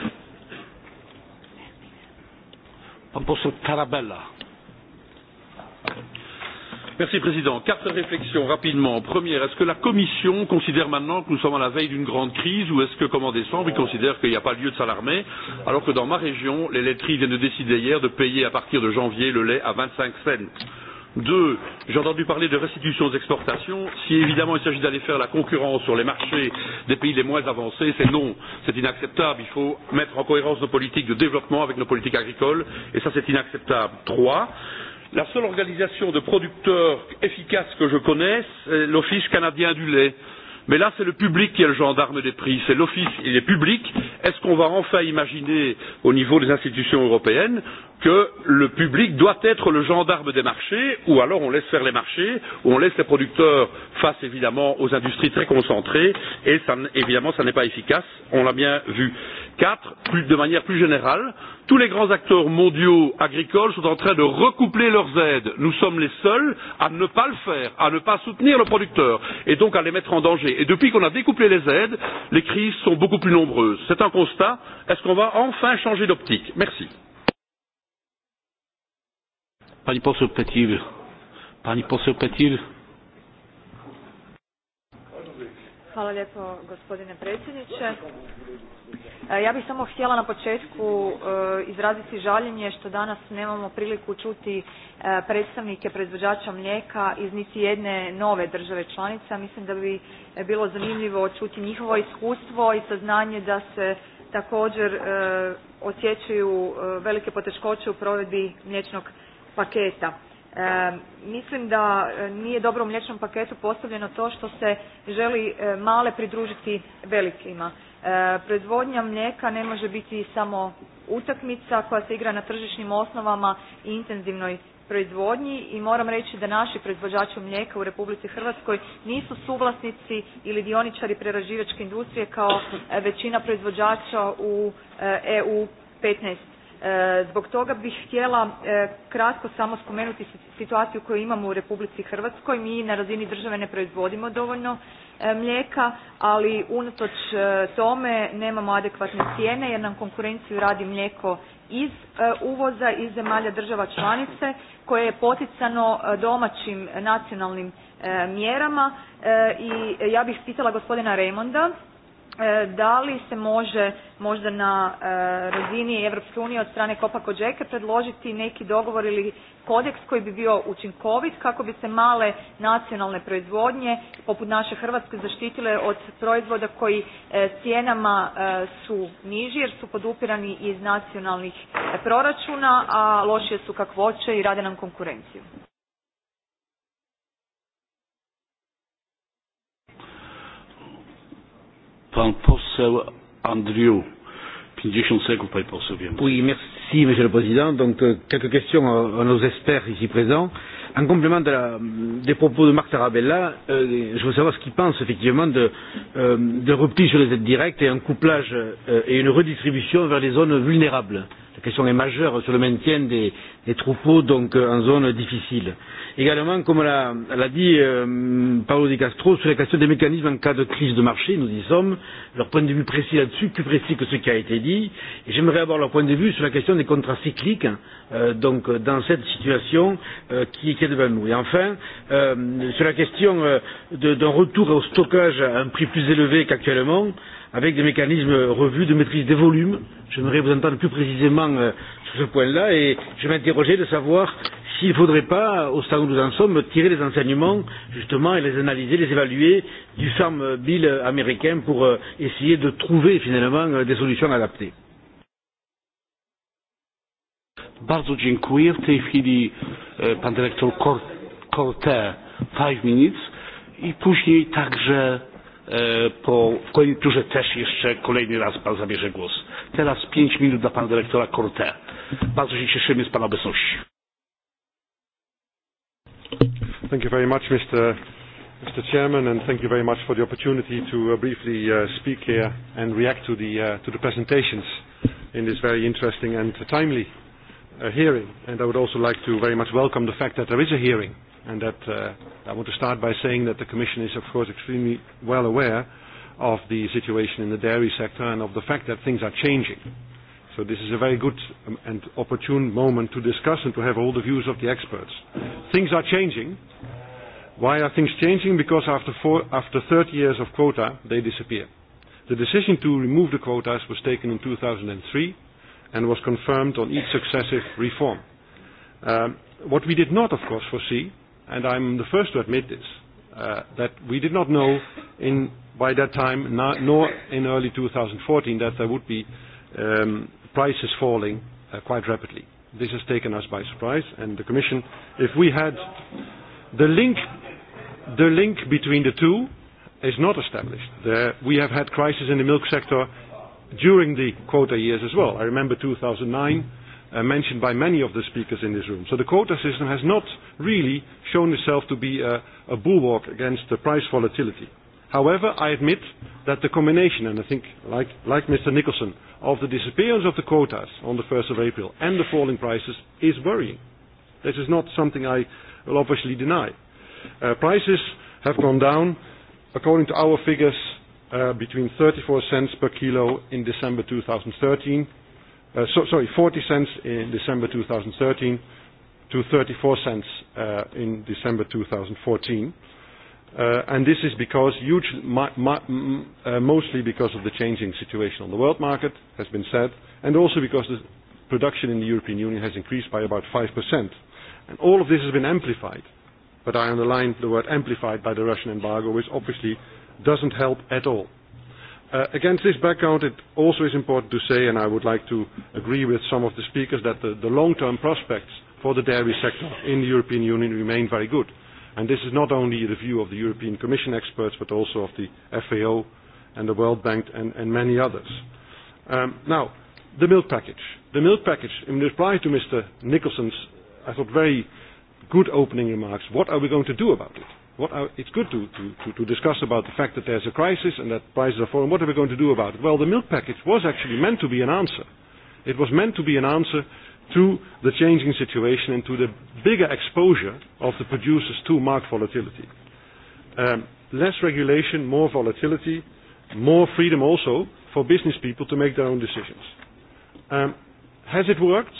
Merci Président. Quatre réflexions rapidement. Première, est-ce que la Commission considère maintenant que nous sommes à la veille d'une grande crise ou est-ce que, comme en décembre, ils considèrent qu'il n'y a pas lieu de s'alarmer alors que dans ma région, les laiteries viennent de décider hier de payer à partir de janvier le lait à 25 cents Deux, j'ai entendu parler de restitution aux exportations. Si évidemment il s'agit d'aller faire la concurrence sur les marchés des pays les moins avancés, c'est non, c'est inacceptable. Il faut mettre en cohérence nos politiques de développement avec nos politiques agricoles, et ça c'est inacceptable. Trois, la seule organisation de producteurs efficace que je connaisse, c'est l'Office canadien du lait Mais là, c'est le public qui est le gendarme des prix, c'est l'office, il est public. Est-ce qu'on va enfin imaginer au niveau des institutions européennes que le public doit être le gendarme des marchés, ou alors on laisse faire les marchés, ou on laisse les producteurs face évidemment aux industries très concentrées, et ça, évidemment ça n'est pas efficace, on l'a bien vu. Quatre, plus, de manière plus générale, tous les grands acteurs mondiaux agricoles sont en train de recoupler leurs aides. Nous sommes les seuls à ne pas le faire, à ne pas soutenir le producteur et donc à les mettre en danger. Et depuis qu'on a découplé les aides, les crises sont beaucoup plus nombreuses. C'est un constat. Est-ce qu'on va enfin changer d'optique Merci. Pani poseł Petir. Pani poseł Petir. Hvala lijepo gospodine predsjedniče. E, ja bih samo htjela na početku e, izraziti žaljenje što danas nemamo priliku čuti e, predstavnike proizvođača mlijeka iz niti jedne nove države članice. Mislim da bi bilo zanimljivo čuti njihovo iskustvo i saznanje da se također osjećaju velike poteškoće u provedbi mliječnog paketa. E, mislim da e, nije dobro u mlječnom paketu postavljeno to što se želi e, male pridružiti velikima. E, proizvodnja mlijeka ne može biti samo utakmica koja se igra na tržišnim osnovama i intenzivnoj proizvodnji i moram reći da naši proizvođači mlijeka u Republici Hrvatskoj nisu suvlasnici ili dioničari prerađivačke industrije kao e, većina proizvođača u EU 15 E, zbog toga bih htjela e, kratko samo spomenuti situaciju koju imamo u Republici Hrvatskoj. Mi na razini države ne proizvodimo dovoljno e, mlijeka, ali unatoč tome nemamo adekvatne cijene jer nam konkurenciju radi mlijeko iz uvoza iz zemalja država članice koje je poticano domaćim nacionalnim mjerama i ja bih pitala gospodina Raymonda E, da li se može možda na e, razini Europske unije od strane Kopa Kođeke predložiti neki dogovor ili kodeks koji bi bio učinkovit kako bi se male nacionalne proizvodnje poput naše Hrvatske zaštitile od proizvoda koji e, cijenama su niži jer su podupirani iz nacionalnih proračuna, a lošije su kakvoće i rade nam konkurenciju. Pan poseł Andriu. 50 sekund, panie poseł. Oui, merci, monsieur le président. Donc, euh, quelques questions à, nos experts ici présents. En complément de la, des propos de Marc Tarabella, euh, je veux savoir ce qu'il pense effectivement de, euh, de repli sur les aides directes et un couplage euh, et une redistribution vers les zones vulnérables la question est majeure sur le maintien des, des troupeaux donc euh, en zone difficile. Également, comme l'a dit euh, Paolo Di Castro, sur la question des mécanismes en cas de crise de marché, nous y sommes, leur point de vue précis là-dessus, plus précis que ce qui a été dit, et j'aimerais avoir leur point de vue sur la question des contrats cycliques euh, donc, dans cette situation euh, qui, qui est devant nous. Et enfin, euh, sur la question euh, d'un retour au stockage à un prix plus élevé qu'actuellement, euh, avec des mécanismes revus de maîtrise des volumes. J'aimerais vous entendre plus précisément euh, sur ce point-là et je m'interrogeais de savoir s'il ne faudrait pas, au stade où nous en sommes, tirer les enseignements justement et les analyser, les évaluer du Farm Bill américain pour euh, essayer de trouver finalement euh, des solutions adaptées. Bardzo dziękuję. W tej chwili e, pan dyrektor Corte 5 minut i później także E, po koniunkturze też jeszcze kolejny raz pan zabierze głos. Teraz pięć minut dla pana dyrektora Corte. Bardzo się cieszymy z pana obecności. Thank you very much, Mr. Mr. Chairman, and thank you very much for the opportunity to uh, briefly uh, speak here and react to the, uh, to the presentations in this very interesting and timely uh, hearing. And I would also like to very much welcome the fact that there is a hearing and that uh, I want to start by saying that the Commission is, of course, extremely well aware of the situation in the dairy sector and of the fact that things are changing. So this is a very good um, and opportune moment to discuss and to have all the views of the experts. Things are changing. Why are things changing? Because after, four, after 30 years of quota, they disappear. The decision to remove the quotas was taken in 2003 and was confirmed on each successive reform. Um, what we did not, of course, foresee and I'm the first to admit this, uh, that we did not know in, by that time, not, nor in early 2014, that there would be um, prices falling uh, quite rapidly. This has taken us by surprise, and the Commission, if we had the link, the link between the two is not established. The, we have had crisis in the milk sector during the quota years as well. I remember 2009 uh, mentioned by many of the speakers in this room. So the quota system has not really shown itself to be a, a bulwark against the price volatility. However, I admit that the combination, and I think like, like Mr. Nicholson, of the disappearance of the quotas on the 1st of April and the falling prices is worrying. This is not something I will obviously deny. Uh, prices have gone down, according to our figures, uh, between 34 cents per kilo in December 2013 Uh, so, sorry, 40 cents in December 2013 to 34 cents uh, in December 2014. Uh, and this is because huge, ma ma uh, mostly because of the changing situation on the world market, has been said, and also because the production in the European Union has increased by about 5%. And all of this has been amplified, but I underline the word amplified by the Russian embargo, which obviously doesn't help at all. Uh, against this background, it also is important to say, and I would like to agree with some of the speakers, that the, the long-term prospects for the dairy sector in the European Union remain very good. And this is not only the view of the European Commission experts, but also of the FAO and the World Bank and, and many others. Um, now, the milk package. The milk package, in reply to Mr. Nicholson's, I thought, very good opening remarks, what are we going to do about it? what are, it's good to, to, to discuss about the fact that there's a crisis and that prices are falling. What are we going to do about it? Well, the milk package was actually meant to be an answer. It was meant to be an answer to the changing situation and to the bigger exposure of the producers to market volatility. Um, less regulation, more volatility, more freedom also for business people to make their own decisions. Um, has it worked?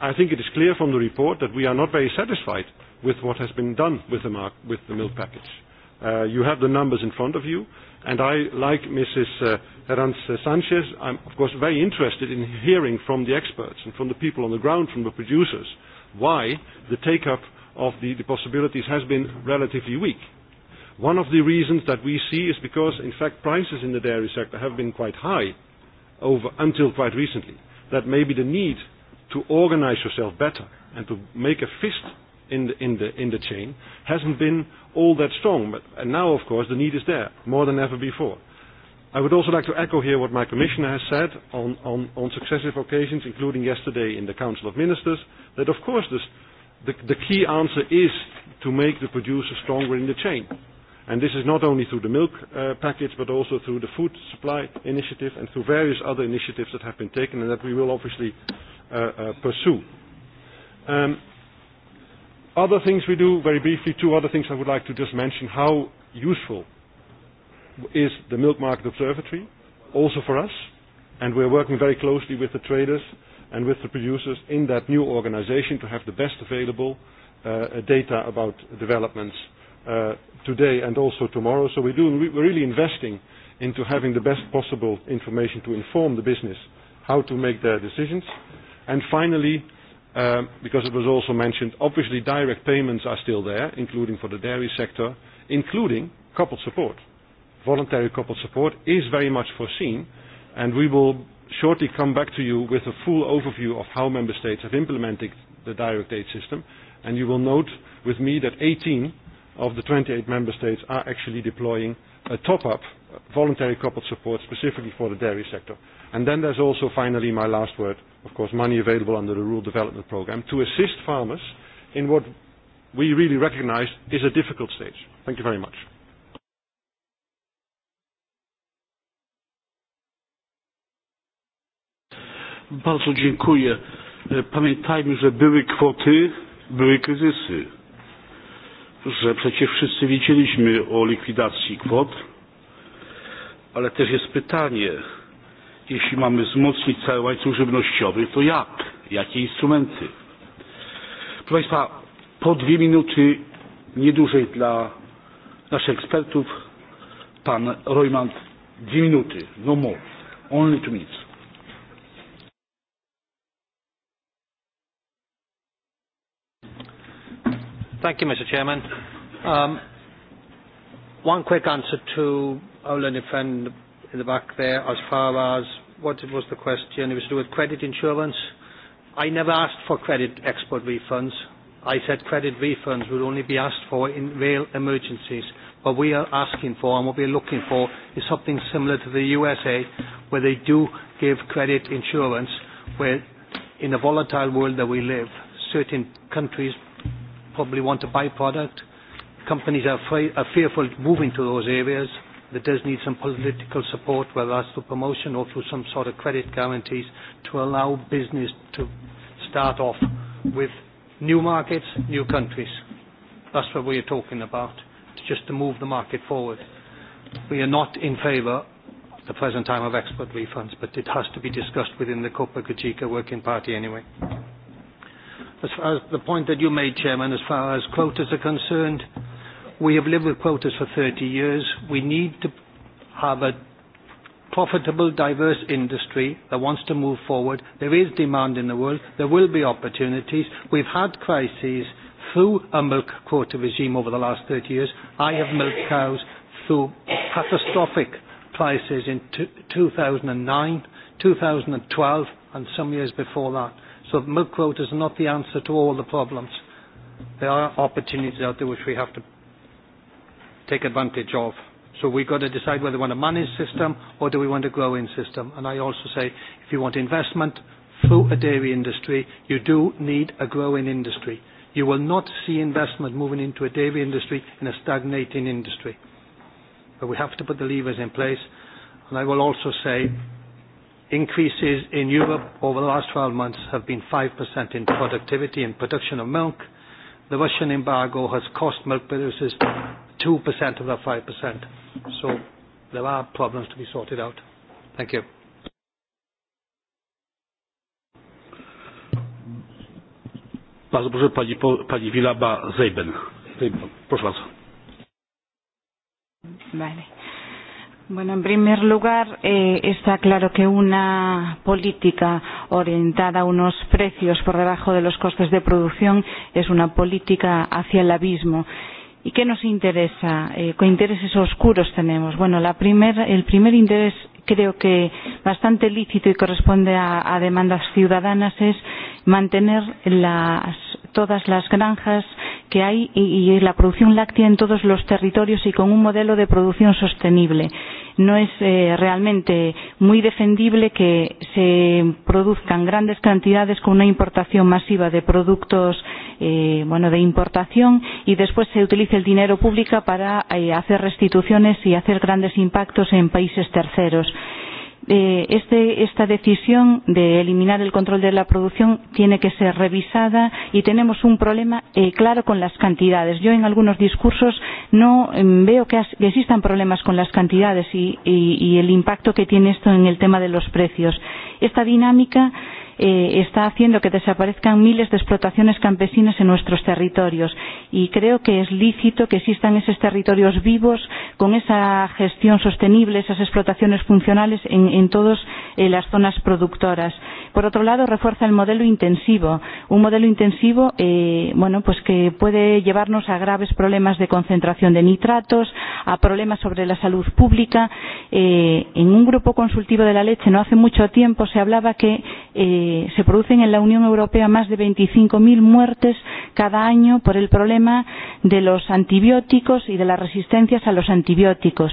I think it is clear from the report that we are not very satisfied with what has been done with the, mark, with the milk package. Uh, you have the numbers in front of you, and I, like Mrs. Uh, Herranz uh, Sanchez, I'm of course very interested in hearing from the experts and from the people on the ground, from the producers, why the take-up of the, the possibilities has been relatively weak. One of the reasons that we see is because, in fact, prices in the dairy sector have been quite high over, until quite recently. That maybe the need to organize yourself better and to make a fist in the, in the, in the chain hasn't been all that strong. But, and now, of course, the need is there more than ever before. I would also like to echo here what my commissioner has said on, on, on successive occasions, including yesterday in the Council of Ministers, that of course this, the, the key answer is to make the producer stronger in the chain. And this is not only through the milk uh, package, but also through the food supply initiative and through various other initiatives that have been taken and that we will obviously uh, uh, pursue. Um, Other things we do, very briefly, two other things I would like to just mention. How useful is the Milk Market Observatory, also for us, and we're working very closely with the traders and with the producers in that new organization to have the best available uh, data about developments uh, today and also tomorrow. So we're, doing, we're really investing into having the best possible information to inform the business how to make their decisions. And finally, Uh, because it was also mentioned, obviously direct payments are still there, including for the dairy sector, including coupled support. Voluntary coupled support is very much foreseen, and we will shortly come back to you with a full overview of how member states have implemented the direct aid system, and you will note with me that 18 of the 28 member states are actually deploying a top-up voluntary coupled support specifically for the dairy sector. And then there's also finally my last word, of course, money available under the Rural Development Program to assist farmers in what we really recognize is a difficult stage. Thank you very much. Bardzo dziękuję. E, pamiętajmy, że były kwoty, były kryzysy, że przecież wszyscy wiedzieliśmy o likwidacji kwot, ale też jest pytanie, jeśli mamy wzmocnić cały łańcuch żywnościowy, to jak? Jakie instrumenty? Proszę Państwa, po dwie minuty, nie dłużej dla naszych ekspertów. Pan Rojman, dwie minuty, no more, only two minutes. Thank you, Mr. Chairman. Um, one quick answer to Olin and in the back there as far as what was the question? It was to do with credit insurance. I never asked for credit export refunds. I said credit refunds would only be asked for in real emergencies. What we are asking for and what we are looking for is something similar to the USA, where they do give credit insurance, where in a volatile world that we live, certain countries probably want to buy product. Companies are, afraid, are fearful moving to those areas that does need some political support, whether that's through promotion or through some sort of credit guarantees, to allow business to start off with new markets, new countries. That's what we are talking about, just to move the market forward. We are not in favour at the present time of export refunds, but it has to be discussed within the Copa Cogeca Working Party anyway. As far as the point that you made, Chairman, as far as quotas are concerned, We have lived with quotas for 30 years. We need to have a profitable, diverse industry that wants to move forward. There is demand in the world. There will be opportunities. We've had crises through a milk quota regime over the last 30 years. I have milked cows through catastrophic prices in 2009, 2012, and some years before that. So milk quotas are not the answer to all the problems. There are opportunities out there which we have to take advantage of. So we've got to decide whether we want a managed system or do we want a growing system. And I also say, if you want investment through a dairy industry, you do need a growing industry. You will not see investment moving into a dairy industry in a stagnating industry. But we have to put the levers in place. And I will also say, increases in Europe over the last 12 months have been 5% in productivity and production of milk, the Russian embargo has cost milk producers 2% of that 5%. So there are problems to be sorted out. Thank you. Bardzo proszę pani, pani Wilaba Zejben. Proszę bardzo. Bye. Bueno, en primer lugar, eh, está claro que una política orientada a unos precios por debajo de los costes de producción es una política hacia el abismo ¿Y qué nos interesa? Eh, ¿Qué intereses oscuros tenemos? Bueno, la primer, el primer interés creo que bastante lícito y corresponde a, a demandas ciudadanas es mantener las, todas las granjas que hay y, y la producción láctea en todos los territorios y con un modelo de producción sostenible no es eh, realmente muy defendible que se produzcan grandes cantidades con una importación masiva de productos eh, bueno, de importación y después se utilice el dinero público para eh, hacer restituciones y hacer grandes impactos en países terceros. Eh, eh, este, esta decisión de eliminar el control de la producción tiene que ser revisada y tenemos un problema eh, claro con las cantidades. Yo en algunos discursos no eh, veo que, as, que existan problemas con las cantidades y, y, y el impacto que tiene esto en el tema de los precios. Esta dinámica eh, está haciendo que desaparezcan miles de explotaciones campesinas en nuestros territorios. Y creo que es lícito que existan esos territorios vivos con esa gestión sostenible, esas explotaciones funcionales en, en todas eh, las zonas productoras. Por otro lado, refuerza el modelo intensivo. Un modelo intensivo eh, bueno, pues que puede llevarnos a graves problemas de concentración de nitratos, a problemas sobre la salud pública. Eh, en un grupo consultivo de la leche no hace mucho tiempo se hablaba que eh, se producen en la Unión Europea más de 25.000 muertes cada año por el problema de los antibióticos y de las resistencias a los antibióticos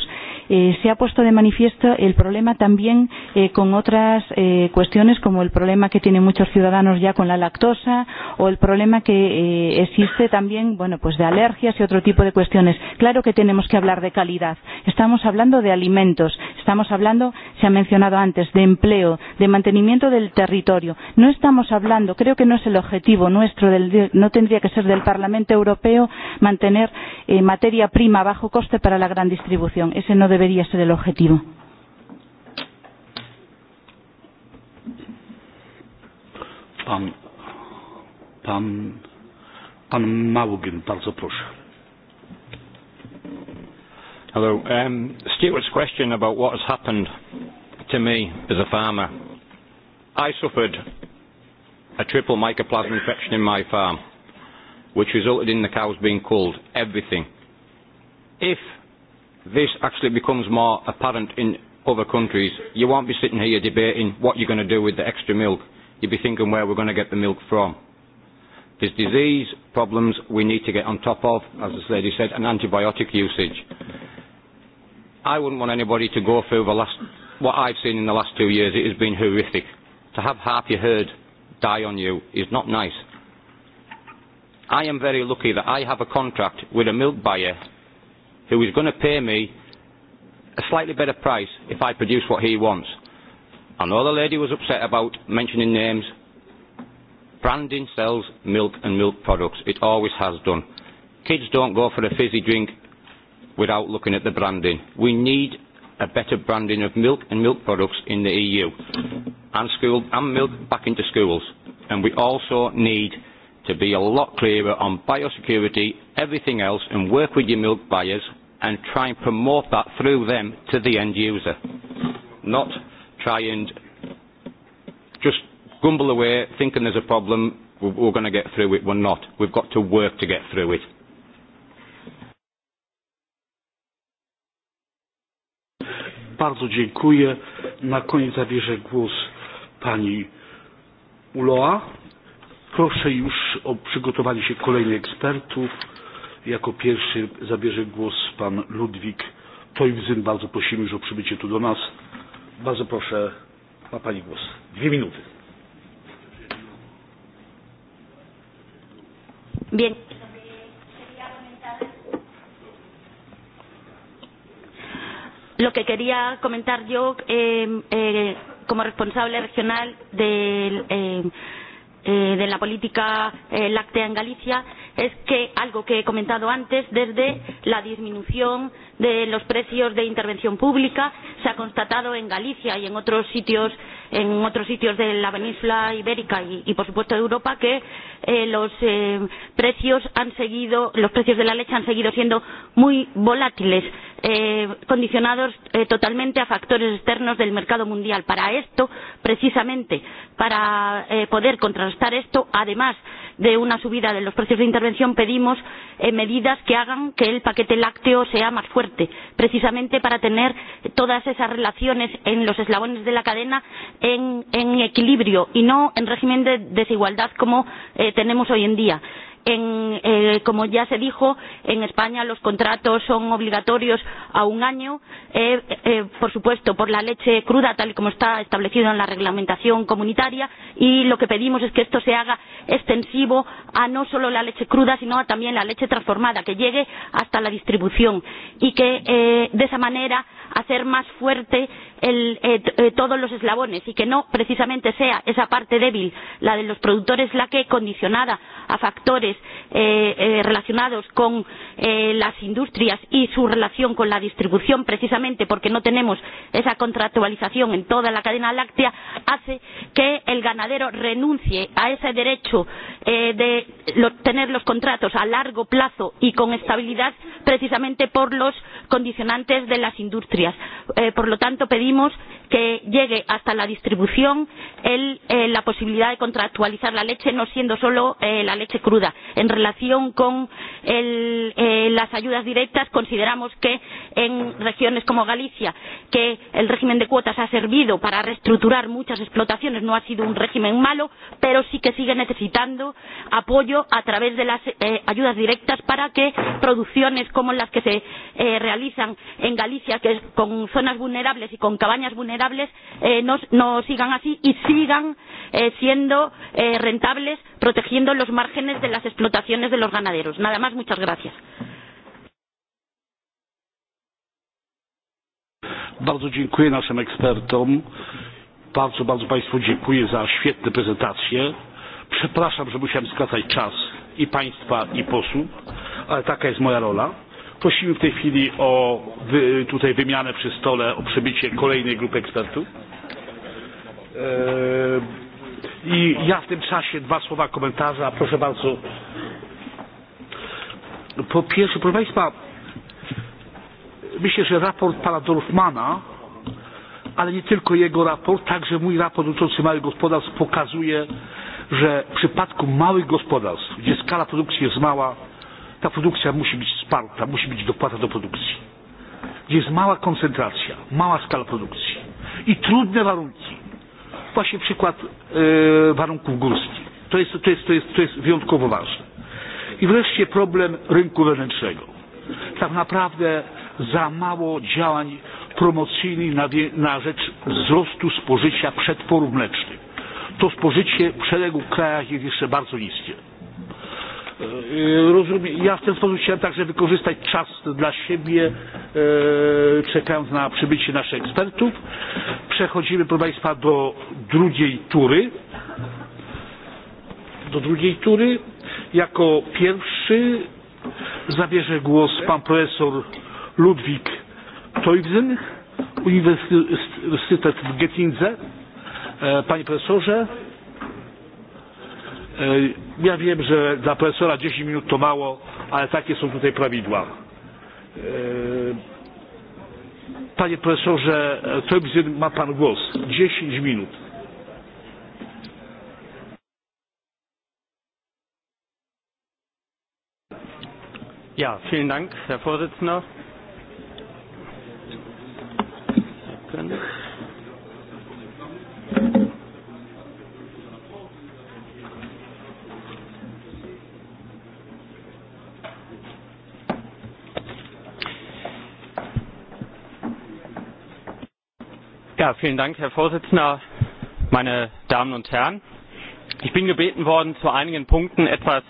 eh, se ha puesto de manifiesto el problema también eh, con otras eh, cuestiones como el problema que tienen muchos ciudadanos ya con la lactosa o el problema que eh, existe también bueno pues de alergias y otro tipo de cuestiones claro que tenemos que hablar de calidad estamos hablando de alimentos estamos hablando se ha mencionado antes de empleo de mantenimiento del territorio no estamos hablando creo que no es el objetivo nuestro del, no tendría que ser del Parlamento Europeo mantener eh, materia prima a bajo coste para la gran distribución ese no debe debería ser el objetivo. Pan, pan, pan Małgin, bardzo proszę. Hello. Um, Stuart's question about what has happened to me as a farmer. I suffered a triple mycoplasma infection in my farm, which resulted in the cows being culled, everything. If this actually becomes more apparent in other countries. You won't be sitting here debating what you're going to do with the extra milk. You'll be thinking where we're going to get the milk from. There's disease problems we need to get on top of, as this lady said, and antibiotic usage. I wouldn't want anybody to go through the last, what I've seen in the last two years. It has been horrific. To have half your herd die on you is not nice. I am very lucky that I have a contract with a milk buyer who is going to pay me a slightly better price if I produce what he wants. I know the lady was upset about mentioning names. Branding sells milk and milk products. It always has done. Kids don't go for a fizzy drink without looking at the branding. We need a better branding of milk and milk products in the EU and, school, and milk back into schools. And we also need to be a lot clearer on biosecurity, everything else, and work with your milk buyers, and try and promote that through them to the end user. Not try and just grumble away thinking there's a problem, we're going to get through it, we're not. We've got to work to get through it. Bardzo dziękuję. Na koniec zabierze głos pani Uloa. Proszę już o przygotowanie się kolejnych ekspertów. Jako pierwszy zabierze głos pan Ludwik Toibzyn. Bardzo prosimy już o przybycie tu do nas. Bardzo proszę, ma pani głos. Dwie minuty. Bien. Lo que quería comentar yo eh, eh, como responsable regional de, eh, eh, de la política eh, láctea en Galicia es que algo que he comentado antes, desde la disminución de los precios de intervención pública, se ha constatado en Galicia y en otros sitios, en otros sitios de la península ibérica y, y por supuesto de Europa, que eh, los eh, precios han seguido, los precios de la leche han seguido siendo muy volátiles, eh, condicionados eh, totalmente a factores externos del mercado mundial. Para esto, precisamente, para eh, poder contrastar esto, además de una subida de los precios de intervención pedimos eh, medidas que hagan que el paquete lácteo sea más fuerte, precisamente para tener todas esas relaciones en los eslabones de la cadena en, en equilibrio y no en régimen de desigualdad como eh, tenemos hoy en día. En, eh, como ya se dijo, en España los contratos son obligatorios a un año, eh, eh, por supuesto, por la leche cruda, tal y como está establecido en la reglamentación comunitaria, y lo que pedimos es que esto se haga extensivo a no solo la leche cruda, sino a también la leche transformada, que llegue hasta la distribución y que eh, de esa manera hacer más fuerte el, eh, eh, todos los eslabones y que no precisamente sea esa parte débil, la de los productores, la que condicionada a factores eh, eh, relacionados con eh, las industrias y su relación con la distribución, precisamente porque no tenemos esa contractualización en toda la cadena láctea, hace que el ganadero renuncie a ese derecho eh, de lo, tener los contratos a largo plazo y con estabilidad, precisamente por los condicionantes de las industrias industrias. Eh, por lo tanto, pedimos que llegue hasta la distribución el, eh, la posibilidad de contractualizar la leche, no siendo solo eh, la leche cruda. En relación con el, eh, las ayudas directas, consideramos que en regiones como Galicia, que el régimen de cuotas ha servido para reestructurar muchas explotaciones, no ha sido un régimen malo, pero sí que sigue necesitando apoyo a través de las eh, ayudas directas para que producciones como las que se eh, realizan en Galicia, que con zonas vulnerables y con cabañas vulnerables eh, no, no sigan así y sigan eh, siendo eh, rentables protegiendo los márgenes de las explotaciones de los ganaderos. Nada más, muchas gracias. Bardzo dziękuję naszym ekspertom. Bardzo, bardzo Państwu dziękuję za świetne prezentacje. Przepraszam, że musiałem skracać czas i Państwa, i posłów, ale taka jest moja rola. Prosimy w tej chwili o wy, tutaj wymianę przy stole, o przybycie kolejnej grupy ekspertów. E, I ja w tym czasie dwa słowa komentarza. Proszę bardzo. Po pierwsze, proszę Państwa, myślę, że raport pana Dorfmana, ale nie tylko jego raport, także mój raport dotyczący małych gospodarstw pokazuje, że w przypadku małych gospodarstw, gdzie skala produkcji jest mała, ta produkcja musi być wsparta, musi być dopłata do produkcji. Gdzie jest mała koncentracja, mała skala produkcji i trudne warunki. Właśnie przykład yy, e, warunków górskich. To jest, to, jest, to, jest, to jest wyjątkowo ważne. I wreszcie problem rynku wewnętrznego. Tak naprawdę za mało działań promocyjnych na, na rzecz wzrostu spożycia przetworów mlecznych. To spożycie w szeregu krajach jest jeszcze bardzo niskie Rozumiem. Ja w ten sposób chciałem także wykorzystać czas dla siebie, czekając na przybycie naszych ekspertów. Przechodzimy, proszę Państwa, do drugiej tury. Do drugiej tury. Jako pierwszy zabierze głos pan profesor Ludwik Toivzen, Uniwersytet w Gettinze. Panie profesorze, E, ja wiem, że dla profesora 10 minut to mało, ale takie są tutaj prawidła. E, panie profesorze, to ma pan głos. 10 minut. Ja, vielen Dank, Herr Vorsitzender. Herr Ja, vielen Dank, Herr Vorsitzender, meine Damen und Herren. Ich bin gebeten worden, zu einigen Punkten etwas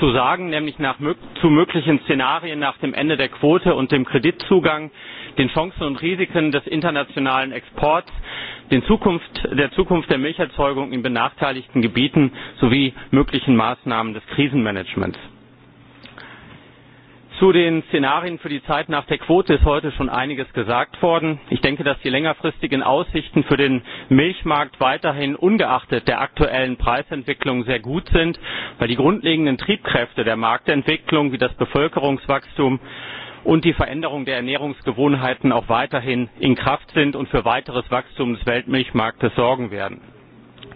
zu sagen, nämlich nach, zu möglichen Szenarien nach dem Ende der Quote und dem Kreditzugang, den Chancen und Risiken des internationalen Exports, den Zukunft, der Zukunft der Milcherzeugung in benachteiligten Gebieten sowie möglichen Maßnahmen des Krisenmanagements. Zu den Szenarien für die Zeit nach der Quote ist heute schon einiges gesagt worden. Ich denke, dass die längerfristigen Aussichten für den Milchmarkt weiterhin ungeachtet der aktuellen Preisentwicklung sehr gut sind, weil die grundlegenden Triebkräfte der Marktentwicklung wie das Bevölkerungswachstum und die Veränderung der Ernährungsgewohnheiten auch weiterhin in Kraft sind und für weiteres Wachstum des Weltmilchmarktes sorgen werden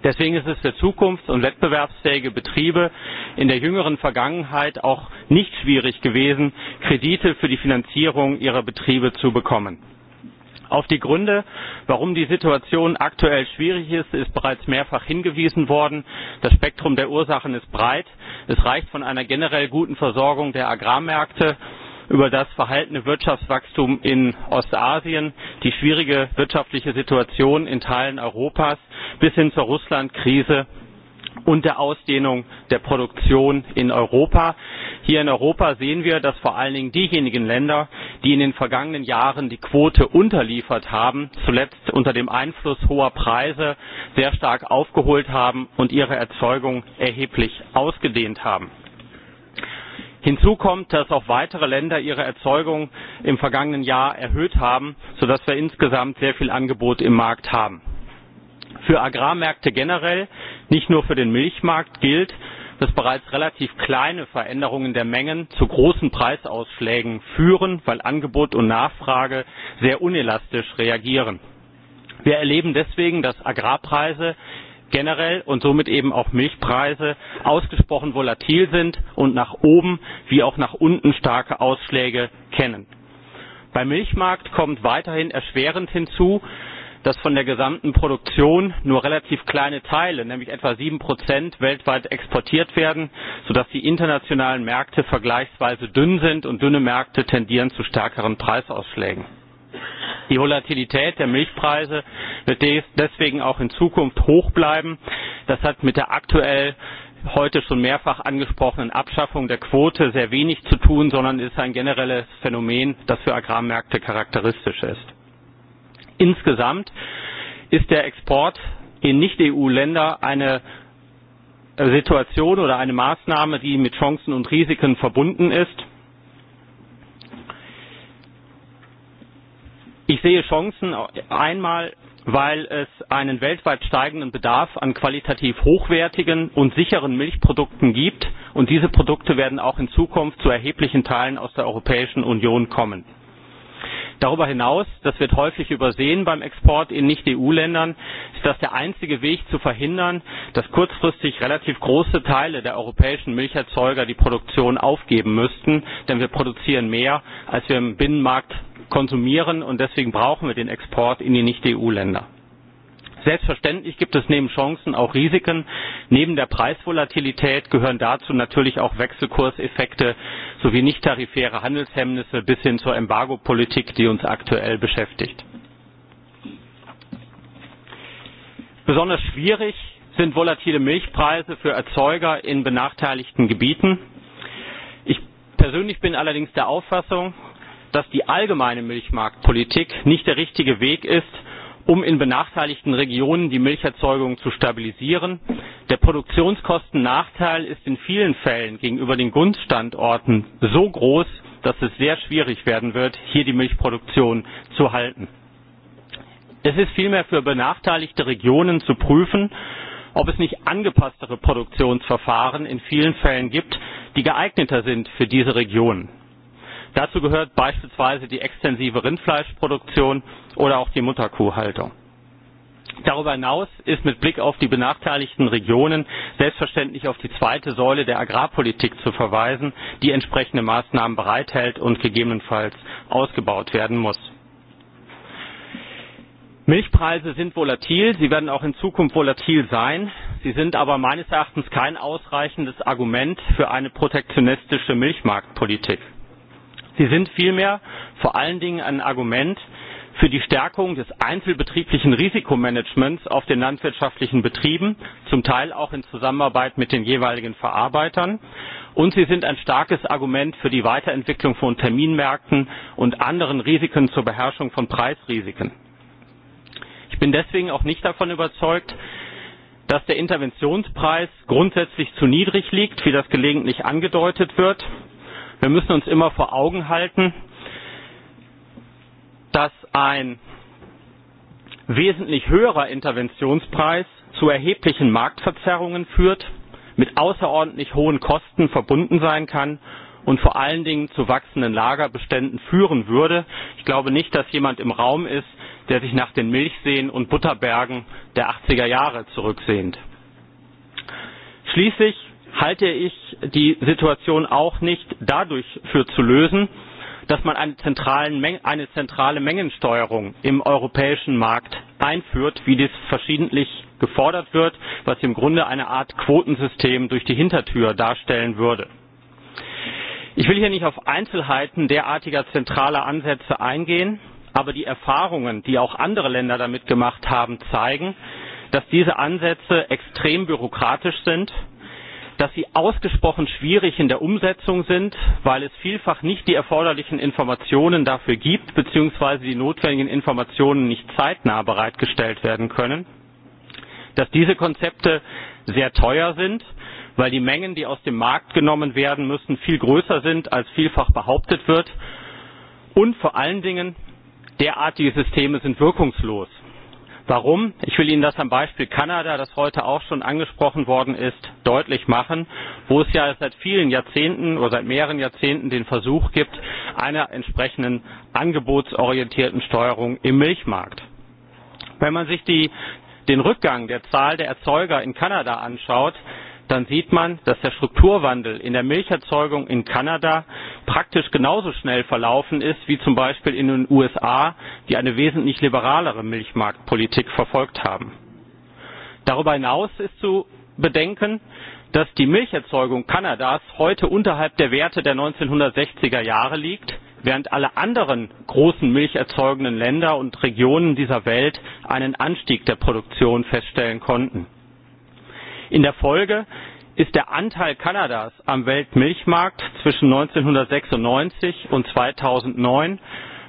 Deswegen ist es für zukunfts- und wettbewerbsfähige Betriebe in der jüngeren Vergangenheit auch nicht schwierig gewesen, Kredite für die Finanzierung ihrer Betriebe zu bekommen. Auf die Gründe, warum die Situation aktuell schwierig ist, ist bereits mehrfach hingewiesen worden. Das Spektrum der Ursachen ist breit. Es reicht von einer generell guten Versorgung der Agrarmärkte über das verhaltene Wirtschaftswachstum in Ostasien, die schwierige wirtschaftliche Situation in Teilen Europas bis hin zur Russlandkrise und der Ausdehnung der Produktion in Europa. Hier in Europa sehen wir, dass vor allen Dingen diejenigen Länder, die in den vergangenen Jahren die Quote unterliefert haben, zuletzt unter dem Einfluss hoher Preise sehr stark aufgeholt haben und ihre Erzeugung erheblich ausgedehnt haben Hinzu kommt, dass auch weitere Länder ihre Erzeugung im vergangenen Jahr erhöht haben, sodass wir insgesamt sehr viel Angebot im Markt haben. Für Agrarmärkte generell, nicht nur für den Milchmarkt, gilt, dass bereits relativ kleine Veränderungen der Mengen zu großen Preisausschlägen führen, weil Angebot und Nachfrage sehr unelastisch reagieren. Wir erleben deswegen, dass Agrarpreise generell und somit eben auch Milchpreise ausgesprochen volatil sind und nach oben wie auch nach unten starke Ausschläge kennen. Beim Milchmarkt kommt weiterhin erschwerend hinzu, dass von der gesamten Produktion nur relativ kleine Teile, nämlich etwa 7 Prozent, weltweit exportiert werden, sodass die internationalen Märkte vergleichsweise dünn sind und dünne Märkte tendieren zu stärkeren Preisausschlägen. Die Volatilität der Milchpreise wird deswegen auch in Zukunft hoch bleiben. Das hat mit der aktuell heute schon mehrfach angesprochenen Abschaffung der Quote sehr wenig zu tun, sondern ist ein generelles Phänomen, das für Agrarmärkte charakteristisch ist. Insgesamt ist der Export in Nicht-EU-Länder eine Situation oder eine Maßnahme, die mit Chancen und Risiken verbunden ist Ich sehe Chancen einmal, weil es einen weltweit steigenden Bedarf an qualitativ hochwertigen und sicheren Milchprodukten gibt, und diese Produkte werden auch in Zukunft zu erheblichen Teilen aus der Europäischen Union kommen Darüber hinaus, das wird häufig übersehen beim Export in Nicht-EU-Ländern, ist das der einzige Weg zu verhindern, dass kurzfristig relativ große Teile der europäischen Milcherzeuger die Produktion aufgeben müssten, denn wir produzieren mehr, als wir im Binnenmarkt konsumieren und deswegen brauchen wir den Export in die Nicht-EU-Länder. Selbstverständlich gibt es neben Chancen auch Risiken. Neben der Preisvolatilität gehören dazu natürlich auch Wechselkurseffekte sowie nichttarifäre Handelshemmnisse bis hin zur Embargopolitik, die uns aktuell beschäftigt. Besonders schwierig sind volatile Milchpreise für Erzeuger in benachteiligten Gebieten. Ich persönlich bin allerdings der Auffassung, dass die allgemeine Milchmarktpolitik nicht der richtige Weg ist, um in benachteiligten Regionen die Milcherzeugung zu stabilisieren. Der Produktionskostennachteil ist in vielen Fällen gegenüber den Grundstandorten so groß, dass es sehr schwierig werden wird, hier die Milchproduktion zu halten. Es ist vielmehr für benachteiligte Regionen zu prüfen, ob es nicht angepasstere Produktionsverfahren in vielen Fällen gibt, die geeigneter sind für diese Regionen. Dazu gehört beispielsweise die extensive Rindfleischproduktion oder auch die Mutterkuhhaltung. Darüber hinaus ist mit Blick auf die benachteiligten Regionen selbstverständlich auf die zweite Säule der Agrarpolitik zu verweisen, die entsprechende Maßnahmen bereithält und gegebenenfalls ausgebaut werden muss. Milchpreise sind volatil, sie werden auch in Zukunft volatil sein. Sie sind aber meines Erachtens kein ausreichendes Argument für eine protektionistische Milchmarktpolitik. Sie sind vielmehr vor allen Dingen ein Argument für die Stärkung des einzelbetrieblichen Risikomanagements auf den landwirtschaftlichen Betrieben, zum Teil auch in Zusammenarbeit mit den jeweiligen Verarbeitern. Und sie sind ein starkes Argument für die Weiterentwicklung von Terminmärkten und anderen Risiken zur Beherrschung von Preisrisiken. Ich bin deswegen auch nicht davon überzeugt, dass der Interventionspreis grundsätzlich zu niedrig liegt, wie das gelegentlich angedeutet wird. Wir müssen uns immer vor Augen halten, dass ein wesentlich höherer Interventionspreis zu erheblichen Marktverzerrungen führt, mit außerordentlich hohen Kosten verbunden sein kann und vor allen Dingen zu wachsenden Lagerbeständen führen würde. Ich glaube nicht, dass jemand im Raum ist, der sich nach den Milchseen und Butterbergen der 80er Jahre zurücksehnt. Schließlich halte ich die Situation auch nicht dadurch für zu lösen, dass man eine, zentralen, eine zentrale Mengensteuerung im europäischen Markt einführt, wie dies verschiedentlich gefordert wird, was im Grunde eine Art Quotensystem durch die Hintertür darstellen würde. Ich will hier nicht auf Einzelheiten derartiger zentraler Ansätze eingehen, aber die Erfahrungen, die auch andere Länder damit gemacht haben, zeigen, dass diese Ansätze extrem bürokratisch sind dass sie ausgesprochen schwierig in der Umsetzung sind, weil es vielfach nicht die erforderlichen Informationen dafür gibt, beziehungsweise die notwendigen Informationen nicht zeitnah bereitgestellt werden können, dass diese Konzepte sehr teuer sind, weil die Mengen, die aus dem Markt genommen werden müssen, viel größer sind, als vielfach behauptet wird, und vor allen Dingen derartige Systeme sind wirkungslos Warum? Ich will Ihnen das am Beispiel Kanada, das heute auch schon angesprochen worden ist, deutlich machen, wo es ja seit vielen Jahrzehnten oder seit mehreren Jahrzehnten den Versuch gibt einer entsprechenden angebotsorientierten Steuerung im Milchmarkt. Wenn man sich die, den Rückgang der Zahl der Erzeuger in Kanada anschaut, dann sieht man, dass der Strukturwandel in der Milcherzeugung in Kanada praktisch genauso schnell verlaufen ist wie zum Beispiel in den USA, die eine wesentlich liberalere Milchmarktpolitik verfolgt haben. Darüber hinaus ist zu bedenken, dass die Milcherzeugung Kanadas heute unterhalb der Werte der 1960er Jahre liegt, während alle anderen großen milcherzeugenden Länder und Regionen dieser Welt einen Anstieg der Produktion feststellen konnten. In der Folge ist der Anteil Kanadas am Weltmilchmarkt zwischen 1996 und 2009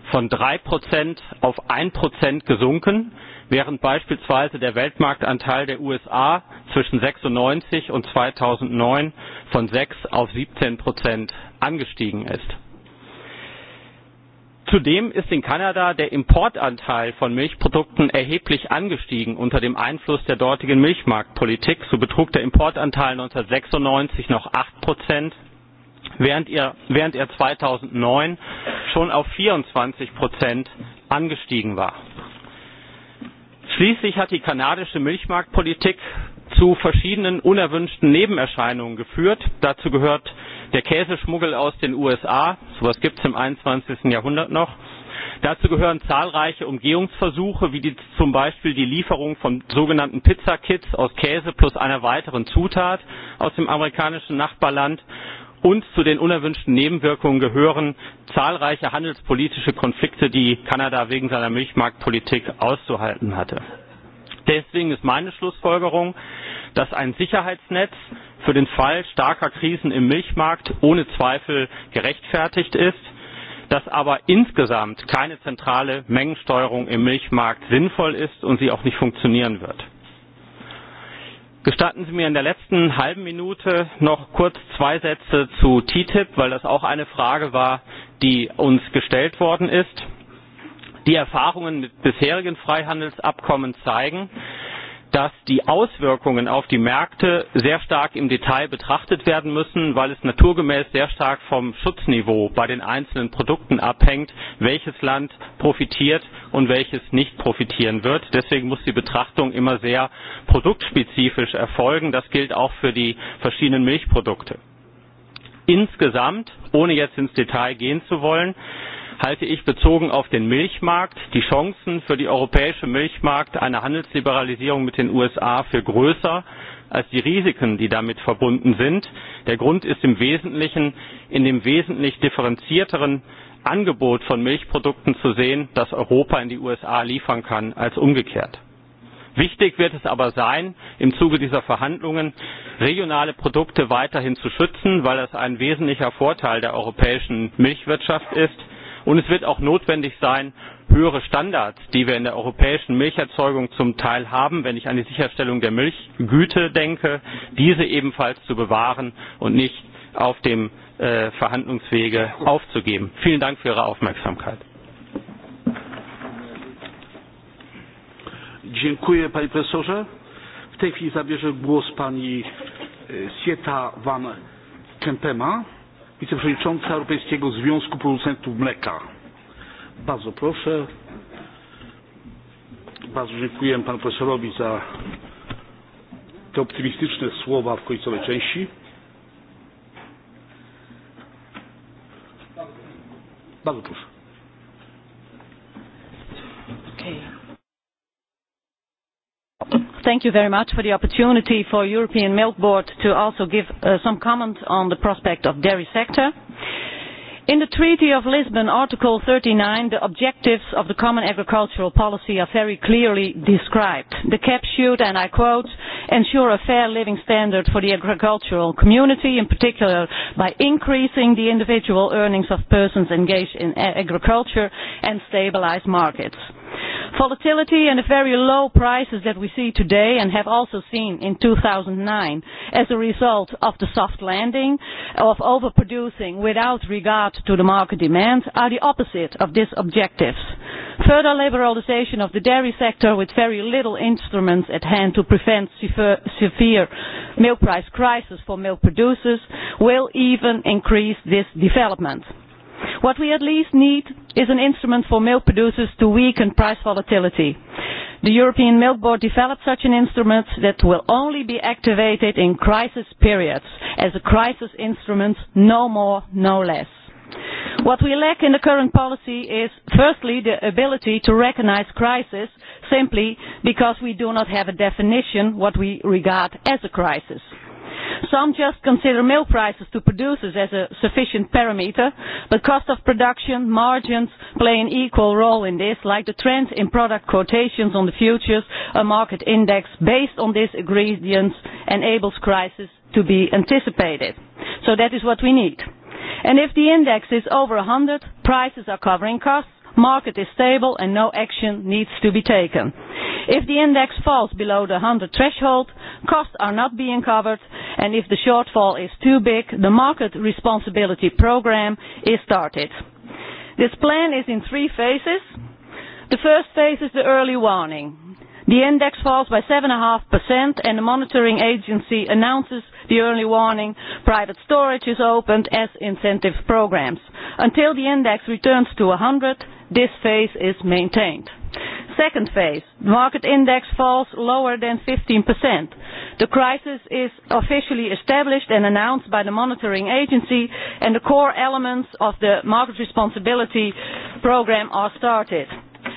von 3% auf 1% gesunken, während beispielsweise der Weltmarktanteil der USA zwischen 96 und 2009 von 6 auf 17% angestiegen ist. Zudem ist in Kanada der Importanteil von Milchprodukten erheblich angestiegen unter dem Einfluss der dortigen Milchmarktpolitik. So betrug der Importanteil 1996 noch 8 Prozent, während er, während er 2009 schon auf 24 Prozent angestiegen war. Schließlich hat die kanadische Milchmarktpolitik zu verschiedenen unerwünschten Nebenerscheinungen geführt. Dazu gehört der Käseschmuggel aus den USA, sowas gibt es im 21. Jahrhundert noch. Dazu gehören zahlreiche Umgehungsversuche, wie die, zum Beispiel die Lieferung von sogenannten Pizza-Kits aus Käse plus einer weiteren Zutat aus dem amerikanischen Nachbarland. Und zu den unerwünschten Nebenwirkungen gehören zahlreiche handelspolitische Konflikte, die Kanada wegen seiner Milchmarktpolitik auszuhalten hatte. Deswegen ist meine Schlussfolgerung, dass ein Sicherheitsnetz für den Fall starker Krisen im Milchmarkt ohne Zweifel gerechtfertigt ist, dass aber insgesamt keine zentrale Mengensteuerung im Milchmarkt sinnvoll ist und sie auch nicht funktionieren wird. Gestatten Sie mir in der letzten halben Minute noch kurz zwei Sätze zu TTIP, weil das auch eine Frage war, die uns gestellt worden ist. Die Erfahrungen mit bisherigen Freihandelsabkommen zeigen, dass die Auswirkungen auf die Märkte sehr stark im Detail betrachtet werden müssen, weil es naturgemäß sehr stark vom Schutzniveau bei den einzelnen Produkten abhängt, welches Land profitiert und welches nicht profitieren wird. Deswegen muss die Betrachtung immer sehr produktspezifisch erfolgen. Das gilt auch für die verschiedenen Milchprodukte. Insgesamt, ohne jetzt ins Detail gehen zu wollen, halte ich bezogen auf den Milchmarkt die Chancen für die europäische Milchmarkt einer Handelsliberalisierung mit den USA für größer als die Risiken, die damit verbunden sind. Der Grund ist im Wesentlichen in dem wesentlich differenzierteren Angebot von Milchprodukten zu sehen, das Europa in die USA liefern kann, als umgekehrt. Wichtig wird es aber sein, im Zuge dieser Verhandlungen regionale Produkte weiterhin zu schützen, weil das ein wesentlicher Vorteil der europäischen Milchwirtschaft ist und es wird auch notwendig sein höhere standards die wir in der europäischen milcherzeugung zum teil haben wenn ich an die sicherstellung der milchgüte denke diese ebenfalls zu bewahren und nicht auf dem äh, verhandlungswege aufzugeben. vielen dank für ihre aufmerksamkeit. Dziękuję panie profesorze. W tej chwili zabierze głos pani e, Sieta van Kempema wiceprzewodnicząca Europejskiego Związku Producentów Mleka. Bardzo proszę. Bardzo dziękuję panu profesorowi za te optymistyczne słowa w końcowej części. Bardzo proszę. Okay thank you very much for the opportunity for European Milk Board to also give uh, some comment on the prospect of dairy sector. In the Treaty of Lisbon, Article 39, the objectives of the Common Agricultural Policy are very clearly described. The CAP should, and I quote, ensure a fair living standard for the agricultural community, in particular by increasing the individual earnings of persons engaged in agriculture and stabilize markets. Volatility and the very low prices that we see today and have also seen in 2009 as a result of the soft landing, of overproducing without regard to the market demand, are the opposite of these objectives. Further liberalization of the dairy sector with very little instruments at hand to prevent severe milk price crisis for milk producers will even increase this development. What we at least need is an instrument for milk producers to weaken price volatility. The European Milk Board developed such an instrument that will only be activated in crisis periods as a crisis instrument, no more, no less. What we lack in the current policy is, firstly, the ability to recognize crisis simply because we do not have a definition what we regard as a crisis. Some just consider milk prices to producers as a sufficient parameter, but cost of production, margins play an equal role in this, like the trends in product quotations on the futures, a market index based on these ingredients enables crisis to be anticipated. So that is what we need. And if the index is over 100, prices are covering costs, market is stable and no action needs to be taken. If the index falls below the 100 threshold, costs are not being covered and if the shortfall is too big, the market responsibility program is started. This plan is in three phases. The first phase is the early warning. The index falls by 7.5% and the monitoring agency announces the early warning. Private storage is opened as incentive programs. Until the index returns to 100, this phase is maintained. Second phase, market index falls lower than 15%. The crisis is officially established and announced by the monitoring agency and the core elements of the market responsibility program are started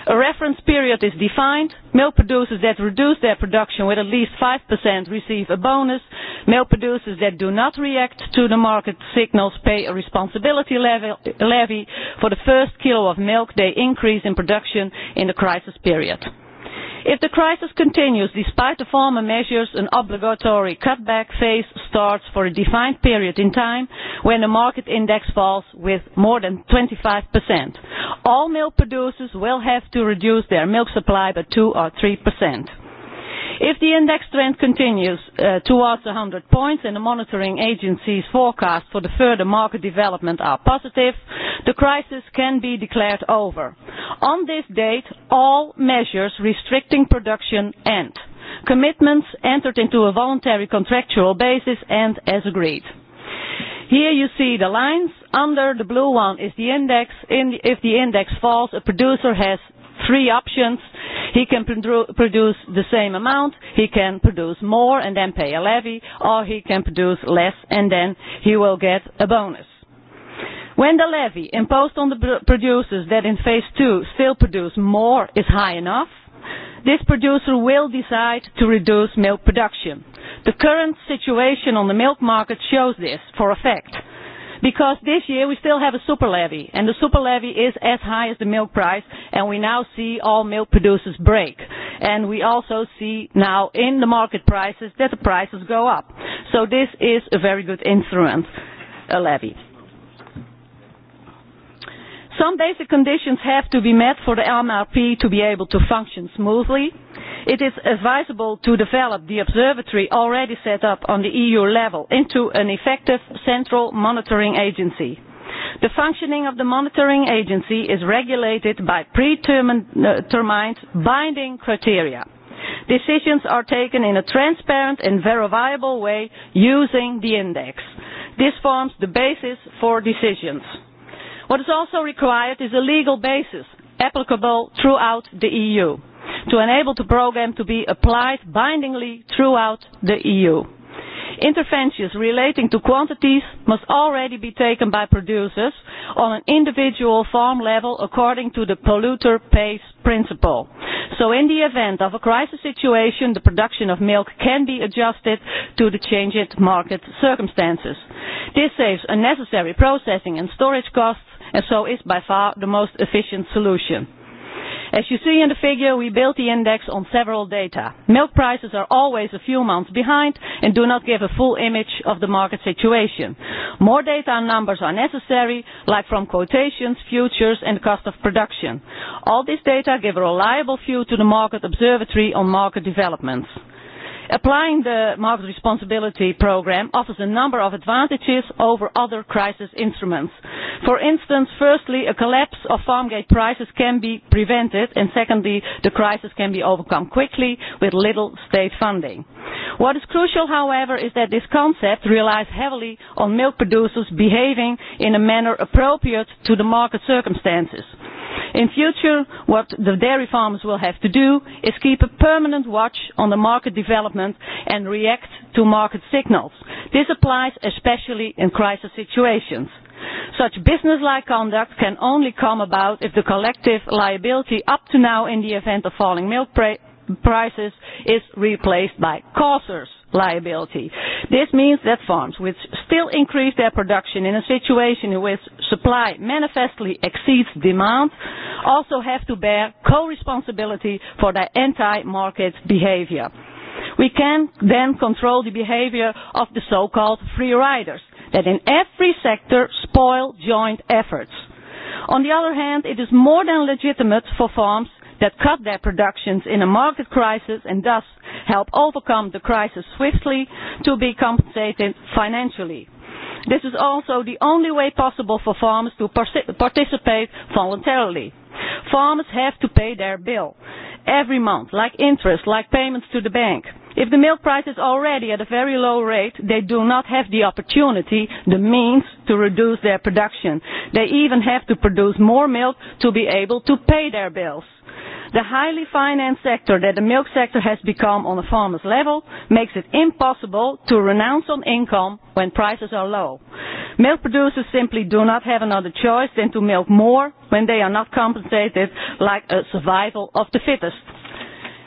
A reference period is defined. Milk producers that reduce their production with at least 5% receive a bonus. Milk producers that do not react to the market signals pay a responsibility levy. For the first kilo of milk they increase in production in the crisis period. If the crisis continues despite the former measures, an obligatory cutback phase starts for a defined period in time when the market index falls with more than 25%. All milk producers will have to reduce their milk supply by 2 or 3%. If the index trend continues uh, towards 100 points and the monitoring agency's forecast for the further market development are positive, the crisis can be declared over. On this date, all measures restricting production end. Commitments entered into a voluntary contractual basis end as agreed. Here you see the lines. Under the blue one is the index. In the, if the index falls, a producer has three options. He can produce the same amount, he can produce more and then pay a levy, or he can produce less and then he will get a bonus. When the levy imposed on the producers that in phase two still produce more is high enough, this producer will decide to reduce milk production. The current situation on the milk market shows this for a fact Because this year we still have a super levy, and the super levy is as high as the milk price, and we now see all milk producers break. And we also see now in the market prices that the prices go up. So this is a very good instrument, a levy. Some basic conditions have to be met for the MRP to be able to function smoothly. It is advisable to develop the observatory already set up on the EU level into an effective central monitoring agency. The functioning of the monitoring agency is regulated by predetermined uh, binding criteria. Decisions are taken in a transparent and verifiable way using the index. This forms the basis for decisions. What is also required is a legal basis applicable throughout the EU to enable the programme to be applied bindingly throughout the EU. Interventions relating to quantities must already be taken by producers on an individual farm level according to the polluter pays principle. So in the event of a crisis situation, the production of milk can be adjusted to the changed market circumstances. This saves unnecessary processing and storage costs and so is by far the most efficient solution. As you see in the figure, we built the index on several data. Milk prices are always a few months behind and do not give a full image of the market situation. More data and numbers are necessary, like from quotations, futures and cost of production. All this data give a reliable view to the market observatory on market developments. Applying the market responsibility program offers a number of advantages over other crisis instruments. For instance, firstly, a collapse of farm gate prices can be prevented, and secondly, the crisis can be overcome quickly with little state funding. What is crucial, however, is that this concept relies heavily on milk producers behaving in a manner appropriate to the market circumstances. In future, what the dairy farmers will have to do is keep a permanent watch on the market development and react to market signals. This applies especially in crisis situations. Such business-like conduct can only come about if the collective liability up to now in the event of falling milk prices is replaced by causers liability. This means that farms which still increase their production in a situation in which supply manifestly exceeds demand also have to bear co-responsibility for their anti-market behavior. We can then control the behavior of the so-called free riders that in every sector spoil joint efforts. On the other hand, it is more than legitimate for farms that cut their productions in a market crisis and thus help overcome the crisis swiftly to be compensated financially. This is also the only way possible for farmers to participate voluntarily. Farmers have to pay their bill every month, like interest, like payments to the bank If the milk price is already at a very low rate, they do not have the opportunity, the means to reduce their production. They even have to produce more milk to be able to pay their bills. The highly financed sector that the milk sector has become on a farmer's level makes it impossible to renounce on income when prices are low. Milk producers simply do not have another choice than to milk more when they are not compensated like a survival of the fittest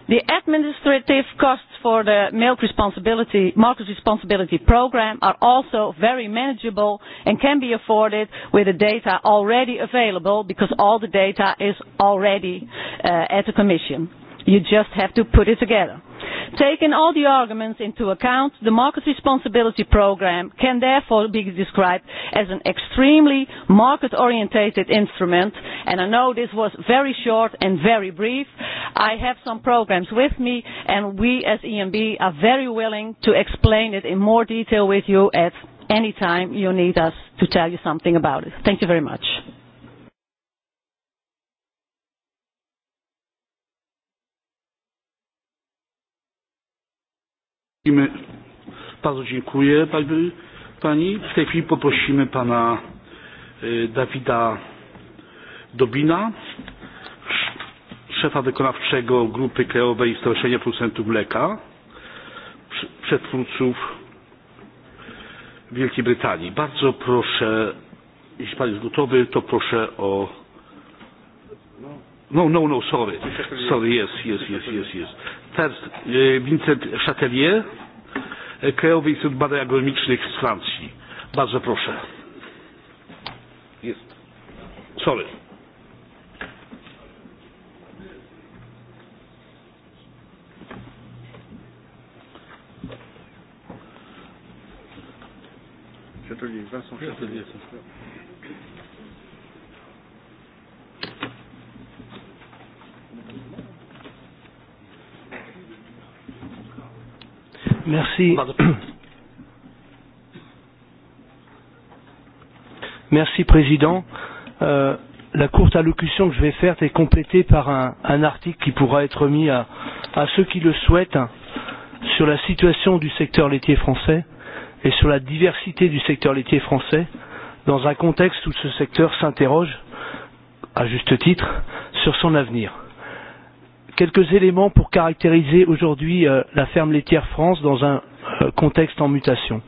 The administrative costs for the milk responsibility, market responsibility program are also very manageable and can be afforded with the data already available because all the data is already uh, at the Commission. You just have to put it together. Taking all the arguments into account, the market responsibility program can therefore be described as an extremely market-orientated instrument. And I know this was very short and very brief. I have some programs with me, and we as EMB are very willing to explain it in more detail with you at any time you need us to tell you something about it. Thank you very much. Bardzo dziękuję pani. W tej chwili poprosimy pana Dawida Dobina, szefa wykonawczego Grupy Krajowej Stowarzyszenia Producentów Mleka, przetwórców Wielkiej Brytanii. Bardzo proszę, jeśli pan jest gotowy, to proszę o No, no, no, sorry. Sorry, yes, yes, yes, yes, yes. First, e, Vincent Chatelier, e, Krajowy Instytut Badań Agronomicznych z Francji. Bardzo proszę. Jest. Sorry. Chatelier, Vincent Chatelier. Chatelier. Merci. Merci, Président. Euh, la courte allocution que je vais faire est complétée par un, un article qui pourra être mis à, à ceux qui le souhaitent sur la situation du secteur laitier français et sur la diversité du secteur laitier français dans un contexte où ce secteur s'interroge, à juste titre, sur son avenir. Quelques éléments pour caractériser aujourd'hui euh, la ferme laitière France dans un euh, contexte en mutation.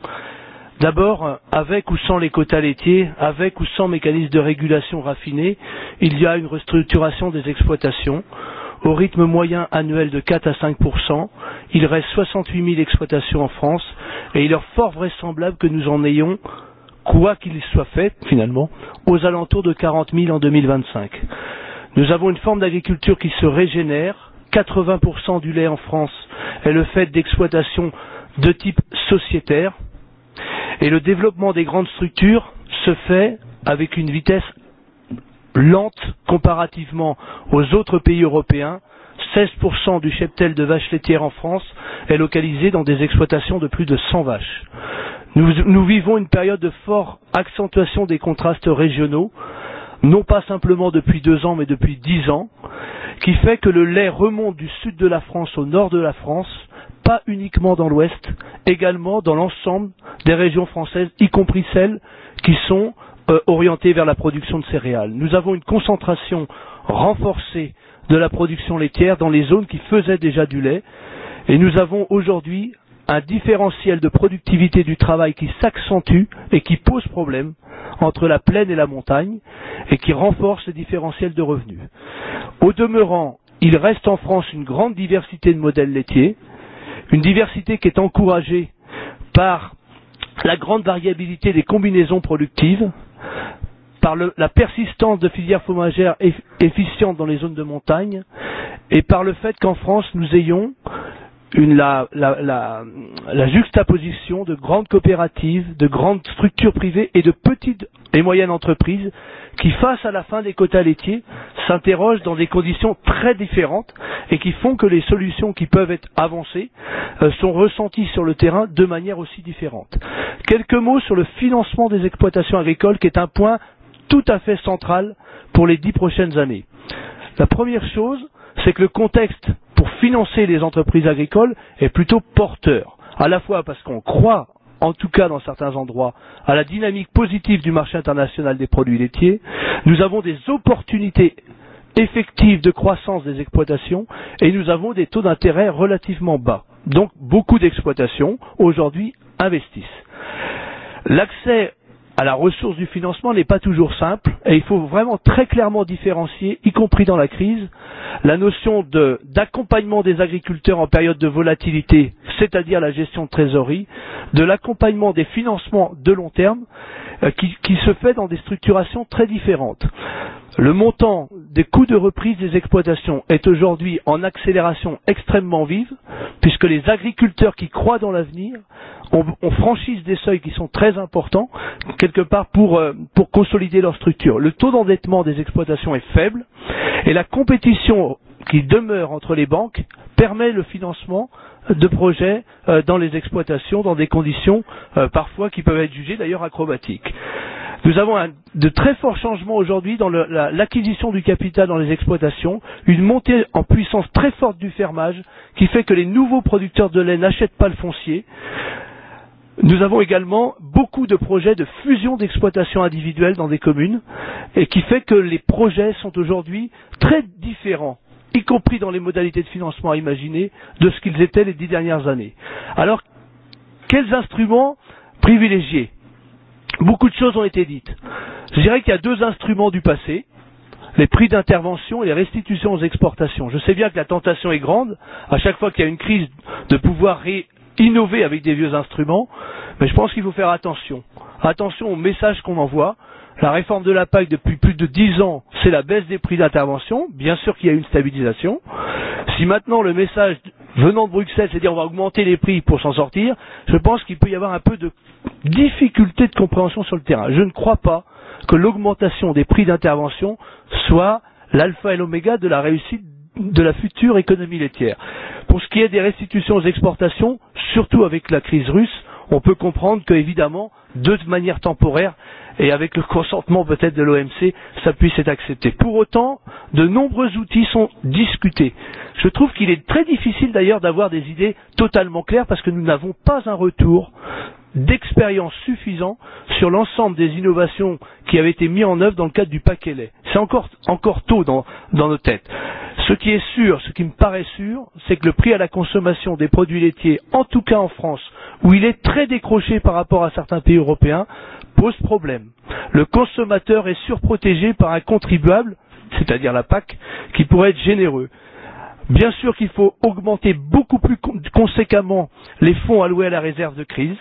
D'abord, euh, avec ou sans les quotas laitiers, avec ou sans mécanisme de régulation raffiné, il y a une restructuration des exploitations. Au rythme moyen annuel de 4 à 5 il reste 68 000 exploitations en France et il est fort vraisemblable que nous en ayons, quoi qu'il soit fait finalement, aux alentours de 40 000 en 2025. Nous avons une forme d'agriculture qui se régénère. 80% du lait en France est le fait d'exploitation de type sociétaire. Et le développement des grandes structures se fait avec une vitesse lente comparativement aux autres pays européens. 16% du cheptel de vaches laitières en France est localisé dans des exploitations de plus de 100 vaches. Nous, nous vivons une période de forte accentuation des contrastes régionaux non pas simplement depuis deux ans, mais depuis dix ans, qui fait que le lait remonte du sud de la France au nord de la France, pas uniquement dans l'ouest, également dans l'ensemble des régions françaises, y compris celles qui sont euh, orientées vers la production de céréales. Nous avons une concentration renforcée de la production laitière dans les zones qui faisaient déjà du lait, et nous avons aujourd'hui un différentiel de productivité du travail qui s'accentue et qui pose problème entre la plaine et la montagne et qui renforce les différentiels de revenus. Au demeurant, il reste en France une grande diversité de modèles laitiers, une diversité qui est encouragée par la grande variabilité des combinaisons productives, par le, la persistance de filières fromagères efficientes dans les zones de montagne et par le fait qu'en France nous ayons une, la, la, la, la juxtaposition de grandes coopératives, de grandes structures privées et de petites et moyennes entreprises qui, face à la fin des quotas laitiers, s'interrogent dans des conditions très différentes et qui font que les solutions qui peuvent être avancées euh, sont ressenties sur le terrain de manière aussi différente. Quelques mots sur le financement des exploitations agricoles qui est un point tout à fait central pour les dix prochaines années. La première chose, c'est que le contexte pour financer les entreprises agricoles est plutôt porteur, à la fois parce qu'on croit en tout cas dans certains endroits, à la dynamique positive du marché international des produits laitiers, nous avons des opportunités effectives de croissance des exploitations et nous avons des taux d'intérêt relativement bas. Donc beaucoup d'exploitations aujourd'hui investissent. L'accès à la ressource du financement n'est pas toujours simple et il faut vraiment très clairement différencier, y compris dans la crise, la notion d'accompagnement de, des agriculteurs en période de volatilité, c'est-à-dire la gestion de trésorerie, de l'accompagnement des financements de long terme euh, qui, qui se fait dans des structurations très différentes. Le montant des coûts de reprise des exploitations est aujourd'hui en accélération extrêmement vive, puisque les agriculteurs qui croient dans l'avenir ont, ont franchi des seuils qui sont très importants, quelque part pour, euh, pour consolider leur structure. Le taux d'endettement des exploitations est faible et la compétition qui demeure entre les banques permet le financement de projets euh, dans les exploitations dans des conditions euh, parfois qui peuvent être jugées d'ailleurs acrobatiques. Nous avons un, de très forts changements aujourd'hui dans l'acquisition la, du capital dans les exploitations, une montée en puissance très forte du fermage qui fait que les nouveaux producteurs de lait n'achètent pas le foncier. Nous avons également beaucoup de projets de fusion d'exploitations individuelles dans des communes et qui fait que les projets sont aujourd'hui très différents y compris dans les modalités de financement à imaginer, de ce qu'ils étaient les dix dernières années. Alors, quels instruments privilégier Beaucoup de choses ont été dites. Je dirais qu'il y a deux instruments du passé les prix d'intervention et les restitutions aux exportations. Je sais bien que la tentation est grande, à chaque fois qu'il y a une crise, de pouvoir innover avec des vieux instruments, mais je pense qu'il faut faire attention. Attention au message qu'on envoie. La réforme de la PAC depuis plus de dix ans, c'est la baisse des prix d'intervention. Bien sûr qu'il y a une stabilisation. Si maintenant le message venant de Bruxelles, c'est-à-dire on va augmenter les prix pour s'en sortir, je pense qu'il peut y avoir un peu de difficulté de compréhension sur le terrain. Je ne crois pas que l'augmentation des prix d'intervention soit l'alpha et l'oméga de la réussite de la future économie laitière. Pour ce qui est des restitutions aux exportations, surtout avec la crise russe, on peut comprendre que, évidemment, de manière temporaire et avec le consentement peut-être de l'OMC, ça puisse être accepté. Pour autant, de nombreux outils sont discutés. Je trouve qu'il est très difficile d'ailleurs d'avoir des idées totalement claires parce que nous n'avons pas un retour d'expérience suffisant sur l'ensemble des innovations qui avaient été mises en œuvre dans le cadre du paquet lait. C'est encore, encore tôt dans, dans nos têtes. Ce qui est sûr, ce qui me paraît sûr, c'est que le prix à la consommation des produits laitiers, en tout cas en France, où il est très décroché par rapport à certains pays européens, pose problème. Le consommateur est surprotégé par un contribuable, c'est-à-dire la PAC, qui pourrait être généreux. Bien sûr qu'il faut augmenter beaucoup plus conséquemment les fonds alloués à la réserve de crise,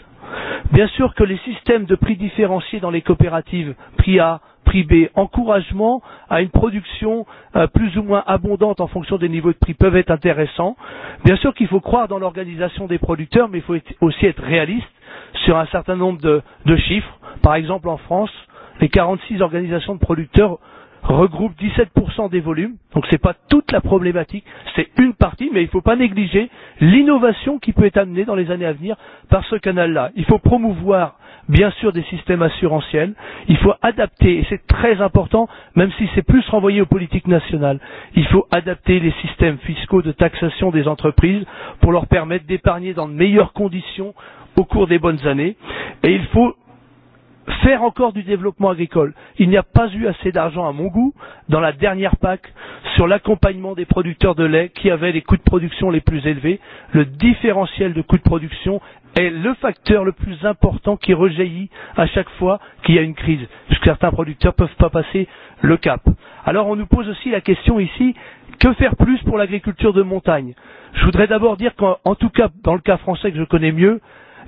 Bien sûr que les systèmes de prix différenciés dans les coopératives, prix A, prix B, encouragement à une production euh, plus ou moins abondante en fonction des niveaux de prix peuvent être intéressants. Bien sûr qu'il faut croire dans l'organisation des producteurs, mais il faut être, aussi être réaliste sur un certain nombre de, de chiffres. Par exemple, en France, les 46 organisations de producteurs regroupe 17% des volumes, donc ce n'est pas toute la problématique, c'est une partie, mais il ne faut pas négliger l'innovation qui peut être amenée dans les années à venir par ce canal-là. Il faut promouvoir bien sûr des systèmes assurantiels, il faut adapter, et c'est très important, même si c'est plus renvoyé aux politiques nationales, il faut adapter les systèmes fiscaux de taxation des entreprises pour leur permettre d'épargner dans de meilleures conditions au cours des bonnes années, et il faut faire encore du développement agricole. Il n'y a pas eu assez d'argent, à mon goût, dans la dernière PAC sur l'accompagnement des producteurs de lait qui avaient les coûts de production les plus élevés. Le différentiel de coûts de production est le facteur le plus important qui rejaillit à chaque fois qu'il y a une crise, puisque certains producteurs ne peuvent pas passer le cap. Alors on nous pose aussi la question ici que faire plus pour l'agriculture de montagne Je voudrais d'abord dire qu'en tout cas, dans le cas français que je connais mieux,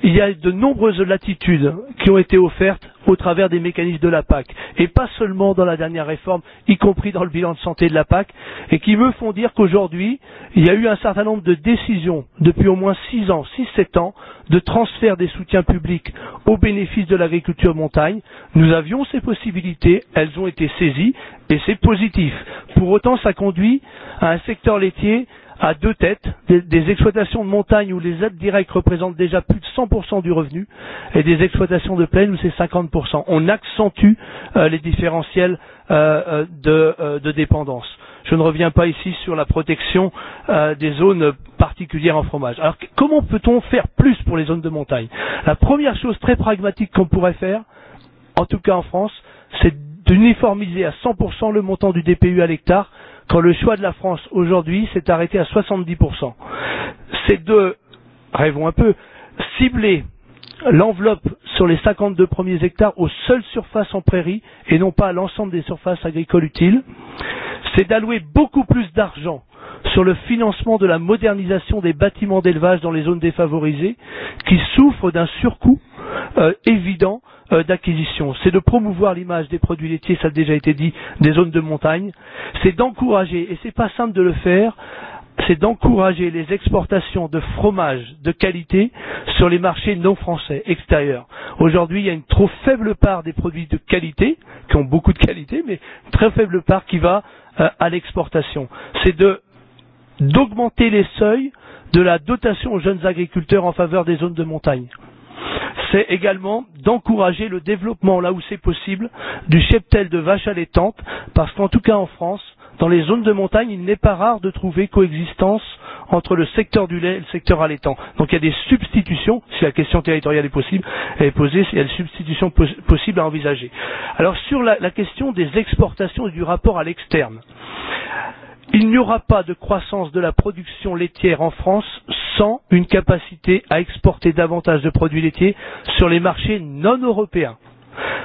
il y a de nombreuses latitudes qui ont été offertes au travers des mécanismes de la PAC, et pas seulement dans la dernière réforme, y compris dans le bilan de santé de la PAC, et qui me font dire qu'aujourd'hui, il y a eu un certain nombre de décisions, depuis au moins six ans, six sept ans, de transfert des soutiens publics au bénéfice de l'agriculture montagne. Nous avions ces possibilités, elles ont été saisies, et c'est positif. Pour autant, ça conduit à un secteur laitier à deux têtes, des, des exploitations de montagne où les aides directes représentent déjà plus de 100% du revenu et des exploitations de plaine où c'est 50%. On accentue euh, les différentiels euh, euh, de, euh, de dépendance. Je ne reviens pas ici sur la protection euh, des zones particulières en fromage. Alors comment peut-on faire plus pour les zones de montagne La première chose très pragmatique qu'on pourrait faire, en tout cas en France, c'est d'uniformiser à 100% le montant du DPU à l'hectare quand le choix de la France aujourd'hui s'est arrêté à 70%. Ces deux, rêvons un peu, cibler l'enveloppe sur les 52 premiers hectares aux seules surfaces en prairie et non pas à l'ensemble des surfaces agricoles utiles. C'est d'allouer beaucoup plus d'argent sur le financement de la modernisation des bâtiments d'élevage dans les zones défavorisées qui souffrent d'un surcoût euh, évident euh, d'acquisition. C'est de promouvoir l'image des produits laitiers, ça a déjà été dit, des zones de montagne. C'est d'encourager, et c'est pas simple de le faire, c'est d'encourager les exportations de fromage de qualité sur les marchés non français extérieurs. Aujourd'hui, il y a une trop faible part des produits de qualité, qui ont beaucoup de qualité, mais une très faible part qui va euh, à l'exportation. C'est de d'augmenter les seuils de la dotation aux jeunes agriculteurs en faveur des zones de montagne. C'est également d'encourager le développement, là où c'est possible, du cheptel de vaches allaitantes, parce qu'en tout cas en France, Dans les zones de montagne, il n'est pas rare de trouver coexistence entre le secteur du lait et le secteur allaitant. Donc il y a des substitutions, si la question territoriale est possible, est posée, il y a des substitutions poss possibles à envisager. Alors sur la, la question des exportations et du rapport à l'externe, il n'y aura pas de croissance de la production laitière en France sans une capacité à exporter davantage de produits laitiers sur les marchés non européens.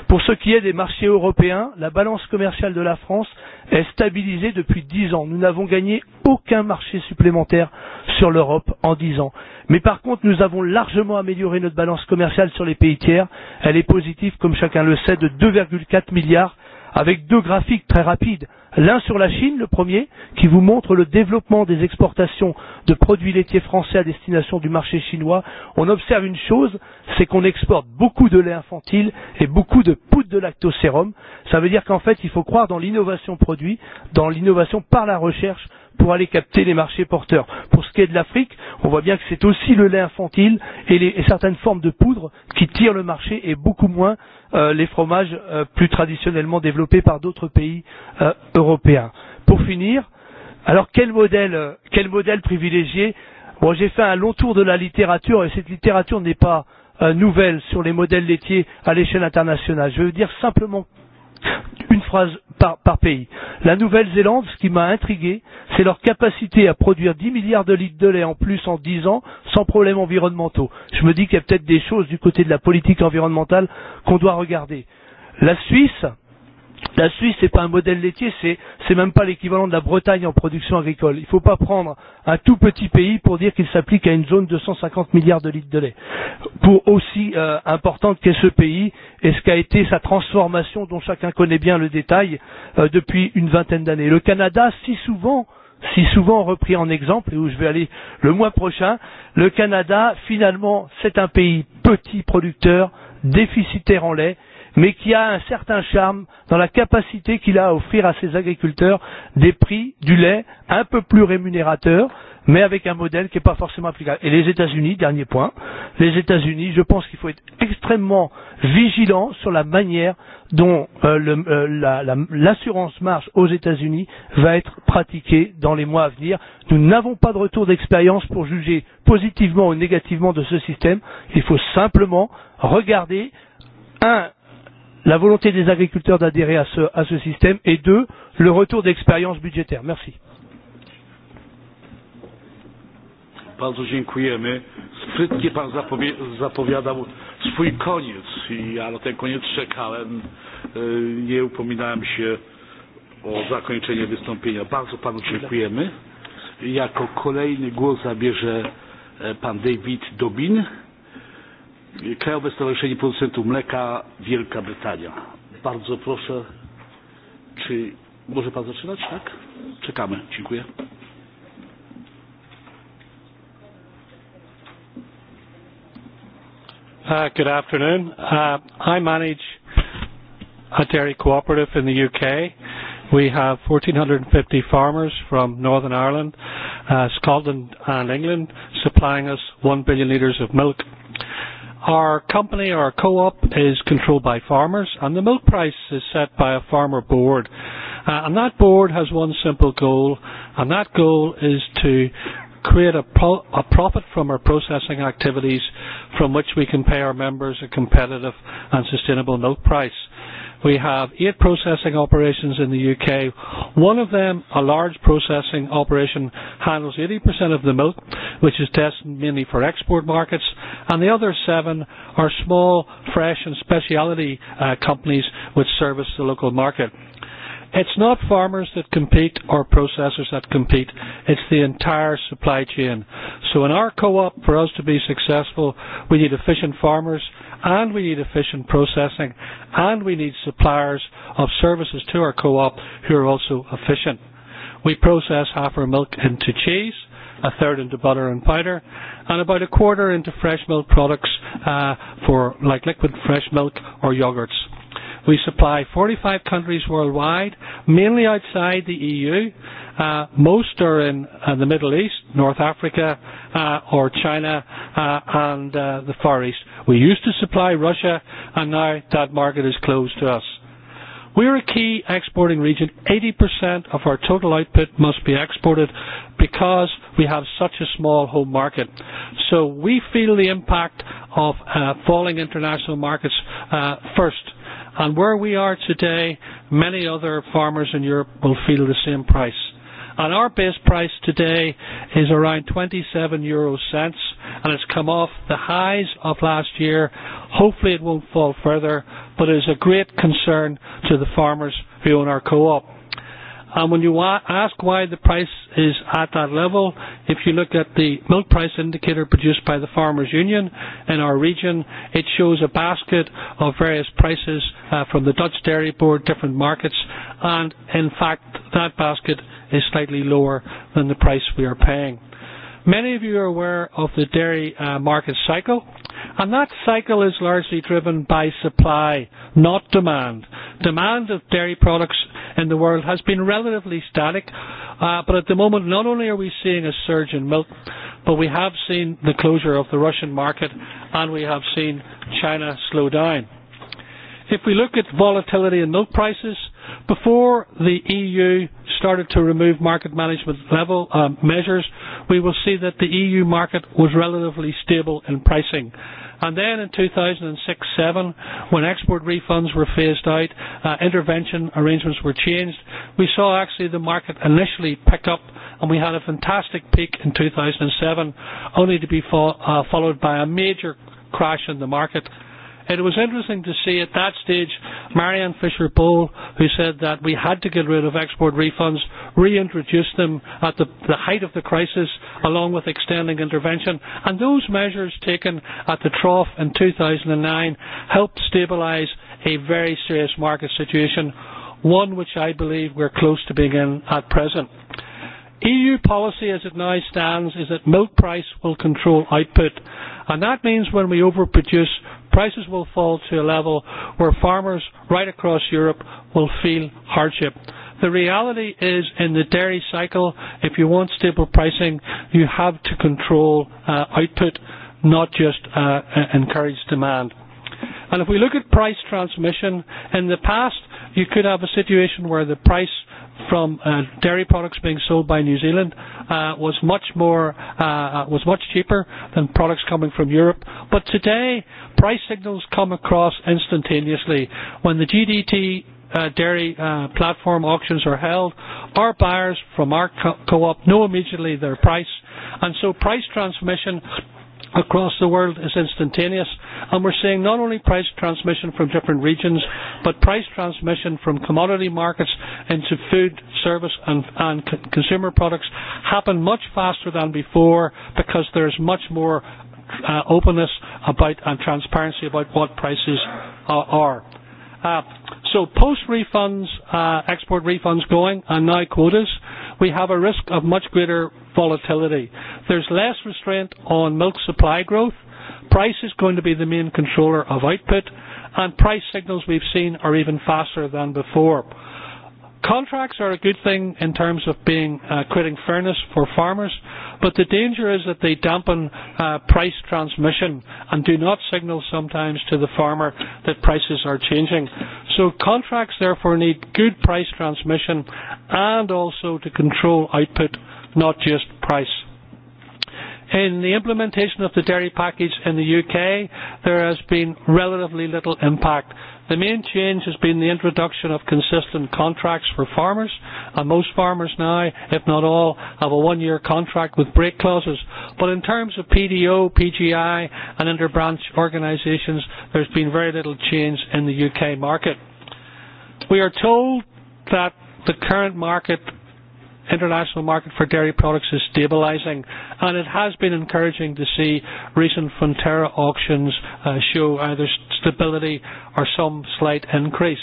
Pour ce qui est des marchés européens, la balance commerciale de la France est stabilisée depuis dix ans. Nous n'avons gagné aucun marché supplémentaire sur l'Europe en dix ans. Mais par contre, nous avons largement amélioré notre balance commerciale sur les pays tiers. Elle est positive, comme chacun le sait, de 2,4 milliards avec deux graphiques très rapides. L'un sur la Chine, le premier, qui vous montre le développement des exportations de produits laitiers français à destination du marché chinois. On observe une chose, c'est qu'on exporte beaucoup de lait infantile et beaucoup de poudre de lactosérum. Ça veut dire qu'en fait, il faut croire dans l'innovation produit, dans l'innovation par la recherche pour aller capter les marchés porteurs. Pour ce qui est de l'Afrique, on voit bien que c'est aussi le lait infantile et, les, et certaines formes de poudre qui tirent le marché et beaucoup moins euh, les fromages euh, plus traditionnellement développés par d'autres pays euh, européens. Pour finir, alors quel modèle, euh, quel modèle privilégié bon, J'ai fait un long tour de la littérature et cette littérature n'est pas euh, nouvelle sur les modèles laitiers à l'échelle internationale. Je veux dire simplement Une phrase par, par pays. La Nouvelle-Zélande, ce qui m'a intrigué, c'est leur capacité à produire 10 milliards de litres de lait en plus en 10 ans sans problèmes environnementaux. Je me dis qu'il y a peut-être des choses du côté de la politique environnementale qu'on doit regarder. La Suisse, La Suisse n'est pas un modèle laitier, c'est c'est même pas l'équivalent de la Bretagne en production agricole. Il ne faut pas prendre un tout petit pays pour dire qu'il s'applique à une zone de 150 milliards de litres de lait. Pour aussi euh, importante qu'est ce pays et ce qu'a été sa transformation dont chacun connaît bien le détail euh, depuis une vingtaine d'années. Le Canada, si souvent si souvent repris en exemple et où je vais aller le mois prochain, le Canada, finalement, c'est un pays petit producteur, déficitaire en lait, mais qui a un certain charme dans la capacité qu'il a à offrir à ses agriculteurs des prix du lait un peu plus rémunérateurs, mais avec un modèle qui n'est pas forcément applicable. Et les États-Unis, dernier point, les États-Unis, je pense qu'il faut être extrêmement vigilant sur la manière dont euh, l'assurance euh, la, la, marche aux États-Unis va être pratiquée dans les mois à venir. Nous n'avons pas de retour d'expérience pour juger positivement ou négativement de ce système. Il faut simplement regarder un la volonté des agriculteurs d'adhérer à ce, à ce système et deux, le retour d'expérience budgétaire. Merci. Bardzo dziękujemy. Sprytnie Pan zapowi zapowiadał swój koniec. Ja na ten koniec czekałem. E, nie upominałem się o zakończenie wystąpienia. Bardzo Panu dziękujemy. Jako kolejny głos zabierze e, Pan David Dobin Krajowe Stowarzyszenie Producentów Mleka Wielka Brytania. Bardzo proszę, czy może Pan zaczynać? Tak? Czekamy. Dziękuję. Uh, good afternoon. Uh, I manage a dairy cooperative in the UK. We have 1,450 farmers from Northern Ireland, uh, Scotland and England supplying us 1 billion litres of milk Our company, our co-op, is controlled by farmers, and the milk price is set by a farmer board. Uh, and that board has one simple goal, and that goal is to create a, pro- a profit from our processing activities from which we can pay our members a competitive and sustainable milk price. We have eight processing operations in the UK. One of them, a large processing operation, handles 80% of the milk, which is destined mainly for export markets, and the other seven are small, fresh and speciality uh, companies which service the local market. It's not farmers that compete or processors that compete. It's the entire supply chain. So in our co-op, for us to be successful, we need efficient farmers and we need efficient processing and we need suppliers of services to our co-op who are also efficient. We process half our milk into cheese, a third into butter and powder, and about a quarter into fresh milk products uh, for like liquid fresh milk or yogurts. We supply 45 countries worldwide, mainly outside the EU. Uh, most are in uh, the Middle East, North Africa, uh, or China, uh, and uh, the Far East. We used to supply Russia, and now that market is closed to us. We're a key exporting region. 80% of our total output must be exported because we have such a small home market. So we feel the impact of uh, falling international markets uh, first. And where we are today, many other farmers in Europe will feel the same price. And our base price today is around 27 euro cents, and it's come off the highs of last year. Hopefully, it won't fall further, but it is a great concern to the farmers who own our co-op. Um, when you ask why the price is at that level, if you look at the milk price indicator produced by the Farmers Union in our region, it shows a basket of various prices uh, from the Dutch Dairy Board, different markets, and in fact that basket is slightly lower than the price we are paying. Many of you are aware of the dairy uh, market cycle, and that cycle is largely driven by supply, not demand. Demand of dairy products in the world has been relatively static, uh, but at the moment, not only are we seeing a surge in milk, but we have seen the closure of the Russian market, and we have seen China slow down. If we look at volatility in milk prices, Before the EU started to remove market management level um, measures, we will see that the EU market was relatively stable in pricing. And then in 2006-7, when export refunds were phased out, uh, intervention arrangements were changed. We saw actually the market initially pick up, and we had a fantastic peak in 2007, only to be fo- uh, followed by a major crash in the market It was interesting to see at that stage Marianne Fisher Bull, who said that we had to get rid of export refunds, reintroduce them at the, the height of the crisis, along with extending intervention. And those measures taken at the trough in 2009 helped stabilise a very serious market situation, one which I believe we're close to being in at present. EU policy as it now stands is that milk price will control output. And that means when we overproduce, prices will fall to a level where farmers right across Europe will feel hardship. The reality is, in the dairy cycle, if you want stable pricing, you have to control uh, output, not just uh, uh encourage demand. And if we look at price transmission, in the past you could have a situation where the price from uh, dairy products being sold by New Zealand uh, was much more uh, uh, was much cheaper than products coming from Europe. But today, price signals come across instantaneously when the GDT uh, dairy uh, platform auctions are held, our buyers from our co- co-op know immediately their price, and so price transmission across the world is instantaneous. And we're seeing not only price transmission from different regions, but price transmission from commodity markets into food, service, and, and c- consumer products happen much faster than before because there's much more uh, openness about and transparency about what prices uh, are. Uh, so post refunds, uh, export refunds going, and now quotas, we have a risk of much greater volatility. There's less restraint on milk supply growth. Price is going to be the main controller of output, and price signals we've seen are even faster than before. Contracts are a good thing in terms of being uh, creating fairness for farmers, but the danger is that they dampen uh, price transmission and do not signal sometimes to the farmer that prices are changing. So contracts therefore need good price transmission and also to control output not just price. In the implementation of the dairy package in the UK, there has been relatively little impact. The main change has been the introduction of consistent contracts for farmers, and most farmers now, if not all, have a one year contract with break clauses. But in terms of PDO, PGI, and interbranch organisations, there's been very little change in the UK market. We are told that the current market international market for dairy products is stabilizing, and it has been encouraging to see recent Fonterra auctions uh, show either stability or some slight increase.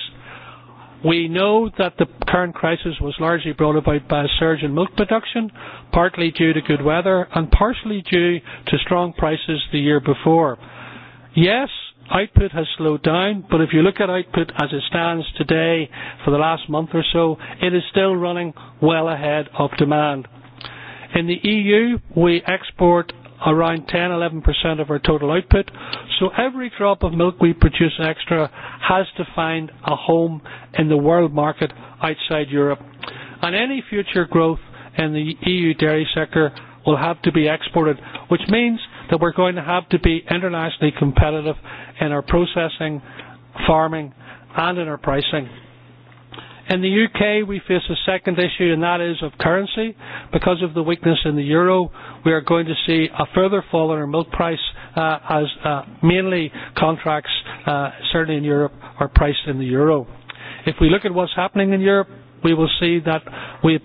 We know that the current crisis was largely brought about by a surge in milk production, partly due to good weather and partially due to strong prices the year before. Yes, output has slowed down, but if you look at output as it stands today for the last month or so, it is still running well ahead of demand. In the EU, we export around 10-11% of our total output, so every drop of milk we produce extra has to find a home in the world market outside Europe. And any future growth in the EU dairy sector will have to be exported, which means that we're going to have to be internationally competitive in our processing, farming, and in our pricing. In the UK, we face a second issue, and that is of currency. Because of the weakness in the euro, we are going to see a further fall in our milk price uh, as uh, mainly contracts, uh, certainly in Europe, are priced in the euro. If we look at what's happening in Europe, we will see that we've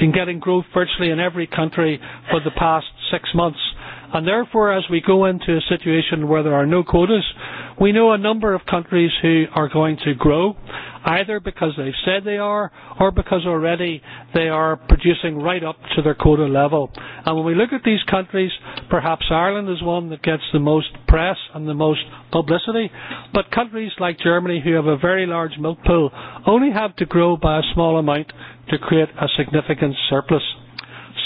been getting growth virtually in every country for the past six months And therefore, as we go into a situation where there are no quotas, we know a number of countries who are going to grow, either because they've said they are or because already they are producing right up to their quota level. And when we look at these countries, perhaps Ireland is one that gets the most press and the most publicity, but countries like Germany, who have a very large milk pool, only have to grow by a small amount to create a significant surplus.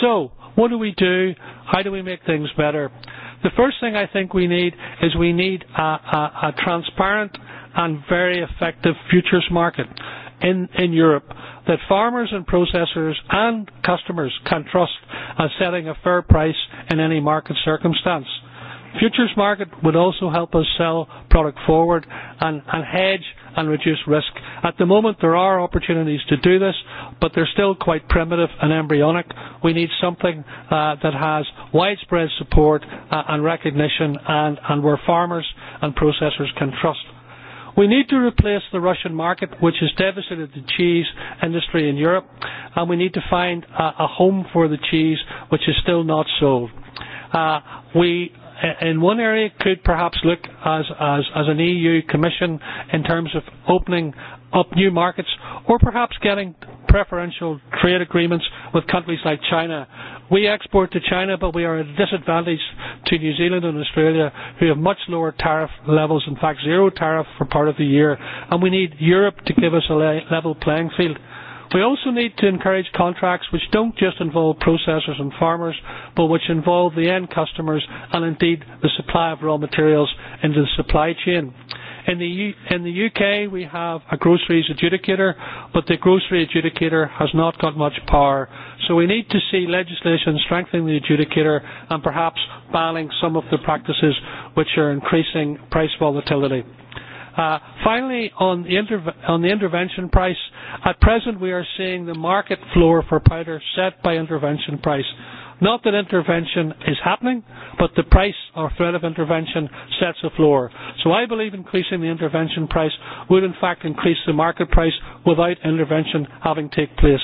So, what do we do How do we make things better? The first thing I think we need is we need a, a, a transparent and very effective futures market in, in Europe that farmers and processors and customers can trust as setting a fair price in any market circumstance. Futures market would also help us sell product forward and, and hedge and reduce risk. At the moment, there are opportunities to do this, but they're still quite primitive and embryonic. We need something uh, that has widespread support uh, and recognition and, and where farmers and processors can trust. We need to replace the Russian market, which has devastated the cheese industry in Europe, and we need to find a, a home for the cheese, which is still not sold. Uh, we in one area could perhaps look as, as, as an EU commission in terms of opening up new markets or perhaps getting preferential trade agreements with countries like China. We export to China, but we are at a disadvantage to New Zealand and Australia, who have much lower tariff levels, in fact, zero tariff for part of the year, and we need Europe to give us a level playing field. We also need to encourage contracts which don't just involve processors and farmers, but which involve the end customers and indeed the supply of raw materials into the supply chain. In the, U in the UK, we have a groceries adjudicator, but the grocery adjudicator has not got much power. So we need to see legislation strengthening the adjudicator and perhaps banning some of the practices which are increasing price volatility. Uh, finally, on the, inter- on the intervention price, at present we are seeing the market floor for powder set by intervention price. Not that intervention is happening, but the price or threat of intervention sets a floor. So I believe increasing the intervention price would in fact increase the market price without intervention having take place.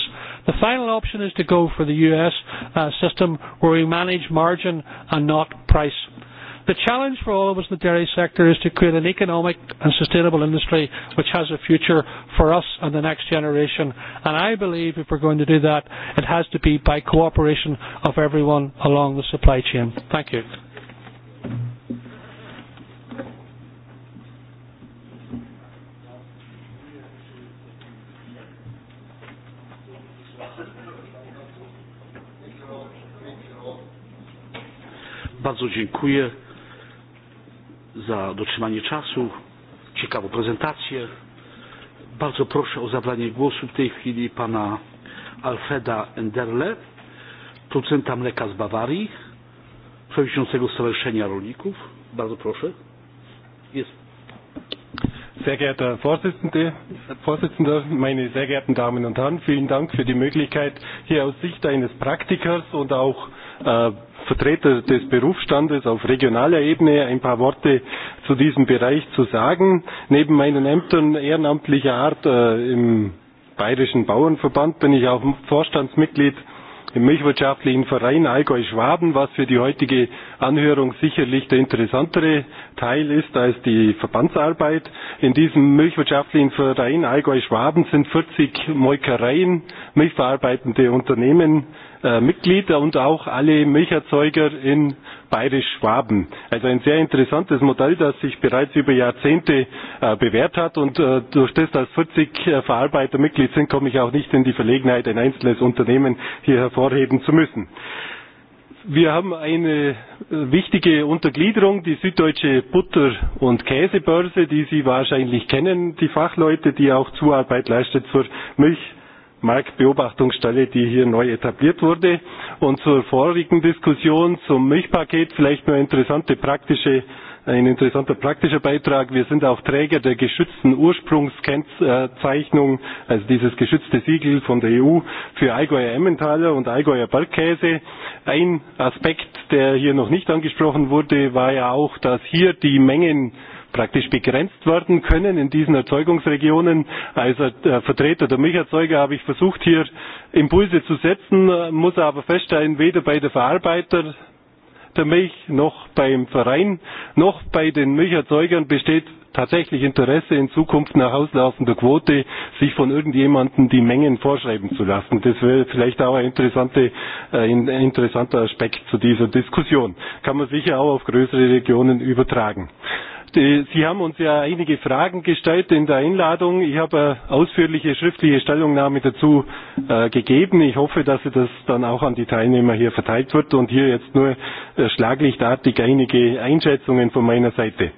The final option is to go for the US uh, system where we manage margin and not price. The challenge for all of us in the dairy sector is to create an economic and sustainable industry which has a future for us and the next generation. And I believe if we're going to do that, it has to be by cooperation of everyone along the supply chain. Thank you. Bardzo dziękuję za dotrzymanie czasu, ciekawą prezentację. Bardzo proszę o zabranie głosu w tej chwili pana Alfreda Enderle, producenta mleka z Bawarii, przewodniczącego Stowarzyszenia Rolników. Bardzo proszę. Jest. Sehr geehrter Vorsitzende, Vorsitzender, meine sehr geehrten Damen und Herren, vielen Dank für die Möglichkeit, hier aus Sicht eines Praktikers und auch äh, Vertreter des Berufsstandes auf regionaler Ebene ein paar Worte zu diesem Bereich zu sagen. Neben meinen Ämtern ehrenamtlicher Art äh, im Bayerischen Bauernverband bin ich auch Vorstandsmitglied im Milchwirtschaftlichen Verein Allgäu-Schwaben, was für die heutige Anhörung sicherlich der interessantere Teil ist als die Verbandsarbeit. In diesem Milchwirtschaftlichen Verein Allgäu-Schwaben sind 40 Molkereien, milchverarbeitende Unternehmen äh, Mitglied und auch alle Milcherzeuger in Bayerisch-Schwaben. Also ein sehr interessantes Modell, das sich bereits über Jahrzehnte äh, bewährt hat und äh, durch das, dass 40 äh, Verarbeiter Mitglied sind, komme ich auch nicht in die Verlegenheit, ein einzelnes Unternehmen hier hervorheben zu müssen. Wir haben eine äh, wichtige Untergliederung, die süddeutsche Butter- und Käsebörse, die Sie wahrscheinlich kennen, die Fachleute, die auch Zuarbeit leistet zur Milch Marktbeobachtungsstelle, die hier neu etabliert wurde. Und zur vorigen Diskussion zum Milchpaket vielleicht nur interessante praktische ein interessanter praktischer Beitrag. Wir sind auch Träger der geschützten Ursprungskennzeichnung, also dieses geschützte Siegel von der EU für Allgäuer Emmentaler und Allgäuer Bergkäse. Ein Aspekt, der hier noch nicht angesprochen wurde, war ja auch, dass hier die Mengen praktisch begrenzt werden können in diesen Erzeugungsregionen. Als äh, Vertreter der Milcherzeuger habe ich versucht, hier Impulse zu setzen, äh, muss aber feststellen, weder bei der Verarbeiter der Milch noch beim Verein noch bei den Milcherzeugern besteht tatsächlich Interesse in Zukunft nach auslaufender Quote, sich von irgendjemandem die Mengen vorschreiben zu lassen. Das wäre vielleicht auch ein, interessante, äh, ein interessanter Aspekt zu dieser Diskussion. Kann man sicher auch auf größere Regionen übertragen. Äh, sie haben uns ja einige Fragen gestellt in der Einladung. Ich habe eine ausführliche schriftliche Stellungnahme dazu äh, gegeben. Ich hoffe, dass das dann auch an die Teilnehmer hier verteilt wird und hier jetzt nur äh, schlaglichtartig einige Einschätzungen von meiner Seite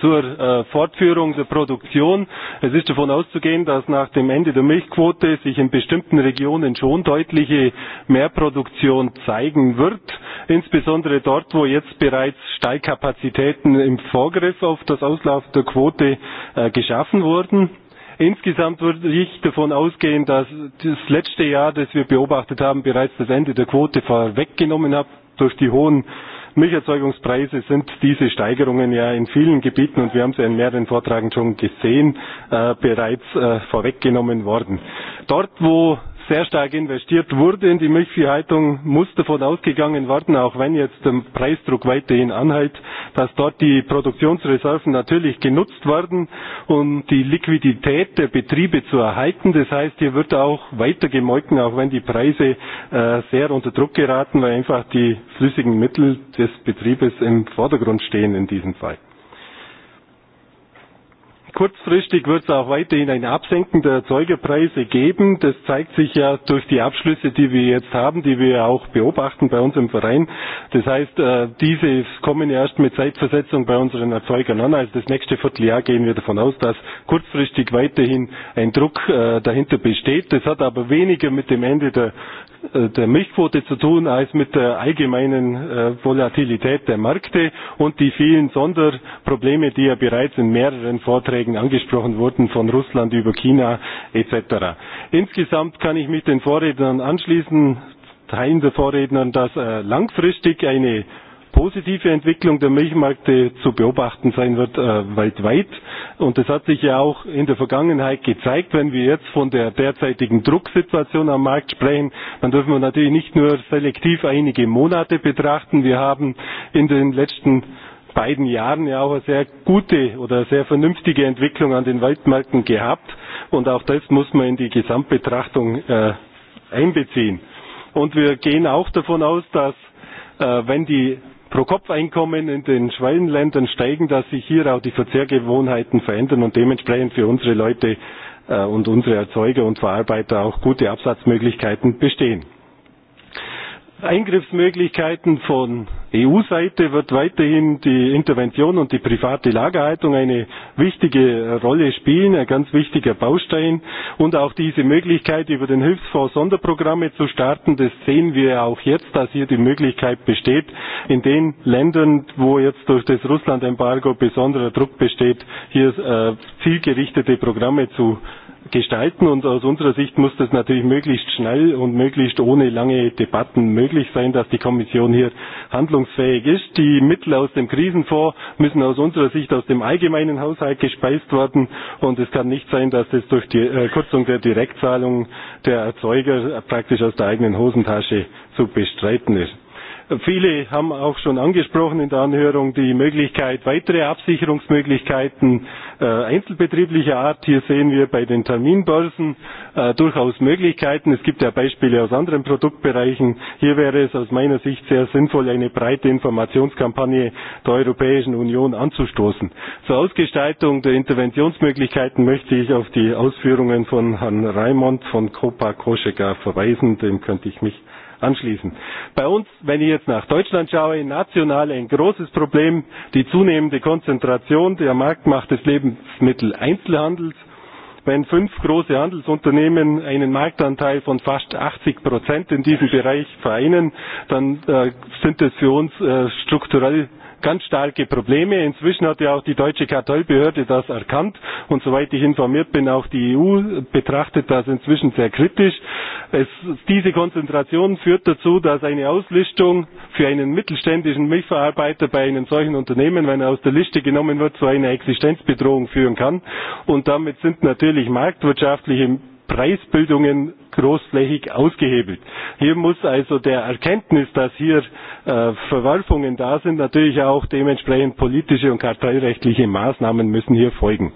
zur äh, Fortführung der Produktion. Es ist davon auszugehen, dass nach dem Ende der Milchquote sich in bestimmten Regionen schon deutliche Mehrproduktion zeigen wird, insbesondere dort, wo jetzt bereits Steilkapazitäten im Vorgriff auf das Auslaufen der Quote äh, geschaffen wurden. Insgesamt würde ich davon ausgehen, dass das letzte Jahr, das wir beobachtet haben, bereits das Ende der Quote vorweggenommen hat durch die hohen äh, Milcherzeugungspreise sind diese Steigerungen ja in vielen Gebieten, und wir haben sie in mehreren Vortragen schon gesehen, äh, bereits äh, vorweggenommen worden. Dort, wo sehr stark investiert wurde in die Milchviehhaltung, muss davon ausgegangen werden, auch wenn jetzt der Preisdruck weiterhin anhält, dass dort die Produktionsreserven natürlich genutzt werden, um die Liquidität der Betriebe zu erhalten. Das heißt, hier wird auch weiter gemolken, auch wenn die Preise äh, sehr unter Druck geraten, weil einfach die flüssigen Mittel des Betriebes im Vordergrund stehen in diesem Fall. Kurzfristig wird es auch weiterhin ein Absenken der Erzeugerpreise geben. Das zeigt sich ja durch die Abschlüsse, die wir jetzt haben, die wir auch beobachten bei uns im Verein. Das heißt, äh, diese kommen erst mit Zeitversetzung bei unseren Erzeugern an. Also das nächste Vierteljahr gehen wir davon aus, dass kurzfristig weiterhin ein Druck äh, dahinter besteht. Das hat aber weniger mit dem Ende der Äh, der Milchquote zu tun als mit der allgemeinen äh, Volatilität der Märkte und die vielen Sonderprobleme, die ja bereits in mehreren Vorträgen angesprochen wurden, von Russland über China etc. Insgesamt kann ich mich den Vorrednern anschließen, Teilen der Vorrednern, dass äh, langfristig eine positive Entwicklung der Milchmärkte zu beobachten sein wird äh, weltweit. Und das hat sich ja auch in der Vergangenheit gezeigt, wenn wir jetzt von der derzeitigen Drucksituation am Markt sprechen, dann dürfen wir natürlich nicht nur selektiv einige Monate betrachten. Wir haben in den letzten beiden Jahren ja auch eine sehr gute oder sehr vernünftige Entwicklung an den Weltmärkten gehabt. Und auch das muss man in die Gesamtbetrachtung äh, einbeziehen. Und wir gehen auch davon aus, dass äh, wenn die Pro-Kopf-Einkommen in den Schwellenländern steigen, dass sich hier auch die Verzehrgewohnheiten verändern und dementsprechend für unsere Leute äh, und unsere Erzeuger und Verarbeiter auch gute Absatzmöglichkeiten bestehen. Eingriffsmöglichkeiten von EU-Seite wird weiterhin die Intervention und die private Lagerhaltung eine wichtige Rolle spielen, ein ganz wichtiger Baustein. Und auch diese Möglichkeit, über den Hilfsfonds Sonderprogramme zu starten, das sehen wir auch jetzt, dass hier die Möglichkeit besteht, in den Ländern, wo jetzt durch das Russland-Embargo besonderer Druck besteht, hier äh, zielgerichtete Programme zu gestalten und aus unserer Sicht muss das natürlich möglichst schnell und möglichst ohne lange Debatten möglich sein, dass die Kommission hier handlungsfähig ist. Die Mittel aus dem Krisenfonds müssen aus unserer Sicht aus dem allgemeinen Haushalt gespeist werden und es kann nicht sein, dass es durch die äh, Kürzung der Direktzahlungen der Erzeuger praktisch aus der eigenen Hosentasche zu bestreiten ist. Viele haben auch schon angesprochen in der Anhörung die Möglichkeit, weitere Absicherungsmöglichkeiten äh, einzelbetrieblicher Art. Hier sehen wir bei den Terminbörsen äh, durchaus Möglichkeiten. Es gibt ja Beispiele aus anderen Produktbereichen. Hier wäre es aus meiner Sicht sehr sinnvoll, eine breite Informationskampagne der Europäischen Union anzustoßen. Zur Ausgestaltung der Interventionsmöglichkeiten möchte ich auf die Ausführungen von Herrn reimont von copa Koscheka verweisen. Dem könnte ich mich anschließen. Bei uns, wenn ich jetzt nach Deutschland schaue, national ein großes Problem, die zunehmende Konzentration der Marktmacht des Lebensmitteleinzelhandels. Wenn fünf große Handelsunternehmen einen Marktanteil von fast 80 Prozent in diesem Bereich vereinen, dann äh, sind das für uns äh, strukturell äh, ganz starke Probleme. Inzwischen hat ja auch die deutsche Kartellbehörde das erkannt und soweit ich informiert bin, auch die EU betrachtet das inzwischen sehr kritisch. Es, diese Konzentration führt dazu, dass eine Auslistung für einen mittelständischen Milchverarbeiter bei einem solchen Unternehmen, wenn er aus der Liste genommen wird, zu einer Existenzbedrohung führen kann. Und damit sind natürlich marktwirtschaftliche Preisbildungen großflächig ausgehebelt. Hier muss also der Erkenntnis, dass hier äh, Verwerfungen da sind, natürlich auch dementsprechend politische und kartellrechtliche Maßnahmen müssen hier folgen.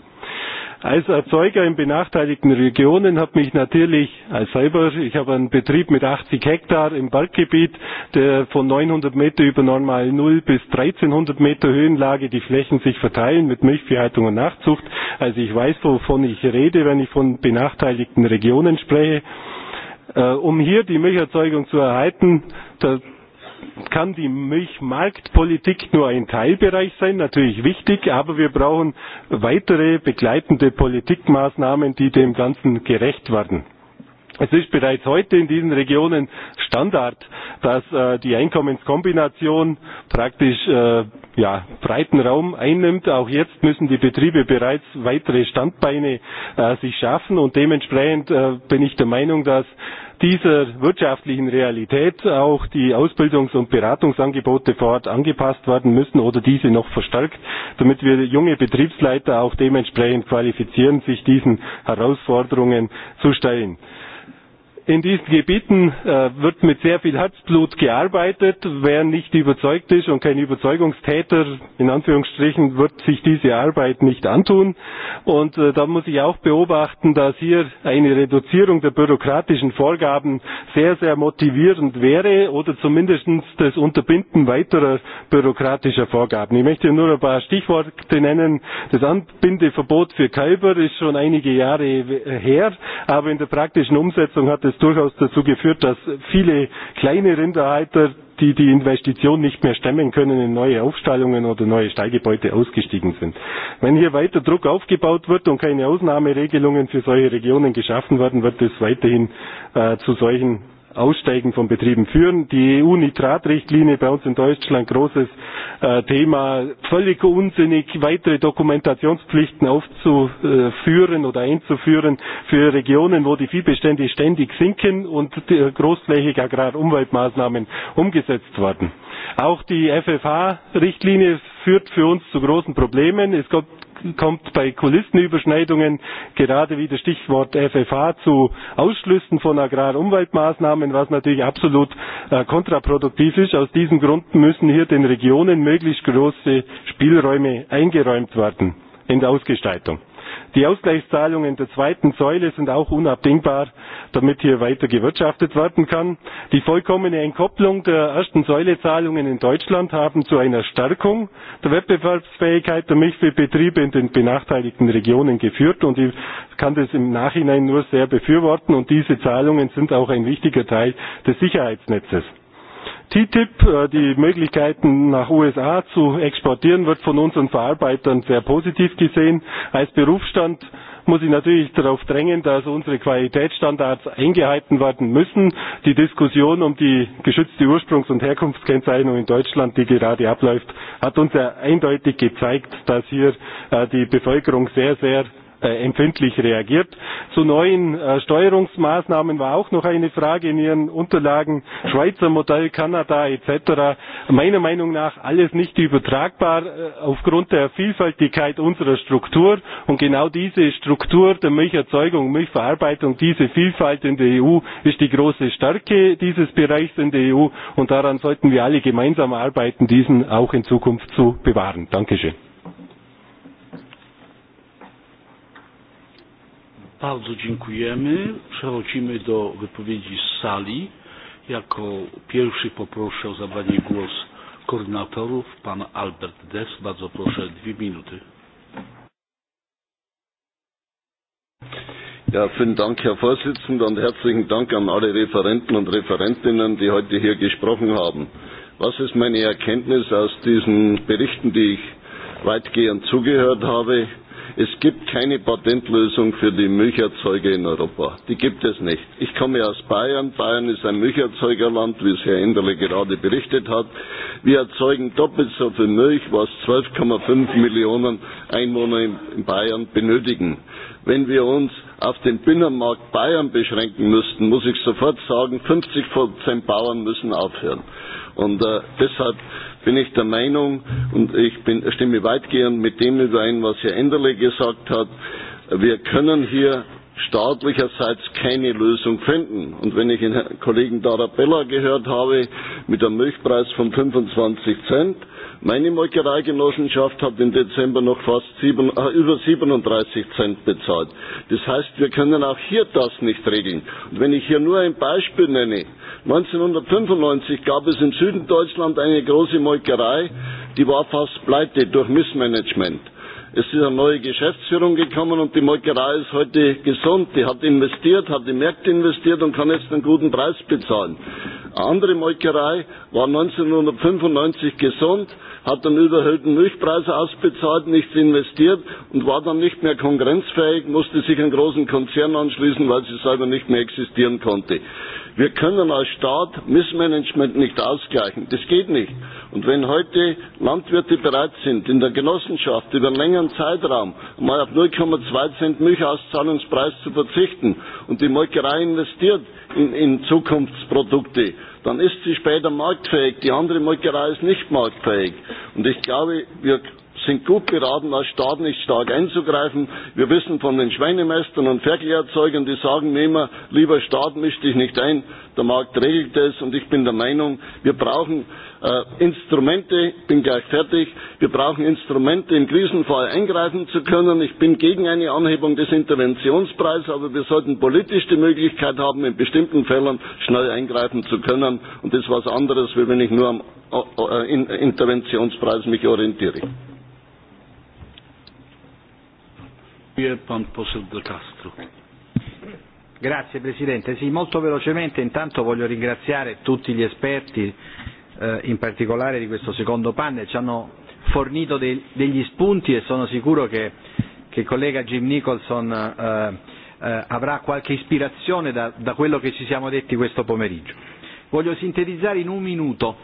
Als Erzeuger in benachteiligten Regionen hat mich natürlich als selber, ich habe einen Betrieb mit 80 Hektar im Berggebiet, der von 900 Meter über normal 0 bis 1300 Meter Höhenlage die Flächen sich verteilen mit Milchviehhaltung und Nachzucht. Also ich weiß, wovon ich rede, wenn ich von benachteiligten Regionen spreche. Äh, um hier die Milcherzeugung zu erhalten, da kann die Milchmarktpolitik nur ein Teilbereich sein, natürlich wichtig, aber wir brauchen weitere begleitende Politikmaßnahmen, die dem Ganzen gerecht werden. Es ist bereits heute in diesen Regionen Standard, dass äh, die Einkommenskombination praktisch äh, ja, breiten Raum einnimmt. Auch jetzt müssen die Betriebe bereits weitere Standbeine äh, sich schaffen und dementsprechend äh, bin ich der Meinung, dass dieser wirtschaftlichen Realität auch die Ausbildungs- und Beratungsangebote vor Ort angepasst werden müssen oder diese noch verstärkt, damit wir junge Betriebsleiter auch dementsprechend qualifizieren, sich diesen Herausforderungen zu stellen in diesen Gebieten äh, wird mit sehr viel Herzblut gearbeitet. Wer nicht überzeugt ist und kein Überzeugungstäter, in Anführungsstrichen, wird sich diese Arbeit nicht antun. Und äh, da muss ich auch beobachten, dass hier eine Reduzierung der bürokratischen Vorgaben sehr, sehr motivierend wäre oder zumindest das Unterbinden weiterer bürokratischer Vorgaben. Ich möchte nur ein paar Stichworte nennen. Das Anbindeverbot für Kälber ist schon einige Jahre her, aber in der praktischen Umsetzung hat es durchaus dazu geführt, dass viele kleine Rinderhalter, die die Investition nicht mehr stemmen können, in neue Aufstallungen oder neue Stallgebäude ausgestiegen sind. Wenn hier weiter Druck aufgebaut wird und keine Ausnahmeregelungen für solche Regionen geschaffen werden, wird es weiterhin äh, zu solchen Aussteigen von Betrieben führen. Die EU-Nitratrichtlinie bei uns in Deutschland großes äh, Thema. Völlig unsinnig, weitere Dokumentationspflichten aufzuführen oder einzuführen für Regionen, wo die Viehbestände ständig sinken und äh, großflächig Agrarumweltmaßnahmen umgesetzt werden. Auch die FFH-Richtlinie führt für uns zu großen Problemen. Es gibt kommt bei Kulissenüberschneidungen gerade wie das Stichwort FFH zu Ausschlüssen von Agrarumweltmaßnahmen, was natürlich absolut äh, kontraproduktiv ist. Aus diesen Gründen müssen hier den Regionen möglichst große Spielräume eingeräumt werden in der Ausgestaltung. Die Ausgleichszahlungen der zweiten Säule sind auch unabdingbar, damit hier weiter gewirtschaftet werden kann. Die vollkommene Entkopplung der ersten Säulezahlungen in Deutschland haben zu einer Stärkung der Wettbewerbsfähigkeit der Milchviehbetriebe in den benachteiligten Regionen geführt und ich kann das im Nachhinein nur sehr befürworten und diese Zahlungen sind auch ein wichtiger Teil des Sicherheitsnetzes. TTIP, äh, die Möglichkeiten nach USA zu exportieren, wird von unseren Verarbeitern sehr positiv gesehen. Als Berufsstand muss ich natürlich darauf drängen, dass unsere Qualitätsstandards eingehalten werden müssen. Die Diskussion um die geschützte Ursprungs- und Herkunftskennzeichnung in Deutschland, die gerade abläuft, hat uns ja eindeutig gezeigt, dass hier äh, die Bevölkerung sehr, sehr äh, empfindlich reagiert. Zu neuen äh, Steuerungsmaßnahmen war auch noch eine Frage in Ihren Unterlagen. Schweizer Modell, Kanada etc. Meiner Meinung nach alles nicht übertragbar äh, aufgrund der Vielfaltigkeit unserer Struktur. Und genau diese Struktur der Milcherzeugung, Milchverarbeitung, diese Vielfalt in der EU ist die große Stärke dieses Bereichs in der EU. Und daran sollten wir alle gemeinsam arbeiten, diesen auch in Zukunft zu bewahren. Dankeschön. Bardzo dziękujemy. Przechodzimy do wypowiedzi z sali. Jako pierwszy poproszę o zabranie głos koordynatorów, pan Albert Des. Bardzo proszę, dwie minuty. Ja, vielen Dank, Herr Vorsitzender, und herzlichen Dank an alle Referenten und Referentinnen, die heute hier gesprochen haben. Was ist meine Erkenntnis aus diesen Berichten, die ich weitgehend zugehört habe? Es gibt keine Patentlösung für die Milcherzeuger in Europa. Die gibt es nicht. Ich komme aus Bayern. Bayern ist ein Milcherzeugerland, wie es Herr Enderle gerade berichtet hat. Wir erzeugen doppelt so viel Milch, was 12,5 Millionen Einwohner in Bayern benötigen. Wenn wir uns auf den Binnenmarkt Bayern beschränken müssten, muss ich sofort sagen, 50 Prozent Bauern müssen aufhören. Und äh, deshalb bin ich der Meinung, und ich bin, stimme weitgehend mit dem überein, was Herr Enderle gesagt hat, wir können hier staatlicherseits keine Lösung finden. Und wenn ich den Kollegen Darabella gehört habe mit einem Milchpreis von 25 Cent, Meine Molkereigenossenschaft hat im Dezember noch fast sieben, äh, über 37 Cent bezahlt. Das heißt, wir können auch hier das nicht regeln. Und wenn ich hier nur ein Beispiel nenne, 1995 gab es im Süden Deutschland eine große Molkerei, die war fast pleite durch Missmanagement. Es ist eine neue Geschäftsführung gekommen und die Molkerei ist heute gesund. Die hat investiert, hat die Märkte investiert und kann jetzt einen guten Preis bezahlen. Eine andere Molkerei war 1995 gesund, hat einen überhöhten Milchpreis ausbezahlt, nichts investiert und war dann nicht mehr konkurrenzfähig, musste sich einem großen Konzern anschließen, weil sie selber nicht mehr existieren konnte. Wir können als Staat Missmanagement nicht ausgleichen. Das geht nicht. Und wenn heute Landwirte bereit sind, in der Genossenschaft über einen längeren Zeitraum mal auf 0,2 Cent Milchauszahlungspreis zu verzichten und die Molkerei investiert in, in Zukunftsprodukte, dann ist sie später marktfähig. Die andere Molkerei ist nicht marktfähig. Und ich glaube, wir sind gut beraten, als Staat nicht stark einzugreifen. Wir wissen von den Schweinemästern und Ferkelerzeugern, die sagen mir immer, lieber Staat, misch dich nicht ein, der Markt regelt es und ich bin der Meinung, wir brauchen äh, Instrumente, bin gleich fertig, wir brauchen Instrumente, im Krisenfall eingreifen zu können. Ich bin gegen eine Anhebung des Interventionspreises, aber wir sollten politisch die Möglichkeit haben, in bestimmten Fällen schnell eingreifen zu können. Und das ist was anderes, wie wenn ich nur am äh, äh Interventionspreis mich orientiere. Grazie Presidente, sì, molto velocemente intanto voglio ringraziare tutti gli esperti, eh, in particolare di questo secondo panel, ci hanno fornito dei, degli spunti e sono sicuro che, che il collega Jim Nicholson eh, eh, avrà qualche ispirazione da, da quello che ci siamo detti questo pomeriggio. Voglio sintetizzare in un minuto.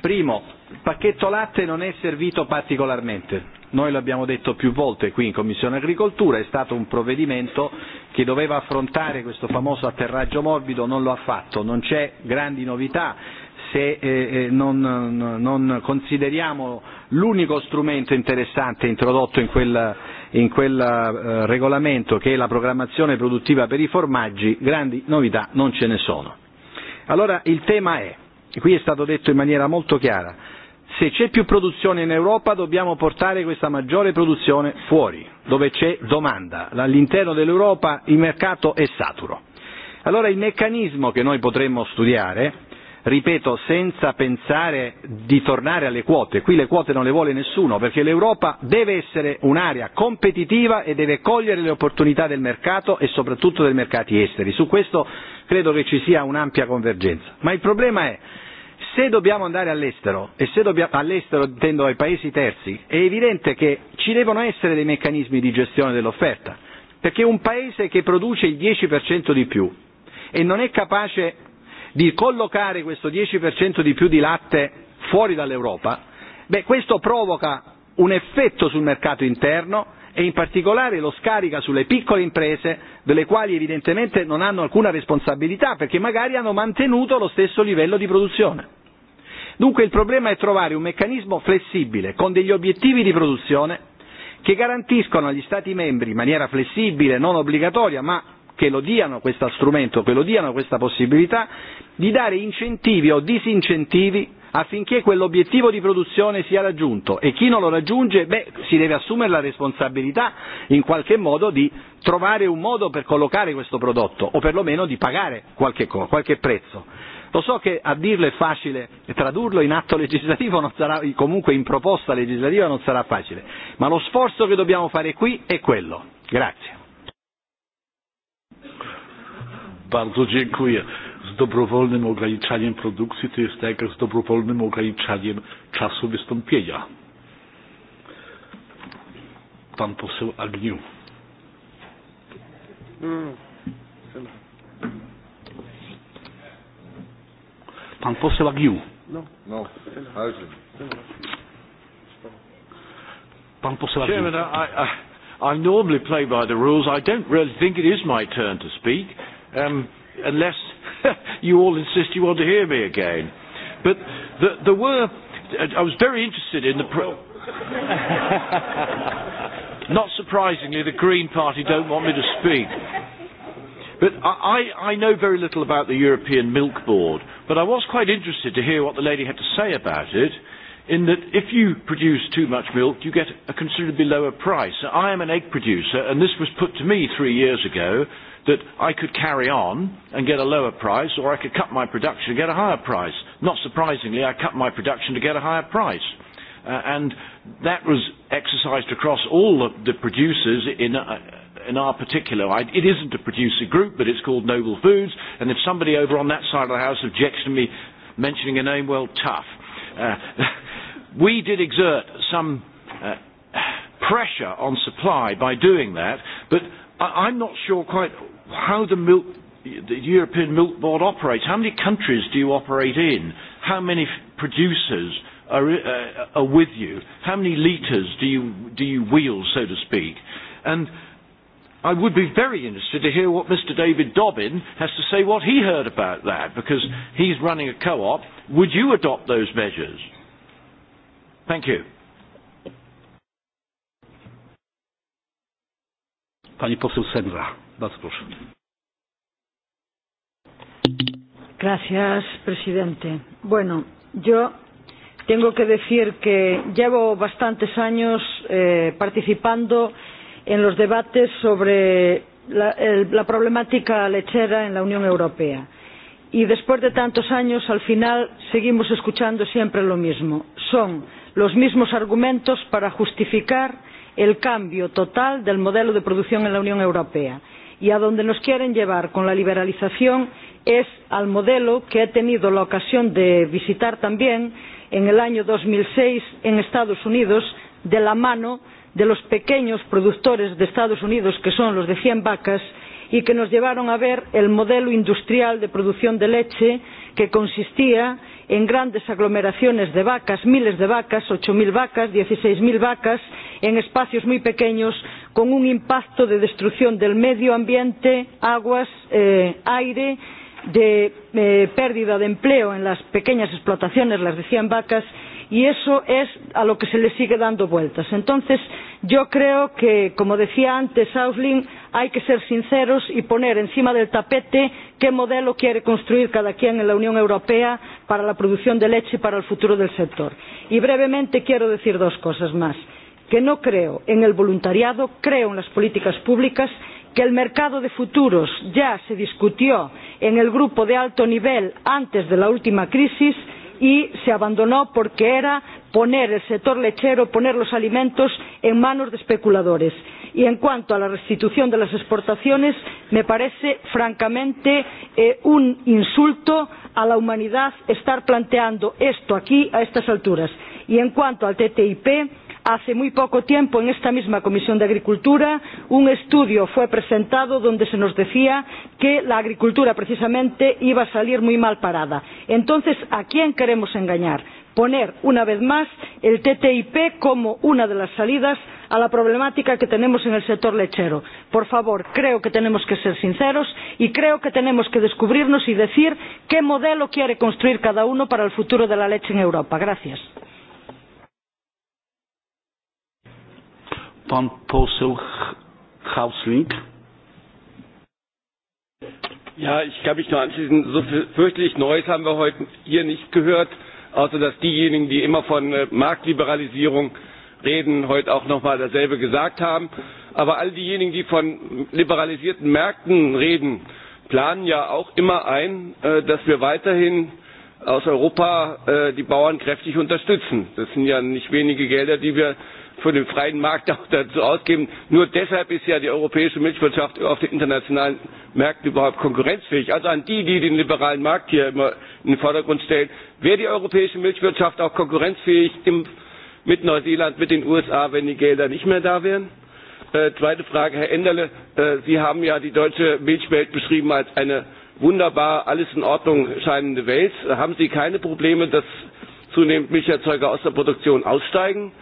Primo, il pacchetto latte non è servito particolarmente Noi l'abbiamo detto più volte qui in Commissione Agricoltura, è stato un provvedimento che doveva affrontare questo famoso atterraggio morbido, non lo ha fatto, non c'è grandi novità se eh, eh, non, non consideriamo l'unico strumento interessante introdotto in quel, in quel eh, regolamento che è la programmazione produttiva per i formaggi, grandi novità non ce ne sono. Allora il tema è, qui è stato detto in maniera molto chiara, se c'è più produzione in Europa dobbiamo portare questa maggiore produzione fuori, dove c'è domanda. All'interno dell'Europa il mercato è saturo. Allora il meccanismo che noi potremmo studiare, ripeto, senza pensare di tornare alle quote, qui le quote non le vuole nessuno, perché l'Europa deve essere un'area competitiva e deve cogliere le opportunità del mercato e soprattutto dei mercati esteri. Su questo credo che ci sia un'ampia convergenza. Ma il problema è se dobbiamo andare all'estero, e se dobbiamo, all'estero intendo ai paesi terzi, è evidente che ci devono essere dei meccanismi di gestione dell'offerta, perché un paese che produce il 10% di più e non è capace di collocare questo 10% di più di latte fuori dall'Europa, beh, questo provoca un effetto sul mercato interno e in particolare lo scarica sulle piccole imprese, delle quali evidentemente non hanno alcuna responsabilità perché magari hanno mantenuto lo stesso livello di produzione. Dunque il problema è trovare un meccanismo flessibile con degli obiettivi di produzione che garantiscono agli Stati membri in maniera flessibile, non obbligatoria, ma che lo diano questo strumento, che lo diano questa possibilità, di dare incentivi o disincentivi affinché quell'obiettivo di produzione sia raggiunto e chi non lo raggiunge beh, si deve assumere la responsabilità in qualche modo di trovare un modo per collocare questo prodotto o perlomeno di pagare qualche, qualche prezzo. Lo so che a dirlo è facile, e tradurlo in atto legislativo non sarà, comunque in proposta legislativa non sarà facile, ma lo sforzo che dobbiamo fare qui è quello. Grazie. Bardzo dziękuję. Z dobrowolnym ograniczaniem produkcji to jest tak jak z dobrowolnym ograniczaniem czasu wystąpienia. Pan poseł Agniu. Mm. Pan poseł Agiu. No. no. Pan poseł Agiu. Chairman, I, I, I normally play by the rules. I don't really think it is my turn to speak, um, unless you all insist you want to hear me again. But there the were, I was very interested in the. Pro- Not surprisingly, the Green Party don't want me to speak. But I, I know very little about the European Milk Board, but I was quite interested to hear what the lady had to say about it, in that if you produce too much milk, you get a considerably lower price. I am an egg producer, and this was put to me three years ago that I could carry on and get a lower price, or I could cut my production and get a higher price. Not surprisingly, I cut my production to get a higher price. Uh, and that was exercised across all the, the producers in. A, uh, in our particular, I, it isn't a producer group, but it's called Noble Foods, and if somebody over on that side of the house objects to me mentioning a name, well, tough. Uh, we did exert some uh, pressure on supply by doing that, but I, I'm not sure quite how the milk the European Milk Board operates. How many countries do you operate in? How many producers are, uh, are with you? How many litres do you, do you wield, so to speak? And I would be very interested to hear what Mr. David Dobbin has to say, what he heard about that, because he's running a co op. Would you adopt those measures? Thank you. Pani poseł Sendra, bardzo proszę. Gracias, presidente. Bueno, yo tengo que decir que llevo bastantes años eh, participando en los debates sobre la, el, la problemática lechera en la Unión Europea. Y después de tantos años, al final, seguimos escuchando siempre lo mismo. Son los mismos argumentos para justificar el cambio total del modelo de producción en la Unión Europea. Y a donde nos quieren llevar con la liberalización es al modelo que he tenido la ocasión de visitar también en el año 2006 en Estados Unidos de la mano de los pequeños productores de Estados Unidos, que son los de 100 vacas, y que nos llevaron a ver el modelo industrial de producción de leche que consistía en grandes aglomeraciones de vacas, miles de vacas, 8.000 vacas, 16.000 vacas, en espacios muy pequeños, con un impacto de destrucción del medio ambiente, aguas, eh, aire de eh, pérdida de empleo en las pequeñas explotaciones, las de 100 vacas, y eso es a lo que se le sigue dando vueltas. Entonces, yo creo que, como decía antes Ausling, hay que ser sinceros y poner encima del tapete qué modelo quiere construir cada quien en la Unión Europea para la producción de leche y para el futuro del sector. Y brevemente quiero decir dos cosas más. Que no creo en el voluntariado, creo en las políticas públicas que el mercado de futuros ya se discutió en el grupo de alto nivel antes de la última crisis y se abandonó porque era poner el sector lechero poner los alimentos en manos de especuladores. y en cuanto a la restitución de las exportaciones me parece francamente eh, un insulto a la humanidad estar planteando esto aquí a estas alturas. y en cuanto al ttip Hace muy poco tiempo, en esta misma Comisión de Agricultura, un estudio fue presentado donde se nos decía que la agricultura, precisamente, iba a salir muy mal parada. Entonces, ¿a quién queremos engañar? poner una vez más el TTIP como una de las salidas a la problemática que tenemos en el sector lechero. Por favor, creo que tenemos que ser sinceros y creo que tenemos que descubrirnos y decir qué modelo quiere construir cada uno para el futuro de la leche en Europa. Gracias. Pan poseł Hausling. Ja, ich kann mich nur anschließen. So fürchterlich Neues haben wir heute hier nicht gehört, außer dass diejenigen, die immer von äh, Marktliberalisierung reden, heute auch nochmal dasselbe gesagt haben. Aber all diejenigen, die von liberalisierten Märkten reden, planen ja auch immer ein, äh, dass wir weiterhin aus Europa äh, die Bauern kräftig unterstützen. Das sind ja nicht wenige Gelder, die wir für den freien Markt auch dazu ausgeben. Nur deshalb ist ja die europäische Milchwirtschaft auf den internationalen Märkten überhaupt konkurrenzfähig. Also an die, die den liberalen Markt hier immer in den Vordergrund stellen, wäre die europäische Milchwirtschaft auch konkurrenzfähig im, mit Neuseeland, mit den USA, wenn die Gelder nicht mehr da wären? Äh, zweite Frage, Herr Enderle, äh, Sie haben ja die deutsche Milchwelt beschrieben als eine wunderbar alles in Ordnung scheinende Welt. Haben Sie keine Probleme, dass zunehmend Milcherzeuger aus der Produktion aussteigen?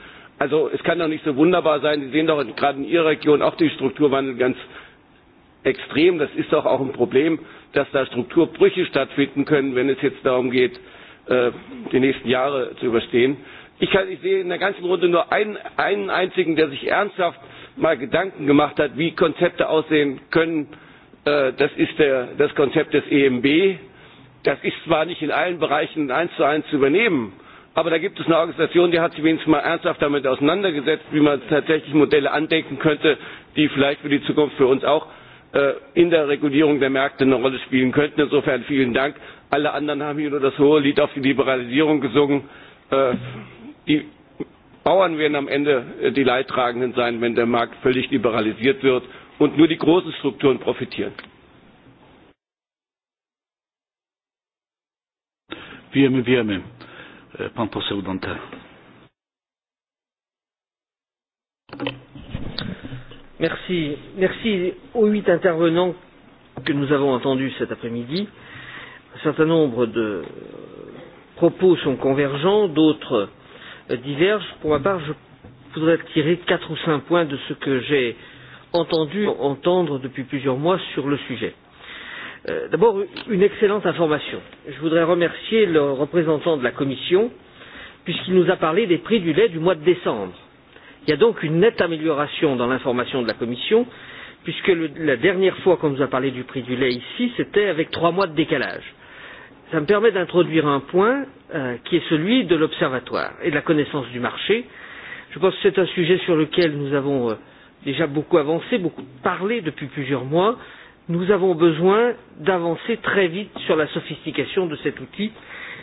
also es kann doch nicht so wunderbar sein. Sie sehen doch gerade in Ihrer Region auch den Strukturwandel ganz extrem. Das ist doch auch ein Problem, dass da Strukturbrüche stattfinden können, wenn es jetzt darum geht, äh, die nächsten Jahre zu überstehen. Ich, kann, ich sehe in der ganzen Runde nur einen, einen einzigen, der sich ernsthaft mal Gedanken gemacht hat, wie Konzepte aussehen können. Äh, das ist der, das Konzept des EMB. Das ist zwar nicht in allen Bereichen eins zu eins zu übernehmen, Aber da gibt es eine Organisation, die hat sich wenigstens mal ernsthaft damit auseinandergesetzt, wie man tatsächlich Modelle andenken könnte, die vielleicht für die Zukunft für uns auch äh, in der Regulierung der Märkte eine Rolle spielen könnten. Insofern vielen Dank. Alle anderen haben hier nur das hohe Lied auf die Liberalisierung gesungen. Äh, die Bauern werden am Ende äh, die Leidtragenden sein, wenn der Markt völlig liberalisiert wird und nur die großen Strukturen profitieren. Wir, wir, wiemy Pan poseł Dante. Merci. Merci aux huit intervenants que nous avons entendus cet après-midi. Un certain nombre de propos sont convergents, d'autres divergent. Pour ma part, je voudrais tirer quatre ou cinq points de ce que j'ai entendu entendre depuis plusieurs mois sur le sujet. Euh, d'abord, une excellente information. Je voudrais remercier le représentant de la Commission, puisqu'il nous a parlé des prix du lait du mois de décembre. Il y a donc une nette amélioration dans l'information de la Commission, puisque le, la dernière fois qu'on nous a parlé du prix du lait ici, c'était avec trois mois de décalage. Ça me permet d'introduire un point euh, qui est celui de l'observatoire et de la connaissance du marché. Je pense que c'est un sujet sur lequel nous avons euh, déjà beaucoup avancé, beaucoup parlé depuis plusieurs mois. Euh, nous avons besoin d'avancer très vite sur la sophistication de cet outil,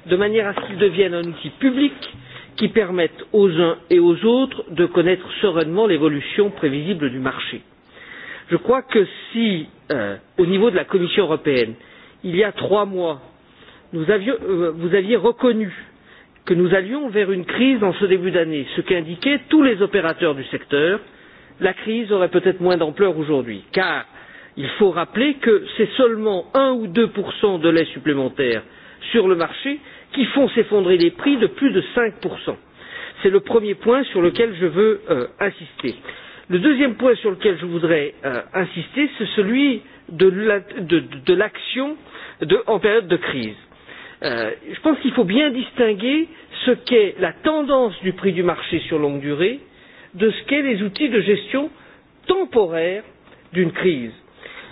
de manière à ce qu'il devienne un outil public qui permette aux uns et aux autres de connaître sereinement l'évolution prévisible du marché. Je crois que si, euh, au niveau de la Commission européenne, il y a trois mois, nous avions, euh, vous aviez reconnu que nous allions vers une crise en ce début d'année, ce qu'indiquaient tous les opérateurs du secteur, la crise aurait peut-être moins d'ampleur aujourd'hui, car il faut rappeler que c'est seulement un ou deux de lait supplémentaire sur le marché qui font s'effondrer les prix de plus de cinq c'est le premier point sur lequel je veux euh, insister. Le deuxième point sur lequel je voudrais euh, insister, c'est celui de l'action la, en période de crise. Euh, je pense qu'il faut bien distinguer ce qu'est la tendance du prix du marché sur longue durée de ce qu'est les outils de gestion temporaire d'une crise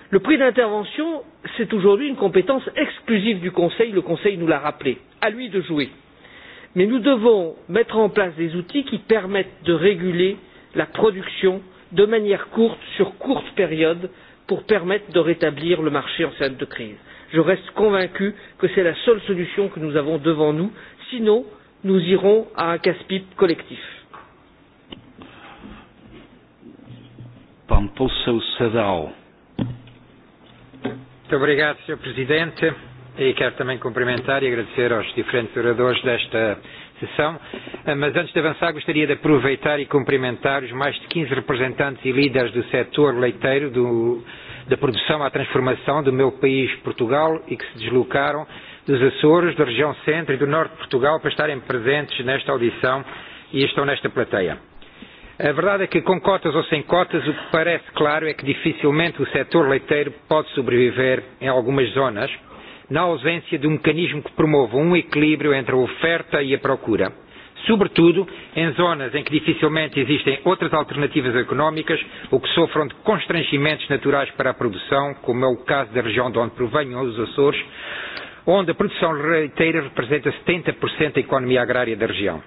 le prix d'intervention c'est aujourd'hui une compétence exclusive du conseil le conseil nous l'a rappelé à lui de jouer mais nous devons mettre en place des outils qui permettent de réguler la production de manière courte sur courte période pour permettre de rétablir le marché en période de crise. Je reste convaincu que c'est la seule solution que nous avons devant nous, sinon nous irons à un casse-pipe collectif. Pan poseł Serao. Obrigado, Sr. Presidente. E quero também cumprimentar e agradecer aos diferentes oradores desta sessão. Ah, mas antes de avançar, gostaria de aproveitar e cumprimentar os mais de 15 representantes e líderes do setor leiteiro, do, da produção à transformação do meu país, Portugal, e que se deslocaram dos Açores, da região centro e do norte de Portugal para estarem presentes nesta audição e estão nesta plateia. A verdade é que, com cotas ou sem cotas, o que parece claro é que dificilmente o setor leiteiro pode sobreviver em algumas zonas, na ausência de um mecanismo que promova um equilíbrio entre a oferta e a procura, sobretudo em zonas em que dificilmente existem outras alternativas económicas ou que sofram de constrangimentos naturais para a produção, como é o caso da região de onde provenham os Açores, onde a produção leiteira representa 70% da economia agrária da região.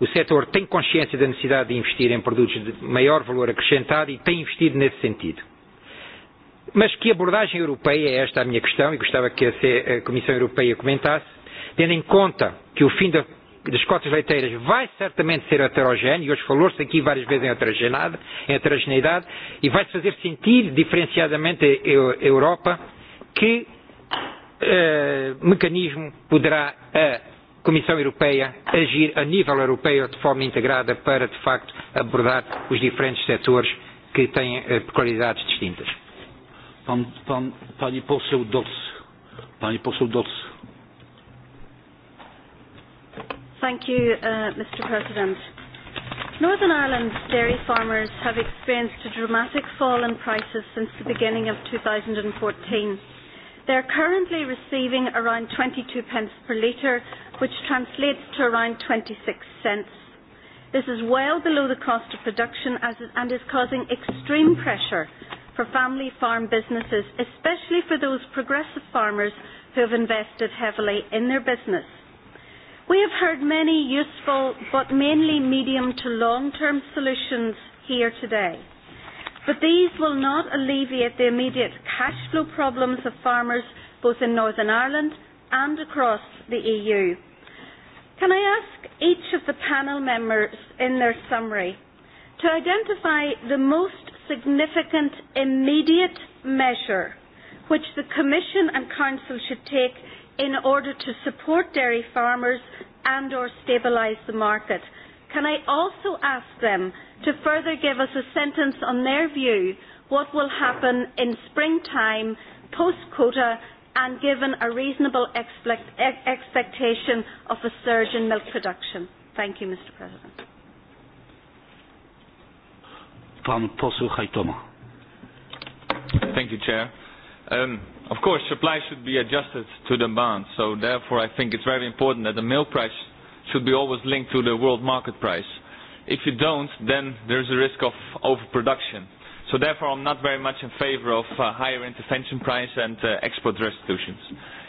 O setor tem consciência da necessidade de investir em produtos de maior valor acrescentado e tem investido nesse sentido. Mas que abordagem europeia é esta a minha questão e gostava que a Comissão Europeia comentasse, tendo em conta que o fim da, das cotas leiteiras vai certamente ser heterogéneo, e hoje falou-se aqui várias vezes em heterogeneidade, em heterogeneidade e vai-se fazer sentir diferenciadamente a Europa que eh, mecanismo poderá a eh, Comissão Europeia agir a nível europeu de forma integrada para, de facto, abordar os diferentes setores que têm eh, peculiaridades distintas. Pan, pan, pani poseł Dots. Pani poseł Dots. Thank you, uh, Mr. President. Northern Ireland's dairy farmers have experienced a dramatic fall in prices since the beginning of 2014 They are currently receiving around 22 pence per litre, which translates to around 26 cents. This is well below the cost of production and is causing extreme pressure for family farm businesses, especially for those progressive farmers who have invested heavily in their business. We have heard many useful but mainly medium to long term solutions here today. But these will not alleviate the immediate cash flow problems of farmers both in Northern Ireland and across the EU. Can I ask each of the panel members in their summary to identify the most significant immediate measure which the Commission and Council should take in order to support dairy farmers and or stabilise the market? Can I also ask them to further give us a sentence on their view what will happen in springtime post quota and given a reasonable expect, expectation of a surge in milk production? Thank you, Mr. President. Thank you, Chair. Um, of course, supply should be adjusted to demand, so therefore I think it's very important that the milk price should be always linked to the world market price. If you don't, then there's a risk of overproduction. So therefore, I'm not very much in favor of uh, higher intervention price and uh, export restitutions.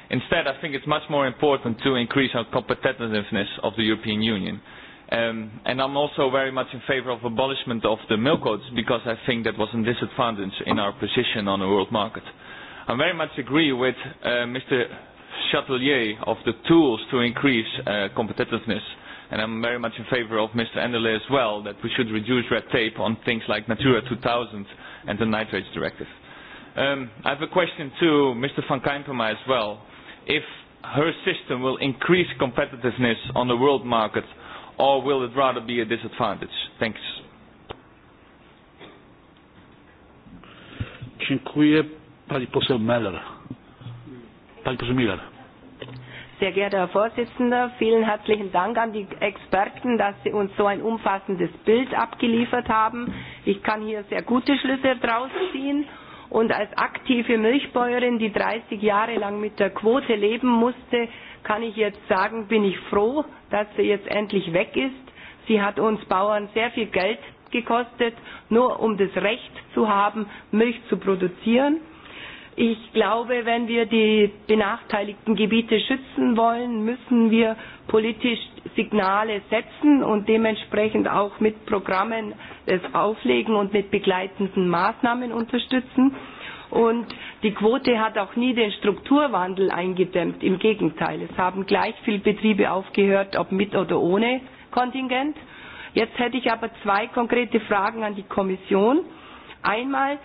Instead, I think it's much more important to increase our competitiveness of the European Union. Um, and I'm also very much in favor of abolishment of the milk quotas because I think that was a disadvantage in our position on the world market. I very much agree with uh, Mr. Chatelier of the tools to increase uh, competitiveness. And I'm very much in favor of Mr. Enderle as well, that we should reduce red tape on things like Natura 2000 and the Nitrates Directive. Um, I have a question to Mr. van Kijnpema as well. If her system will increase competitiveness on the world market, or will it rather be a disadvantage? Thanks. Dziękuję. Pani poseł Meller. Danke, schön Miller. Sehr geehrter Herr Vorsitzender, vielen herzlichen Dank an die Experten, dass sie uns so ein umfassendes Bild abgeliefert haben. Ich kann hier sehr gute Schlüsse draus ziehen. Und als aktive Milchbäuerin, die 30 Jahre lang mit der Quote leben musste, kann ich jetzt sagen, bin ich froh, dass sie jetzt endlich weg ist. Sie hat uns Bauern sehr viel Geld gekostet, nur um das Recht zu haben, Milch zu produzieren. Ich glaube, wenn wir die benachteiligten Gebiete schützen wollen, müssen wir politisch Signale setzen und dementsprechend auch mit Programmen es auflegen und mit begleitenden Maßnahmen unterstützen. Und die Quote hat auch nie den Strukturwandel eingedämmt. Im Gegenteil, es haben gleich viele Betriebe aufgehört, ob mit oder ohne Kontingent. Jetzt hätte ich aber zwei konkrete Fragen an die Kommission. Einmal,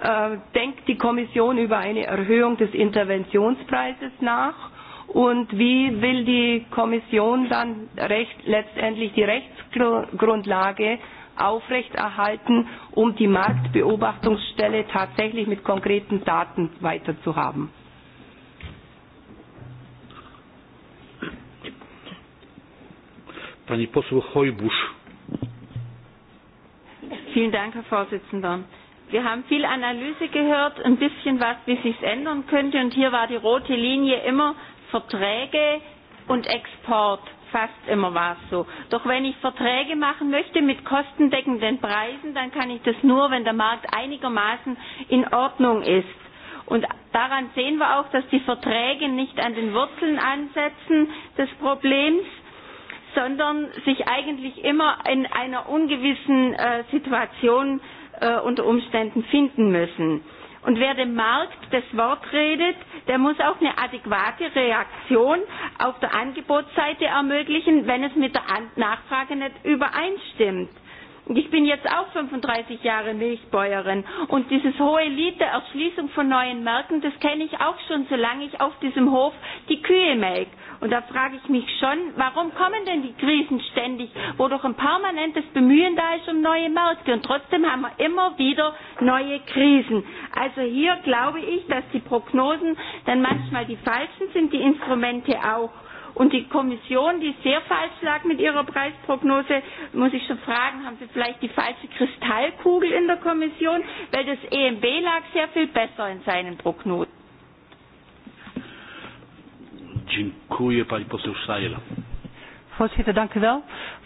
Äh, denkt die Kommission über eine Erhöhung des Interventionspreises nach? Und wie will die Kommission dann recht, letztendlich die Rechtsgrundlage aufrechterhalten, um die Marktbeobachtungsstelle tatsächlich mit konkreten Daten weiterzuhaben? Pani poseł Vielen Dank, Herr Vorsitzender. Wir haben viel Analyse gehört, ein bisschen was, wie sich es ändern könnte. Und hier war die rote Linie immer Verträge und Export. Fast immer war es so. Doch wenn ich Verträge machen möchte mit kostendeckenden Preisen, dann kann ich das nur, wenn der Markt einigermaßen in Ordnung ist. Und daran sehen wir auch, dass die Verträge nicht an den Wurzeln ansetzen des Problems, sondern sich eigentlich immer in einer ungewissen äh, Situation äh, äh, unter Umständen finden müssen. Und wer dem Markt das Wort redet, der muss auch eine adäquate Reaktion auf der Angebotsseite ermöglichen, wenn es mit der An Nachfrage nicht übereinstimmt. Ich bin jetzt auch 35 Jahre Milchbäuerin und dieses hohe Lied der Erschließung von neuen Märkten, das kenne ich auch schon, solange ich auf diesem Hof die Kühe melke. Und da frage ich mich schon, warum kommen denn die Krisen ständig, wo doch ein permanentes Bemühen da ist um neue Märkte. Und trotzdem haben wir immer wieder neue Krisen. Also hier glaube ich, dass die Prognosen dann manchmal die falschen sind, die Instrumente auch. Und die Kommission, die sehr falsch lag mit ihrer Preisprognose, muss ich schon fragen, haben Sie vielleicht die falsche Kristallkugel in der Kommission? Weil das EMB lag sehr viel besser in seinen Prognosen. Dziękuję, pani poseł Schreier. Voorzitter, dank u wel.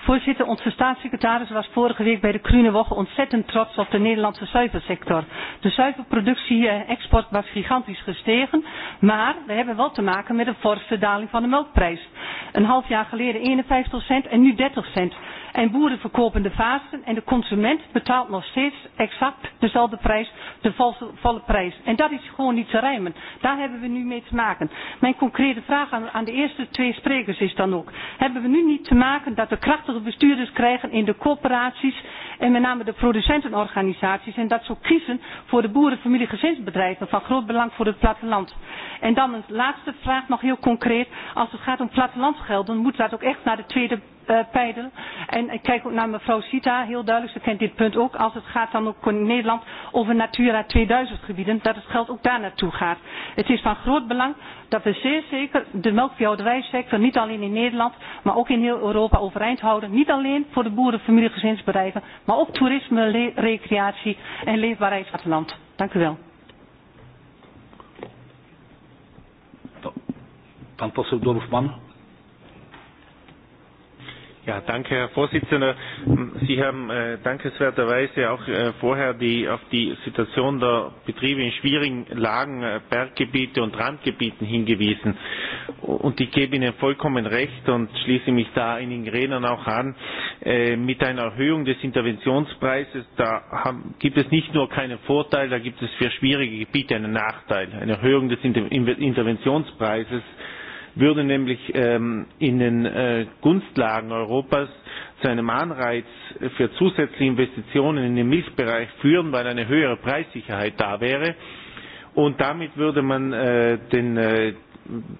Voorzitter, onze staatssecretaris was vorige week bij de Krunewoche ontzettend trots op de Nederlandse zuivelsector. De zuivelproductie en eh, export was gigantisch gestegen, maar we hebben wel te maken met een forse daling van de melkprijs. Een half jaar geleden 51 cent en nu 30 cent. En boeren verkopen de vaten en de consument betaalt nog steeds exact dezelfde prijs, de volle prijs. En dat is gewoon niet te rijmen. Daar hebben we nu mee te maken. Mijn concrete vraag aan, aan de eerste twee sprekers is dan ook. Hebben we nu niet te maken dat we krachtige bestuurders krijgen in de coöperaties en met name de producentenorganisaties. En dat ze ook kiezen voor de boerenfamilie gezinsbedrijven van groot belang voor het platteland. En dan een laatste vraag nog heel concreet. Als het gaat om plattelandsgelden moet dat ook echt naar de tweede uh, En ik kijk ook naar mevrouw Sita, heel duidelijk, ze kent dit punt ook. Als het gaat dan ook in Nederland over Natura 2000 gebieden, dat het geld ook daar naartoe gaat. Het is van groot belang dat we zeer zeker de melkveehouderijsector niet alleen in Nederland, maar ook in heel Europa overeind houden. Niet alleen voor de boeren, familie, gezinsbedrijven, maar ook toerisme, recreatie en leefbaarheid van het land. Dank u wel. Pan poseł Dorfman. Ja, danke, Herr Vorsitzender. Sie haben äh, dankenswerterweise auch äh, vorher die, auf die Situation der Betriebe in schwierigen Lagen, äh, Berggebiete und Randgebieten hingewiesen. Und ich gebe Ihnen vollkommen recht und schließe mich da einigen Rednern auch an. Äh, mit einer Erhöhung des Interventionspreises, da haben, gibt es nicht nur keinen Vorteil, da gibt es für schwierige Gebiete einen Nachteil. Eine Erhöhung des Inter Interventionspreises äh, würde nämlich ähm, in den äh, Gunstlagen Europas zu einem Anreiz für zusätzliche Investitionen in den Milchbereich führen, weil eine höhere Preissicherheit da wäre. Und damit würde man äh, den, äh,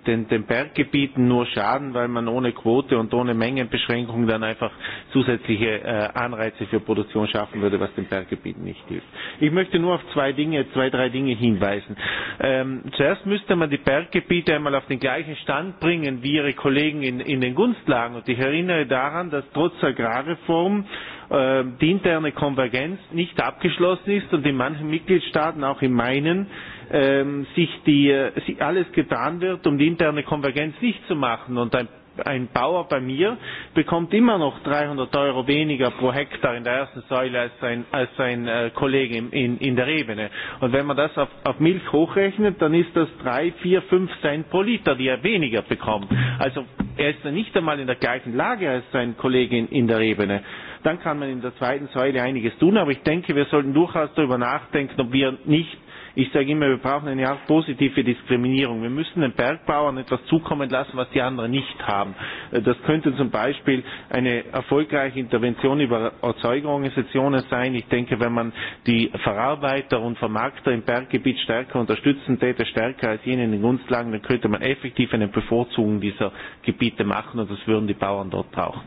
den, den Berggebieten nur schaden, weil man ohne Quote und ohne Mengenbeschränkung dann einfach zusätzliche äh, Anreize für Produktion schaffen würde, was den Berggebieten nicht hilft. Ich möchte nur auf zwei Dinge, zwei, drei Dinge hinweisen. Ähm, zuerst müsste man die Berggebiete einmal auf den gleichen Stand bringen wie ihre Kollegen in, in den Gunstlagen. Und ich erinnere daran, dass trotz Agrarreform äh, die interne Konvergenz nicht abgeschlossen ist und in manchen Mitgliedstaaten, auch in meinen, äh, Ähm, sich die, äh, alles getan wird, um die interne Konvergenz nicht zu machen. Und ein ein Bauer bei mir bekommt immer noch 300 Euro weniger pro Hektar in der ersten Säule als sein, als sein äh, Kollege in, in, in der Ebene. Und wenn man das auf, auf Milch hochrechnet, dann ist das 3, 4, 5 Cent pro Liter, die er weniger bekommt. Also er ist dann nicht einmal in der gleichen Lage als sein Kollege in, in der Ebene. Dann kann man in der zweiten Säule einiges tun, aber ich denke, wir sollten durchaus darüber nachdenken, ob wir nicht äh, Ich sage immer, wir brauchen eine Art positive Diskriminierung. Wir müssen den Bergbauern etwas zukommen lassen, was die anderen nicht haben. Äh, das könnte zum Beispiel eine erfolgreiche Intervention über Erzeugerorganisationen sein. Ich denke, wenn man die Verarbeiter und Vermarkter im Berggebiet stärker unterstützen täte, stärker als jene in den Gunstlagen, dann könnte man effektiv eine Bevorzugung dieser Gebiete machen und das würden die Bauern dort brauchen.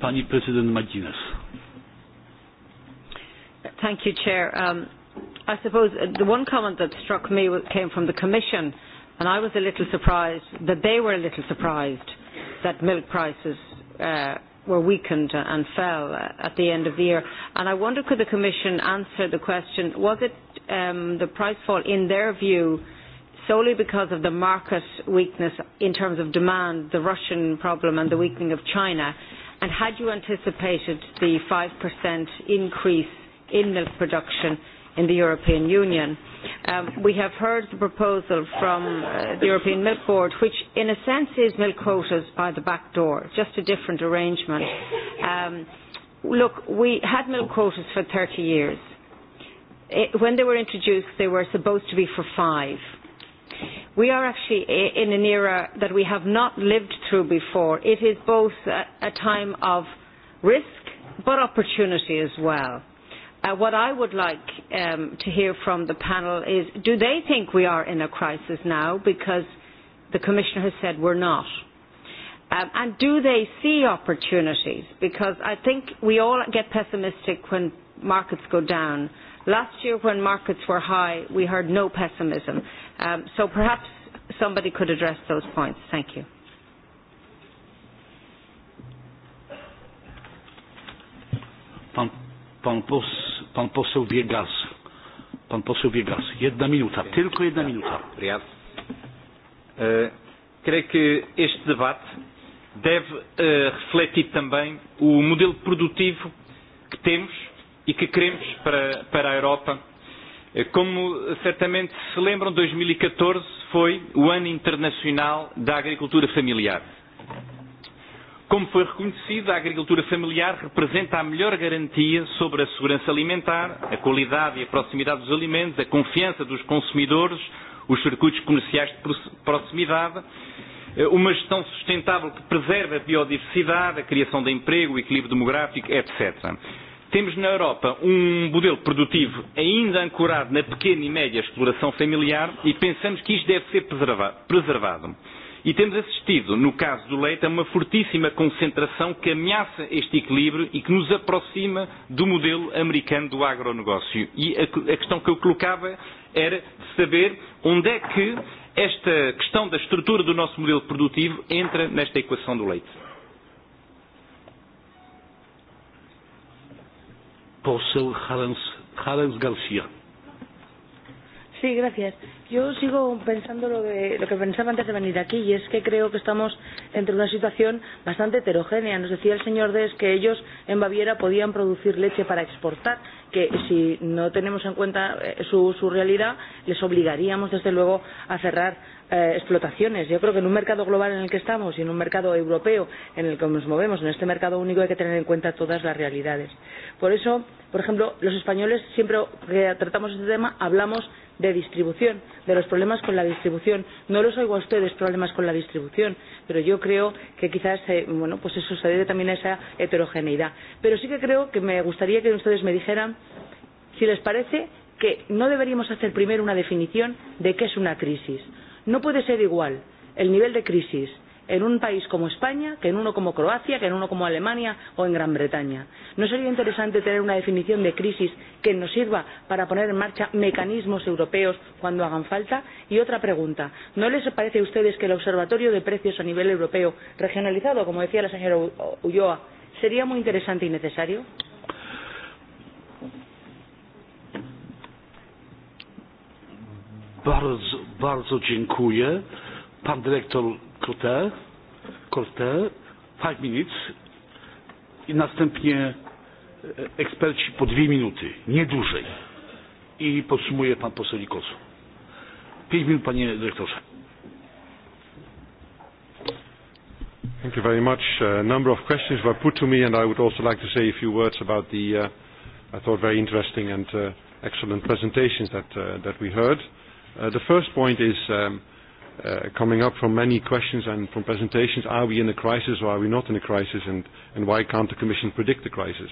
Pani Präsident Maginas. Thank you, Chair. Um, I suppose uh, the one comment that struck me came from the Commission, and I was a little surprised that they were a little surprised that milk prices uh, were weakened and fell at the end of the year. And I wonder could the Commission answer the question, was it um, the price fall in their view solely because of the market weakness in terms of demand, the Russian problem and the weakening of China? And had you anticipated the 5% increase in milk production in the European Union. Um, we have heard the proposal from uh, the European Milk Board, which in a sense is milk quotas by the back door, just a different arrangement. Um, look, we had milk quotas for 30 years. It, when they were introduced, they were supposed to be for five. We are actually in an era that we have not lived through before. It is both a, a time of risk but opportunity as well. Uh, what I would like um, to hear from the panel is do they think we are in a crisis now? Because the Commissioner has said we're not. Um, and do they see opportunities? Because I think we all get pessimistic when markets go down. Last year, when markets were high, we heard no pessimism. Um, so perhaps somebody could address those points. Thank you. Pan, pan Pan poseł Biegas. Pan poseł Biegas. Jedna minuta. Tylko jedna minuta. E, creio que este debate deve e, refletir também o modelo produtivo que temos e que queremos para, para a Europa. E, como certamente se lembram, 2014 foi o Ano Internacional da Agricultura Familiar Como foi reconhecido, a agricultura familiar representa a melhor garantia sobre a segurança alimentar, a qualidade e a proximidade dos alimentos, a confiança dos consumidores, os circuitos comerciais de proximidade, eh, uma gestão sustentável que preserva a biodiversidade, a criação de emprego, o equilíbrio demográfico, etc. Temos na Europa um modelo produtivo ainda ancorado na pequena e média exploração familiar e pensamos que isto deve ser preservado. E temos assistido, no caso do leite, a uma fortíssima concentração que ameaça este equilíbrio e que nos aproxima do modelo americano do agronegócio. E a questão que eu colocava era saber onde é que esta questão da estrutura do nosso modelo produtivo entra nesta equação do leite. Paulo Harens, Harens Garcia. Sí, gracias. Yo sigo pensando lo, de, lo que pensaba antes de venir aquí y es que creo que estamos entre una situación bastante heterogénea. Nos decía el señor Des que ellos en Baviera podían producir leche para exportar, que si no tenemos en cuenta eh, su, su realidad les obligaríamos desde luego a cerrar eh, explotaciones. Yo creo que en un mercado global en el que estamos y en un mercado europeo en el que nos movemos, en este mercado único hay que tener en cuenta todas las realidades. Por eso Por ejemplo, los españoles siempre que tratamos este tema hablamos de distribución, de los problemas con la distribución. No los oigo a ustedes problemas con la distribución, pero yo creo que quizás eh, bueno, pues eso se debe también a esa heterogeneidad. Pero sí que creo que me gustaría que ustedes me dijeran si les parece que no deberíamos hacer primero una definición de qué es una crisis. No puede ser igual el nivel de crisis en un país como España que en uno como Croacia, que en uno como Alemania o en Gran Bretaña. ¿No sería interesante tener una definición de crisis que nos sirva para poner en marcha mecanismos europeos cuando hagan falta? Y otra pregunta, ¿no les parece a ustedes que el Observatorio de Precios a nivel europeo regionalizado, como decía la señora Ulloa, sería muy interesante y necesario? Bardzo, bardzo dziękuję. Pan dyrektor krótkie, krótkie, five minutes i następnie e, eksperci po dwie minuty, nie dłużej. I podsumuje pan poseł Nikosu. Pięć minut, panie dyrektorze. Thank you very much. A number of questions were put to me, and I would also like to say a few words about the, uh, I thought, very interesting and uh, excellent presentations that, uh, that we heard. Uh, the first point is um, Uh, coming up from many questions and from presentations, are we in a crisis or are we not in a crisis, and, and why can't the Commission predict the crisis?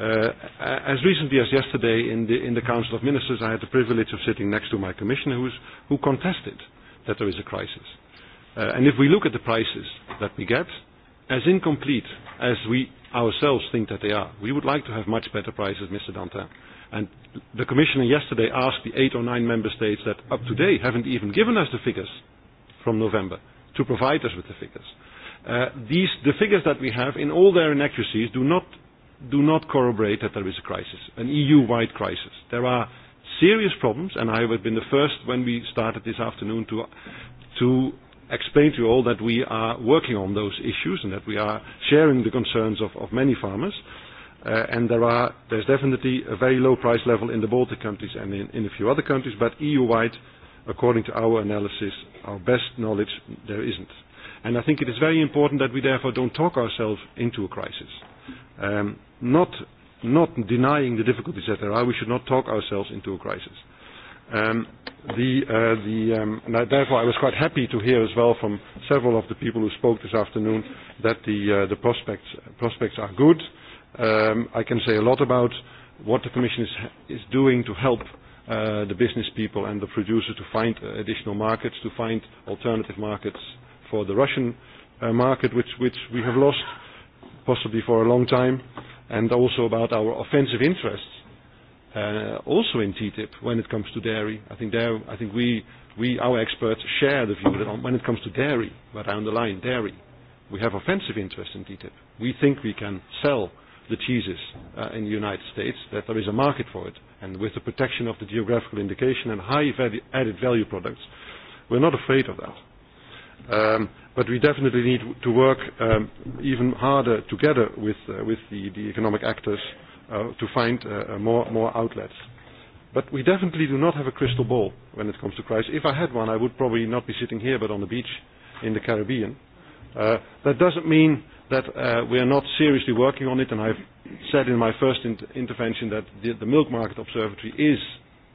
Uh, as recently as yesterday in the, in the Council of Ministers, I had the privilege of sitting next to my Commissioner who's, who contested that there is a crisis. Uh, and if we look at the prices that we get, as incomplete as we ourselves think that they are, we would like to have much better prices, Mr. Dantin. And the Commissioner yesterday asked the eight or nine member states that up to date haven't even given us the figures from November to provide us with the figures. Uh, these, the figures that we have, in all their inaccuracies, do not, do not corroborate that there is a crisis, an EU-wide crisis. There are serious problems, and I have been the first when we started this afternoon to, to explain to you all that we are working on those issues and that we are sharing the concerns of, of many farmers. Uh, and there are, there's definitely a very low price level in the Baltic countries and in, in a few other countries, but EU-wide according to our analysis, our best knowledge, there isn't. And I think it is very important that we therefore don't talk ourselves into a crisis. Um, not, not denying the difficulties that there are, we should not talk ourselves into a crisis. Um, the, uh, the, um, and I, therefore, I was quite happy to hear as well from several of the people who spoke this afternoon that the, uh, the prospects, prospects are good. Um, I can say a lot about what the Commission is, is doing to help uh, Uh, the business people and the producer to find uh, additional markets, to find alternative markets for the Russian uh, market, which, which we have lost possibly for a long time, and also about our offensive interests, uh, also in TTIP when it comes to dairy. I think, there, I think we, we, our experts, share the view that when it comes to dairy, but I underline dairy, we have offensive interests in TTIP. We think we can sell the cheeses uh, in the United States, that there is a market for it. And with the protection of the geographical indication and high value, added value products, we're not afraid of that. Um, but we definitely need to work um, even harder together with, uh, with the, the economic actors uh, to find uh, uh more, more outlets. But we definitely do not have a crystal ball when it comes to crisis. If I had one, I would probably not be sitting here but on the beach in the Caribbean. Uh, that doesn't mean that uh, we are not seriously working on it, and I've said in my first in intervention that the, the Milk Market Observatory is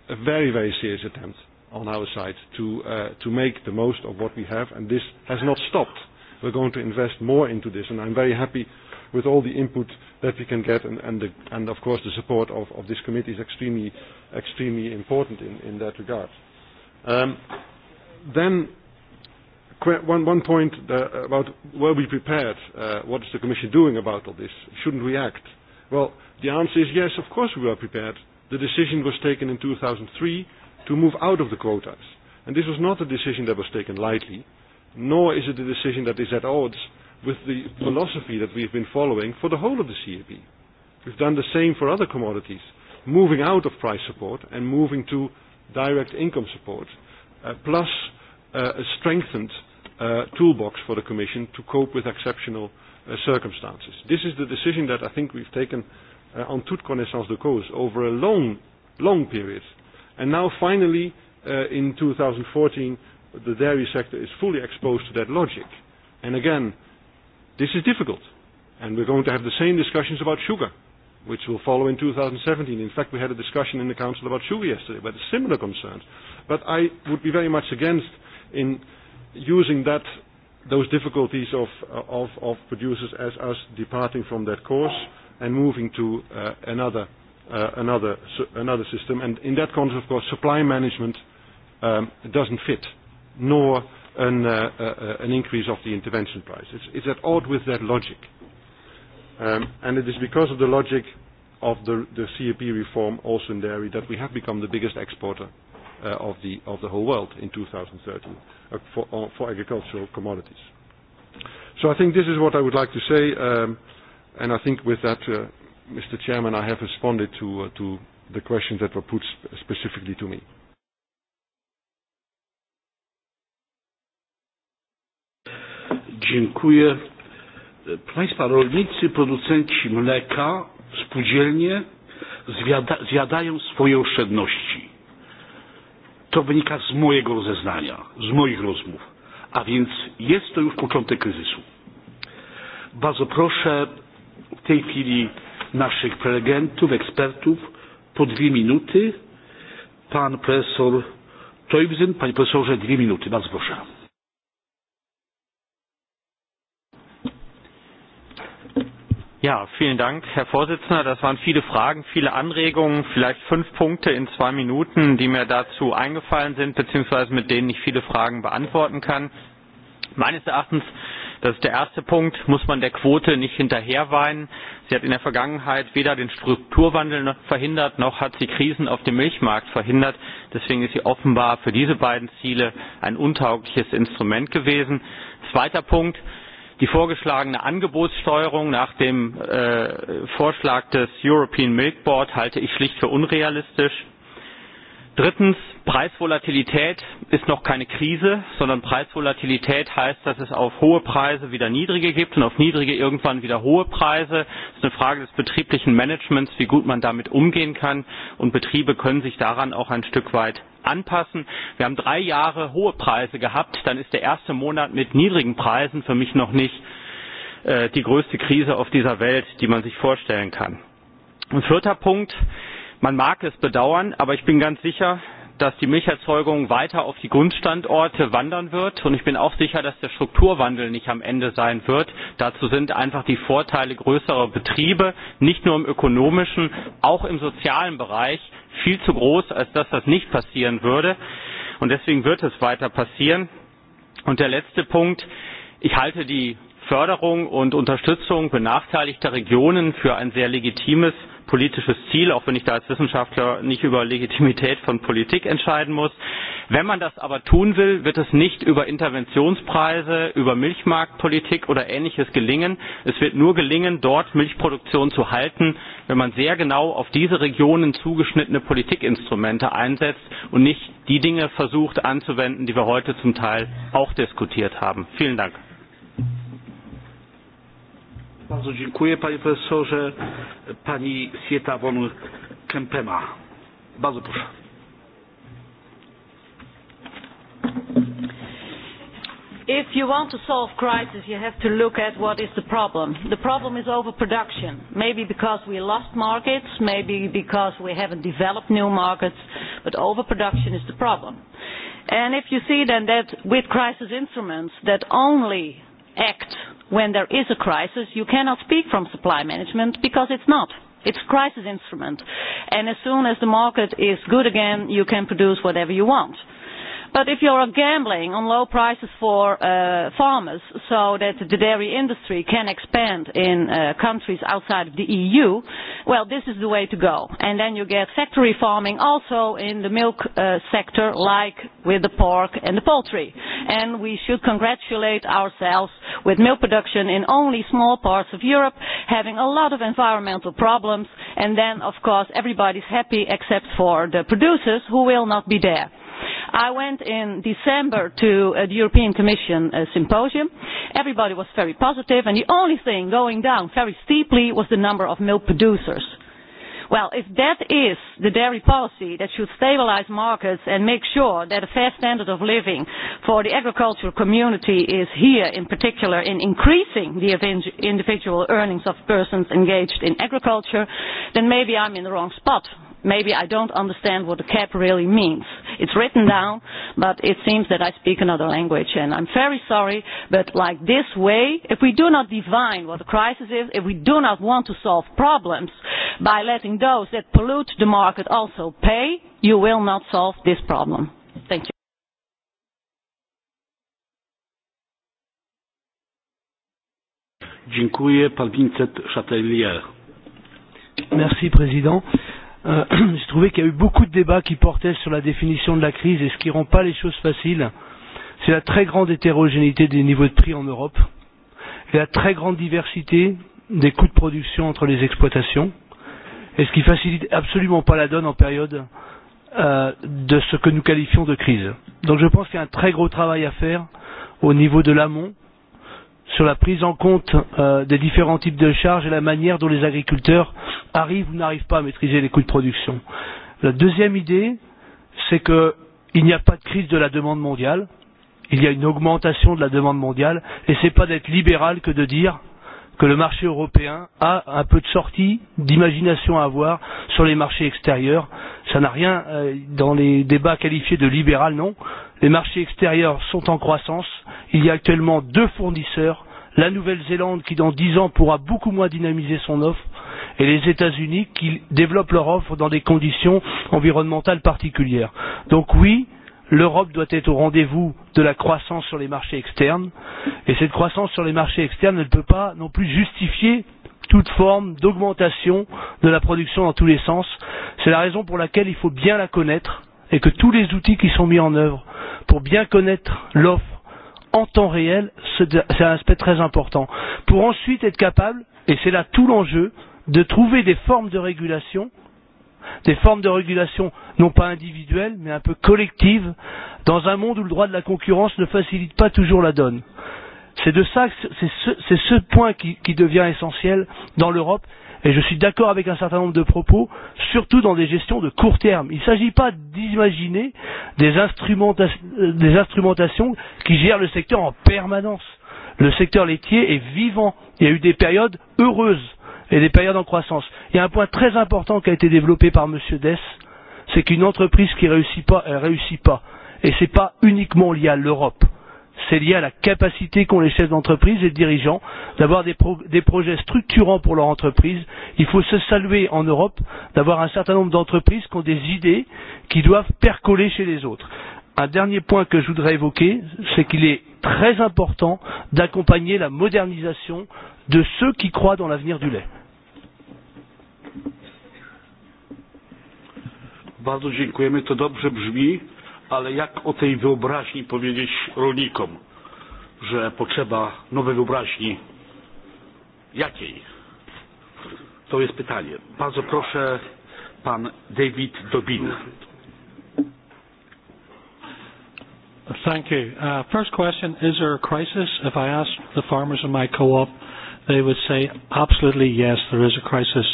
a very, very serious attempt on our side to, uh, to make the most of what we have, and this has not stopped. We're going to invest more into this, and I'm very happy with all the input that we can get, and, and, the, and of course the support of, of this committee is extremely, extremely important in, in that regard. Um, then one, one point uh, about were we prepared? Uh, what is the Commission doing about all this? Shouldn't we act? Well, the answer is yes, of course we were prepared. The decision was taken in 2003 to move out of the quotas. And this was not a decision that was taken lightly, nor is it a decision that is at odds with the philosophy that we've been following for the whole of the CAP. We've done the same for other commodities, moving out of price support and moving to direct income support, uh, plus uh, a strengthened uh, toolbox for the Commission to cope with exceptional uh, circumstances. This is the decision that I think we've taken uh, on toute connaissance de cause over a long, long period. And now finally, uh, in 2014, the dairy sector is fully exposed to that logic. And again, this is difficult. And we're going to have the same discussions about sugar, which will follow in 2017. In fact, we had a discussion in the Council about sugar yesterday, but similar concerns. But I would be very much against in using that, those difficulties of, uh, of, of producers as us departing from that course and moving to uh, another, uh, another, another system. And in that context, of course, supply management um, doesn't fit, nor an, uh, uh, an increase of the intervention price. It's, it's at odds with that logic. Um, and it is because of the logic of the, the CAP reform also in dairy that we have become the biggest exporter Uh, of, the, whole world in 2030 uh, uh, for, agricultural commodities. I think this is what I would like to say, um, I think with that, Mr. Chairman, I have responded to, the questions that were put specifically to me. Dziękuję. Państwa rolnicy, producenci mleka, spółdzielnie zjadają swoje oszczędności To wynika z mojego rozeznania, z moich rozmów, a więc jest to już początek kryzysu. Bardzo proszę w tej chwili naszych prelegentów, ekspertów po dwie minuty. Pan profesor Toibzyn, panie profesorze, dwie minuty, bardzo proszę. Ja, vielen Dank, Herr Vorsitzender. Das waren viele Fragen, viele Anregungen, vielleicht fünf Punkte in zwei Minuten, die mir dazu eingefallen sind, beziehungsweise mit denen ich viele Fragen beantworten kann. Meines Erachtens, das ist der erste Punkt, muss man der Quote nicht hinterherweinen. Sie hat in der Vergangenheit weder den Strukturwandel verhindert, noch hat sie Krisen auf dem Milchmarkt verhindert. Deswegen ist sie offenbar für diese beiden Ziele ein untaugliches Instrument gewesen. Zweiter Punkt, die vorgeschlagene angebotssteuerung nach dem äh, vorschlag des european milk board halte ich schlicht für unrealistisch. drittens preisvolatilität ist noch keine krise sondern preisvolatilität heißt dass es auf hohe preise wieder niedrige gibt und auf niedrige irgendwann wieder hohe preise. es ist eine frage des betrieblichen managements wie gut man damit umgehen kann und betriebe können sich daran auch ein stück weit anpassen. Wir haben drei Jahre hohe Preise gehabt, dann ist der erste Monat mit niedrigen Preisen für mich noch nicht äh, die größte Krise auf dieser Welt, die man sich vorstellen kann. Ein vierter Punkt, man mag es bedauern, aber ich bin ganz sicher, dass die Milcherzeugung weiter auf die Grundstandorte wandern wird. Und ich bin auch sicher, dass der Strukturwandel nicht am Ende sein wird. Dazu sind einfach die Vorteile größerer Betriebe, nicht nur im ökonomischen, auch im sozialen Bereich, viel zu groß, als dass das nicht passieren würde. Und deswegen wird es weiter passieren. Und der letzte Punkt. Ich halte die Förderung und Unterstützung benachteiligter Regionen für ein sehr legitimes politisches Ziel, auch wenn ich da als Wissenschaftler nicht über Legitimität von Politik entscheiden muss. Wenn man das aber tun will, wird es nicht über Interventionspreise, über Milchmarktpolitik oder ähnliches gelingen. Es wird nur gelingen, dort Milchproduktion zu halten, wenn man sehr genau auf diese Regionen zugeschnittene Politikinstrumente einsetzt und nicht die Dinge versucht anzuwenden, die wir heute zum Teil auch diskutiert haben. Vielen Dank. Bardzo dziękuję panie profesorze. Pani Sieta von Kempema. Bardzo proszę. If you want to solve crisis, you have to look at what is the problem. The problem is overproduction. Maybe because we lost markets, maybe because we haven't developed new markets, but overproduction is the problem. And if you see then that with crisis instruments that only act when there is a crisis, you cannot speak from supply management because it's not. It's a crisis instrument. And as soon as the market is good again, you can produce whatever you want. But if you're gambling on low prices for uh, farmers so that the dairy industry can expand in uh, countries outside of the EU, well, this is the way to go. And then you get factory farming also in the milk uh, sector, like with the pork and the poultry. And we should congratulate ourselves with milk production in only small parts of Europe having a lot of environmental problems. And then, of course, everybody's happy except for the producers who will not be there. I went in December to a uh, European Commission uh, symposium. Everybody was very positive, and the only thing going down very steeply was the number of milk producers. Well, if that is the dairy policy that should stabilize markets and make sure that a fair standard of living for the agricultural community is here, in particular in increasing the individual earnings of persons engaged in agriculture, then maybe I'm in the wrong spot maybe I don't understand what the cap really means. It's written down, but it seems that I speak another language, and I'm very sorry, but like this way, if we do not define what the crisis is, if we do not want to solve problems by letting those that pollute the market also pay, you will not solve this problem. Thank you. Dziękuję, pan Vincent Châtelier. Merci, Président. Euh, Euh, J'ai trouvé qu'il y a eu beaucoup de débats qui portaient sur la définition de la crise et ce qui rend pas les choses faciles, c'est la très grande hétérogénéité des niveaux de prix en Europe et la très grande diversité des coûts de production entre les exploitations, et ce qui facilite absolument pas la donne en période euh, de ce que nous qualifions de crise. Donc je pense qu'il y a un très gros travail à faire au niveau de l'amont sur la prise en compte euh, des différents types de charges et la manière dont les agriculteurs arrivent ou n'arrivent pas à maîtriser les coûts de production. La deuxième idée, c'est qu'il n'y a pas de crise de la demande mondiale, il y a une augmentation de la demande mondiale, et ce n'est pas d'être libéral que de dire que le marché européen a un peu de sortie, d'imagination à avoir sur les marchés extérieurs. Ça n'a rien euh, dans les débats qualifiés de libéral, non. Les marchés extérieurs sont en croissance. Il y a actuellement deux fournisseurs, la Nouvelle-Zélande qui dans dix ans pourra beaucoup moins dynamiser son offre et les États-Unis qui développent leur offre dans des conditions environnementales particulières. Donc oui, l'Europe doit être au rendez-vous de la croissance sur les marchés externes et cette croissance sur les marchés externes ne peut pas non plus justifier toute forme d'augmentation de la production dans tous les sens. C'est la raison pour laquelle il faut bien la connaître et que tous les outils qui sont mis en œuvre pour bien connaître l'offre en temps réel, c'est un aspect très important. Pour ensuite être capable, et c'est là tout l'enjeu, de trouver des formes de régulation, des formes de régulation non pas individuelles, mais un peu collectives, dans un monde où le droit de la concurrence ne facilite pas toujours la donne. C'est de ça, c'est ce, ce point qui, qui devient essentiel dans l'Europe et je suis d'accord avec un certain nombre de propos, surtout dans des gestions de court terme. Il ne s'agit pas d'imaginer des, instrumenta euh, des instrumentations qui gèrent le secteur en permanence. Le secteur laitier est vivant. Il y a eu des périodes heureuses et des périodes en croissance. Il y a un point très important qui a été développé par M. Dess, c'est qu'une entreprise qui ne réussit pas, elle ne réussit pas. Et ce n'est pas uniquement lié à l'Europe c'est lié à la capacité qu'ont les chefs d'entreprise et les dirigeants d'avoir des, pro des projets structurants pour leur entreprise. Il faut se saluer en Europe d'avoir un certain nombre d'entreprises qui ont des idées qui doivent percoler chez les autres. Un dernier point que je voudrais évoquer, c'est qu'il est très important d'accompagner la modernisation de ceux qui croient dans l'avenir du lait. Bardzo dziękujemy, to dobrze brzmi ale jak o tej wyobraźni powiedzieć rolnikom, że potrzeba nowej wyobraźni? Jakiej? To jest pytanie. Bardzo proszę, pan David Dobin. Thank you. Uh, first question, is there a crisis? If I ask the farmers in my co-op, they would say absolutely yes, there is a crisis.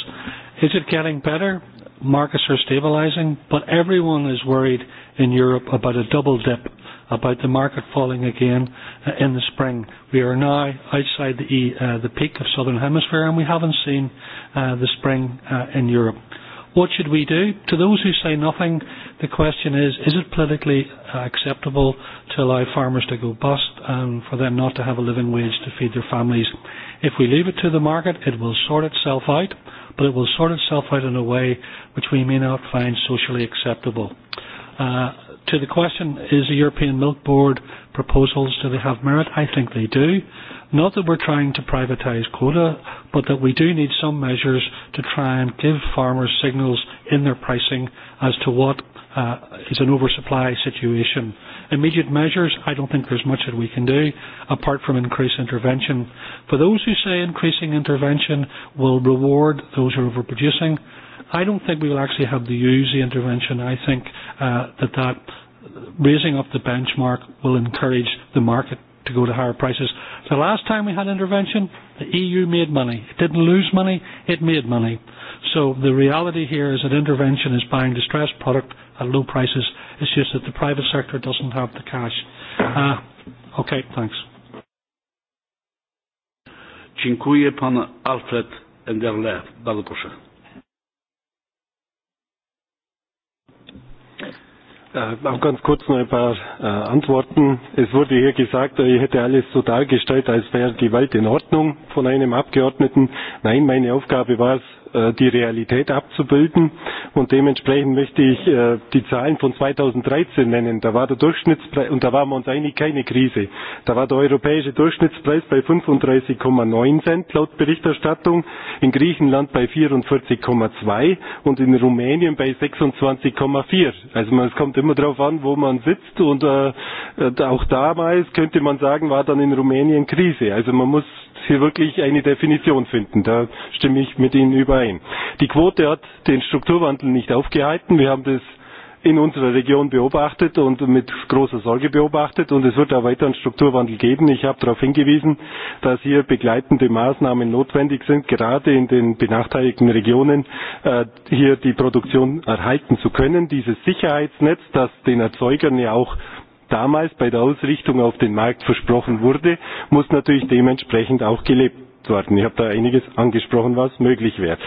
Is it getting better? Markets are stabilizing, but everyone is worried in Europe about a double dip, about the market falling again uh, in the spring. We are now outside the, uh, the peak of Southern Hemisphere and we haven't seen uh, the spring uh, in Europe. What should we do? To those who say nothing, the question is, is it politically uh, acceptable to allow farmers to go bust and for them not to have a living wage to feed their families? If we leave it to the market, it will sort itself out, but it will sort itself out in a way which we may not find socially acceptable. Uh, to the question, is the European Milk Board proposals, do they have merit? I think they do. Not that we're trying to privatise quota, but that we do need some measures to try and give farmers signals in their pricing as to what uh, is an oversupply situation. Immediate measures, I don't think there's much that we can do apart from increased intervention. For those who say increasing intervention will reward those who are overproducing, I don't think we will actually have to use the intervention. I think uh, that that raising up the benchmark will encourage the market to go to higher prices. The last time we had intervention, the EU made money. It didn't lose money, it made money. So the reality here is that intervention is buying distressed product at low prices. It's just that the private sector doesn't have the cash. Uh, okay, thanks. Dziękuję pan Alfred Enderle. Bardzo proszę. Äh, auch ganz kurz noch ein paar äh, Antworten. Es wurde hier gesagt, äh, ich hätte alles so dargestellt, als wäre die Welt in Ordnung von einem Abgeordneten. Nein, meine Aufgabe war es, Äh, die Realität abzubilden. Und dementsprechend möchte ich äh, die Zahlen von 2013 nennen. Da war der Durchschnittspreis, und da waren wir uns eigentlich keine Krise. Da war der europäische Durchschnittspreis bei 35,9 Cent laut Berichterstattung, in Griechenland bei 44,2 und in Rumänien bei 26,4. Also es kommt immer darauf an, wo man sitzt. Und äh, auch damals könnte man sagen, war dann in Rumänien Krise. Also man muss hier wirklich eine Definition finden. Da stimme ich mit Ihnen überein. Die Quote hat den Strukturwandel nicht aufgehalten. Wir haben das in unserer Region beobachtet und mit großer Sorge beobachtet. Und es wird auch weiter einen Strukturwandel geben. Ich habe darauf hingewiesen, dass hier begleitende Maßnahmen notwendig sind, gerade in den benachteiligten Regionen äh, hier die Produktion erhalten zu können. Dieses Sicherheitsnetz, das den Erzeugern ja auch damals bei der Ausrichtung auf den Markt versprochen wurde, muss natürlich dementsprechend auch gelebt worden. Ich habe da einiges angesprochen, was möglich wäre.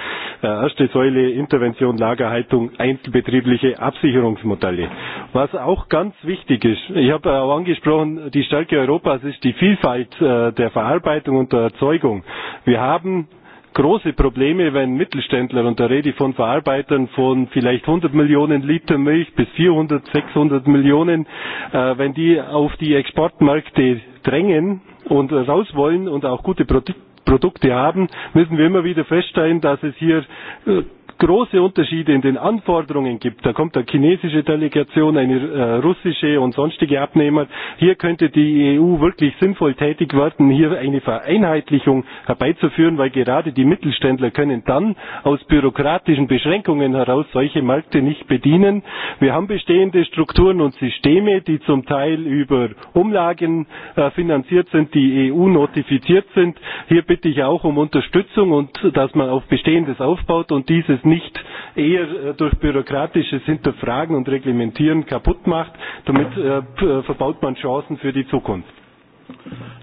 Äh, Erste Säule Intervention, Lagerhaltung, einzelbetriebliche Absicherungsmodelle. Was auch ganz wichtig ist, ich habe auch angesprochen, die Stärke Europas ist die Vielfalt äh, der Verarbeitung und der Erzeugung. Wir haben große Probleme, wenn Mittelständler, und da rede ich von Verarbeitern von vielleicht 100 Millionen Liter Milch bis 400, 600 Millionen, äh, wenn die auf die Exportmärkte drängen und raus wollen und auch gute Produkte Produkte haben, müssen wir immer wieder feststellen, dass es hier äh, große Unterschiede in den Anforderungen gibt. Da kommt eine chinesische Delegation, eine äh, russische und sonstige Abnehmer. Hier könnte die EU wirklich sinnvoll tätig werden, hier eine Vereinheitlichung herbeizuführen, weil gerade die Mittelständler können dann aus bürokratischen Beschränkungen heraus solche Märkte nicht bedienen. Wir haben bestehende Strukturen und Systeme, die zum Teil über Umlagen äh, finanziert sind, die EU notifiziert sind. Hier bitte ich auch um Unterstützung und dass man auf Bestehendes aufbaut und dieses nicht eher äh, durch bürokratisches Hinterfragen und Reglementieren kaputt macht. Damit äh, äh, verbaut man Chancen für die Zukunft.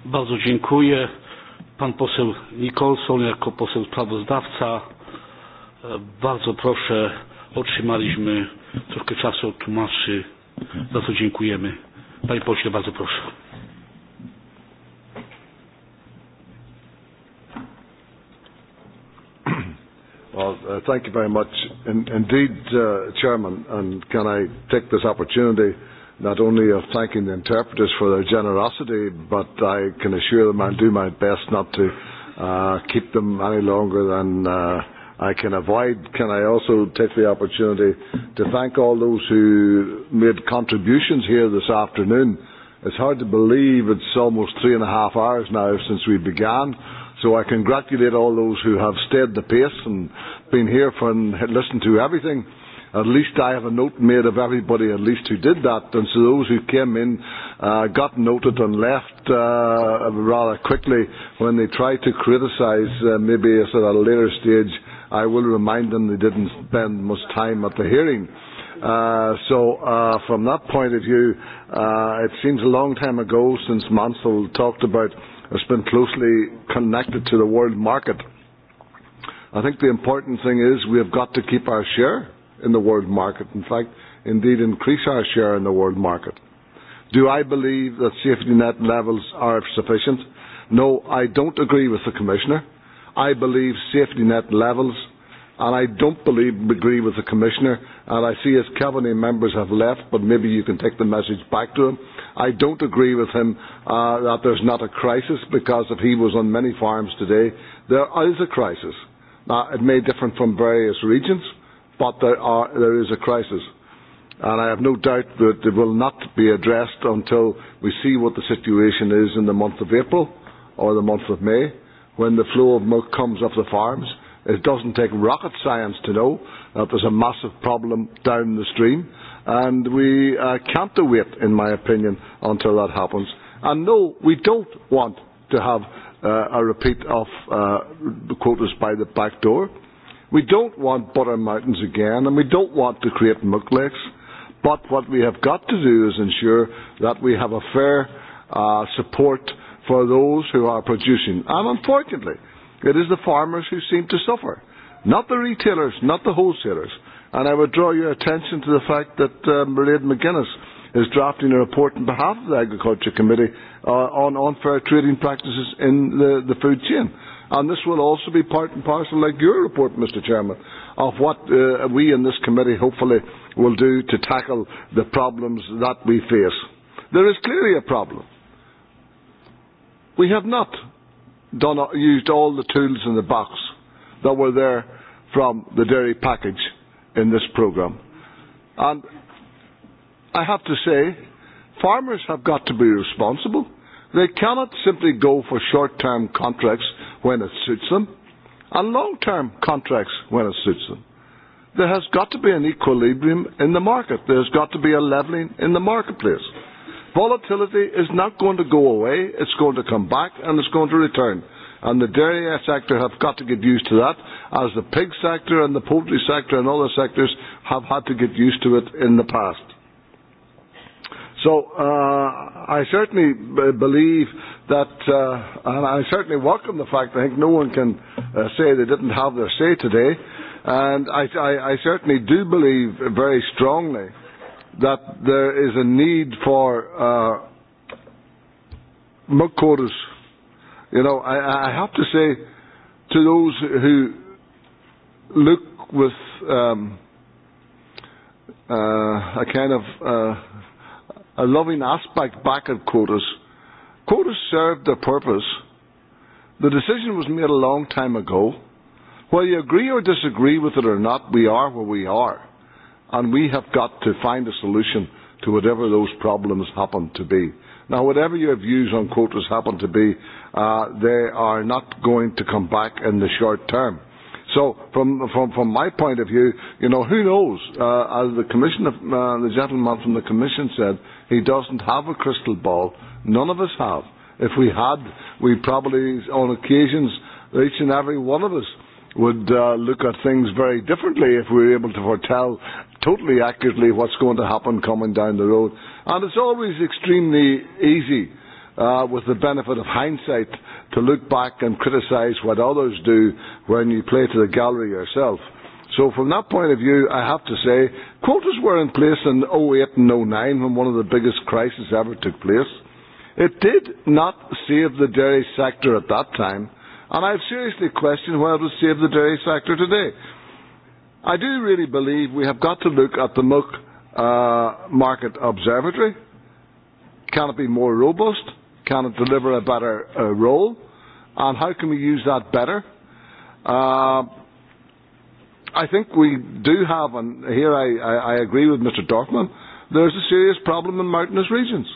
Bardzo dziękuję. Pan poseł Nicholson jako poseł sprawozdawca. E, bardzo proszę, otrzymaliśmy troszkę czasu od tłumaczy, za co dziękujemy. Panie pośle, bardzo proszę. Well, uh, thank you very much. In, indeed, uh, Chairman, and can I take this opportunity not only of thanking the interpreters for their generosity, but I can assure them I'll do my best not to uh, keep them any longer than uh, I can avoid. Can I also take the opportunity to thank all those who made contributions here this afternoon? It's hard to believe it's almost three and a half hours now since we began So I congratulate all those who have stayed the pace and been here for and listened to everything. At least I have a note made of everybody at least who did that, and so those who came in uh, got noted and left uh, rather quickly when they tried to criticise uh, maybe at a later stage. I will remind them they didn't spend much time at the hearing. Uh, so uh, from that point of view, uh, it seems a long time ago since Mansell talked about uh, has been closely connected to the world market. I think the important thing is we have got to keep our share in the world market. In fact, indeed increase our share in the world market. Do I believe that safety net levels are sufficient? No, I don't agree with the Commissioner. I believe safety net levels, and I don't believe agree with the Commissioner, and I see as cabinet members have left, but maybe you can take the message back to them. I don't agree with him uh, that there's not a crisis because if he was on many farms today, there is a crisis. Now, it may differ from various regions, but there, are, there is a crisis. And I have no doubt that it will not be addressed until we see what the situation is in the month of April or the month of May, when the flow of milk comes off the farms. It doesn't take rocket science to know that there's a massive problem down the stream and we uh, can't wait, in my opinion, until that happens. And no, we don't want to have uh, a repeat of uh, quotas by the back door. We don't want butter mountains again, and we don't want to create milk lakes. But what we have got to do is ensure that we have a fair uh, support for those who are producing. And unfortunately, it is the farmers who seem to suffer, not the retailers, not the wholesalers. And I would draw your attention to the fact that uh, um, Mairead McGuinness is drafting a report on behalf of the Agriculture Committee uh, on unfair trading practices in the, the food chain. And this will also be part and parcel, like your report, Mr Chairman, of what uh, we in this committee hopefully will do to tackle the problems that we face. There is clearly a problem. We have not done, uh, used all the tools in the box that were there from the dairy package in this program. And I have to say, farmers have got to be responsible. They cannot simply go for short-term contracts when it suits them and long-term contracts when it suits them. There has got to be an equilibrium in the market. There's got to be a leveling in the marketplace. Volatility is not going to go away. It's going to come back and it's going to return and the dairy sector have got to get used to that, as the pig sector and the poultry sector and other sectors have had to get used to it in the past. So uh, I certainly b- believe that, uh, and I certainly welcome the fact. I think no one can uh, say they didn't have their say today, and I, I, I certainly do believe very strongly that there is a need for uh, milk quotas You know, I, I have to say to those who look with um, uh, a kind of uh, a loving aspect back at quotas, quotas served their purpose. The decision was made a long time ago. Whether you agree or disagree with it or not, we are where we are. And we have got to find a solution to whatever those problems happen to be. Now, whatever your views on quotas happen to be, uh, they are not going to come back in the short term. So, from from from my point of view, you know, who knows? Uh, as the commissioner, uh, the gentleman from the commission said, he doesn't have a crystal ball. None of us have. If we had, we probably, on occasions, each and every one of us would uh, look at things very differently if we were able to foretell totally accurately what's going to happen coming down the road. And it's always extremely easy, uh, with the benefit of hindsight, to look back and criticise what others do when you play to the gallery yourself. So from that point of view, I have to say, quotas were in place in 08 and 09 when one of the biggest crises ever took place. It did not save the dairy sector at that time. And I've seriously questioned whether it save the dairy sector today. I do really believe we have got to look at the milk uh, market observatory. Can it be more robust? Can it deliver a better uh, role? And how can we use that better? Uh, I think we do have, and here I, I, I agree with Mr. Dorfman, there's a serious problem in mountainous regions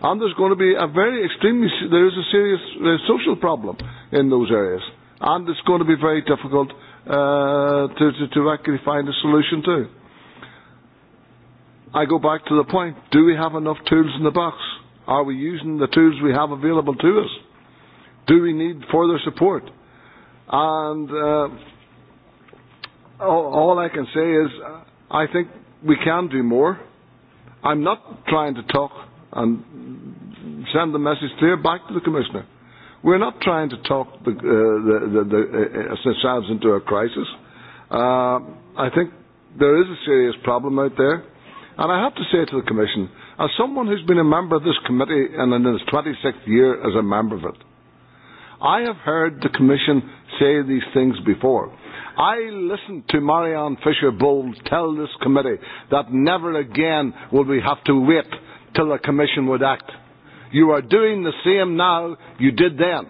and there's going to be a very extremely, there is a serious uh, social problem in those areas. And it's going to be very difficult uh, to, to, to actually find a solution to. I go back to the point, do we have enough tools in the box? Are we using the tools we have available to us? Do we need further support? And uh, all, all I can say is, uh, I think we can do more. I'm not trying to talk and send the message clear back to the Commissioner. We're not trying to talk the, uh, the, the, the uh, ourselves into a crisis. Uh, I think there is a serious problem out there. And I have to say to the Commission, as someone who's been a member of this committee and in his 26th year as a member of it, I have heard the Commission say these things before. I listened to Marianne Fisher Bowles tell this committee that never again will we have to wait till the Commission would act. You are doing the same now you did then.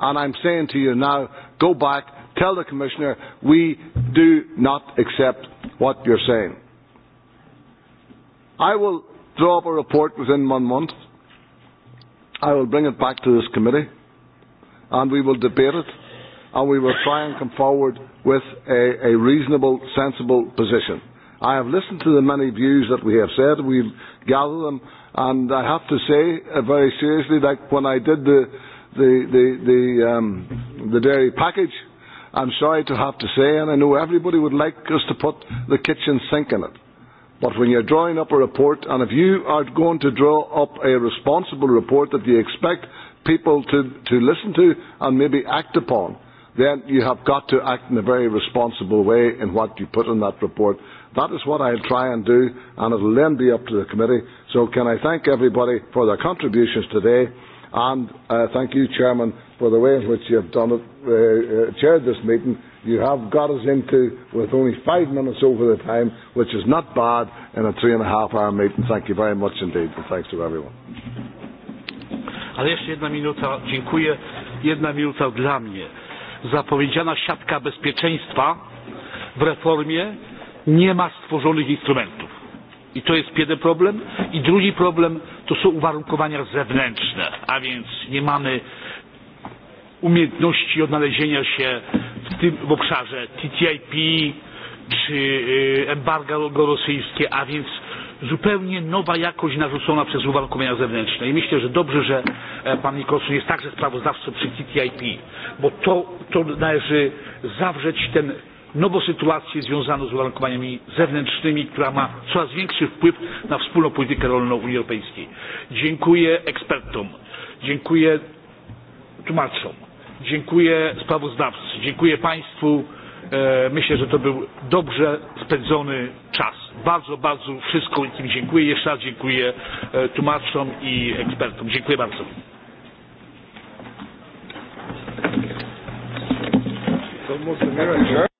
And I'm saying to you now, go back, tell the Commissioner, we do not accept what you're saying. I will draw up a report within one month. I will bring it back to this committee and we will debate it and we will try and come forward with a, a reasonable, sensible position. I have listened to the many views that we have said. We've gathered them. And I have to say, uh, very seriously, like when I did the, the, the, the, um, the dairy package, I'm sorry to have to say, and I know everybody would like us to put the kitchen sink in it. But when you're drawing up a report, and if you are going to draw up a responsible report that you expect people to, to listen to and maybe act upon, then you have got to act in a very responsible way in what you put in that report. That is what I'll try and do, and it'll then be up to the committee. So can I thank everybody for their contributions today, and uh, thank you, Chairman, for the way in which you have done it, uh, uh, chaired this meeting. You have got us into with only five minutes over the time, which is not bad in a three and a half hour meeting. Thank you very much indeed, and thanks to everyone. Ale jeszcze jedna minuta, dziękuję. Jedna minuta dla mnie. Zapowiedziana siatka bezpieczeństwa w reformie nie ma stworzonych instrumentów. I to jest jeden problem. I drugi problem to są uwarunkowania zewnętrzne, a więc nie mamy umiejętności odnalezienia się w tym w obszarze TTIP czy embargo rosyjskie, a więc zupełnie nowa jakość narzucona przez uwarunkowania zewnętrzne. I myślę, że dobrze, że e, pan Nicholson jest także sprawozdawcą przy TTIP, bo to, to należy zawrzeć ten nową sytuację związaną z uwarunkowaniami zewnętrznymi, która ma coraz większy wpływ na wspólną politykę rolną Unii Europejskiej. Dziękuję ekspertom, dziękuję tłumaczom, dziękuję sprawozdawcy, dziękuję Państwu. E, myślę, że to był dobrze spędzony czas. Bardzo, bardzo wszystkim im dziękuję. Jeszcze raz dziękuję e, tłumaczom i ekspertom. Dziękuję bardzo. It's almost a miracle.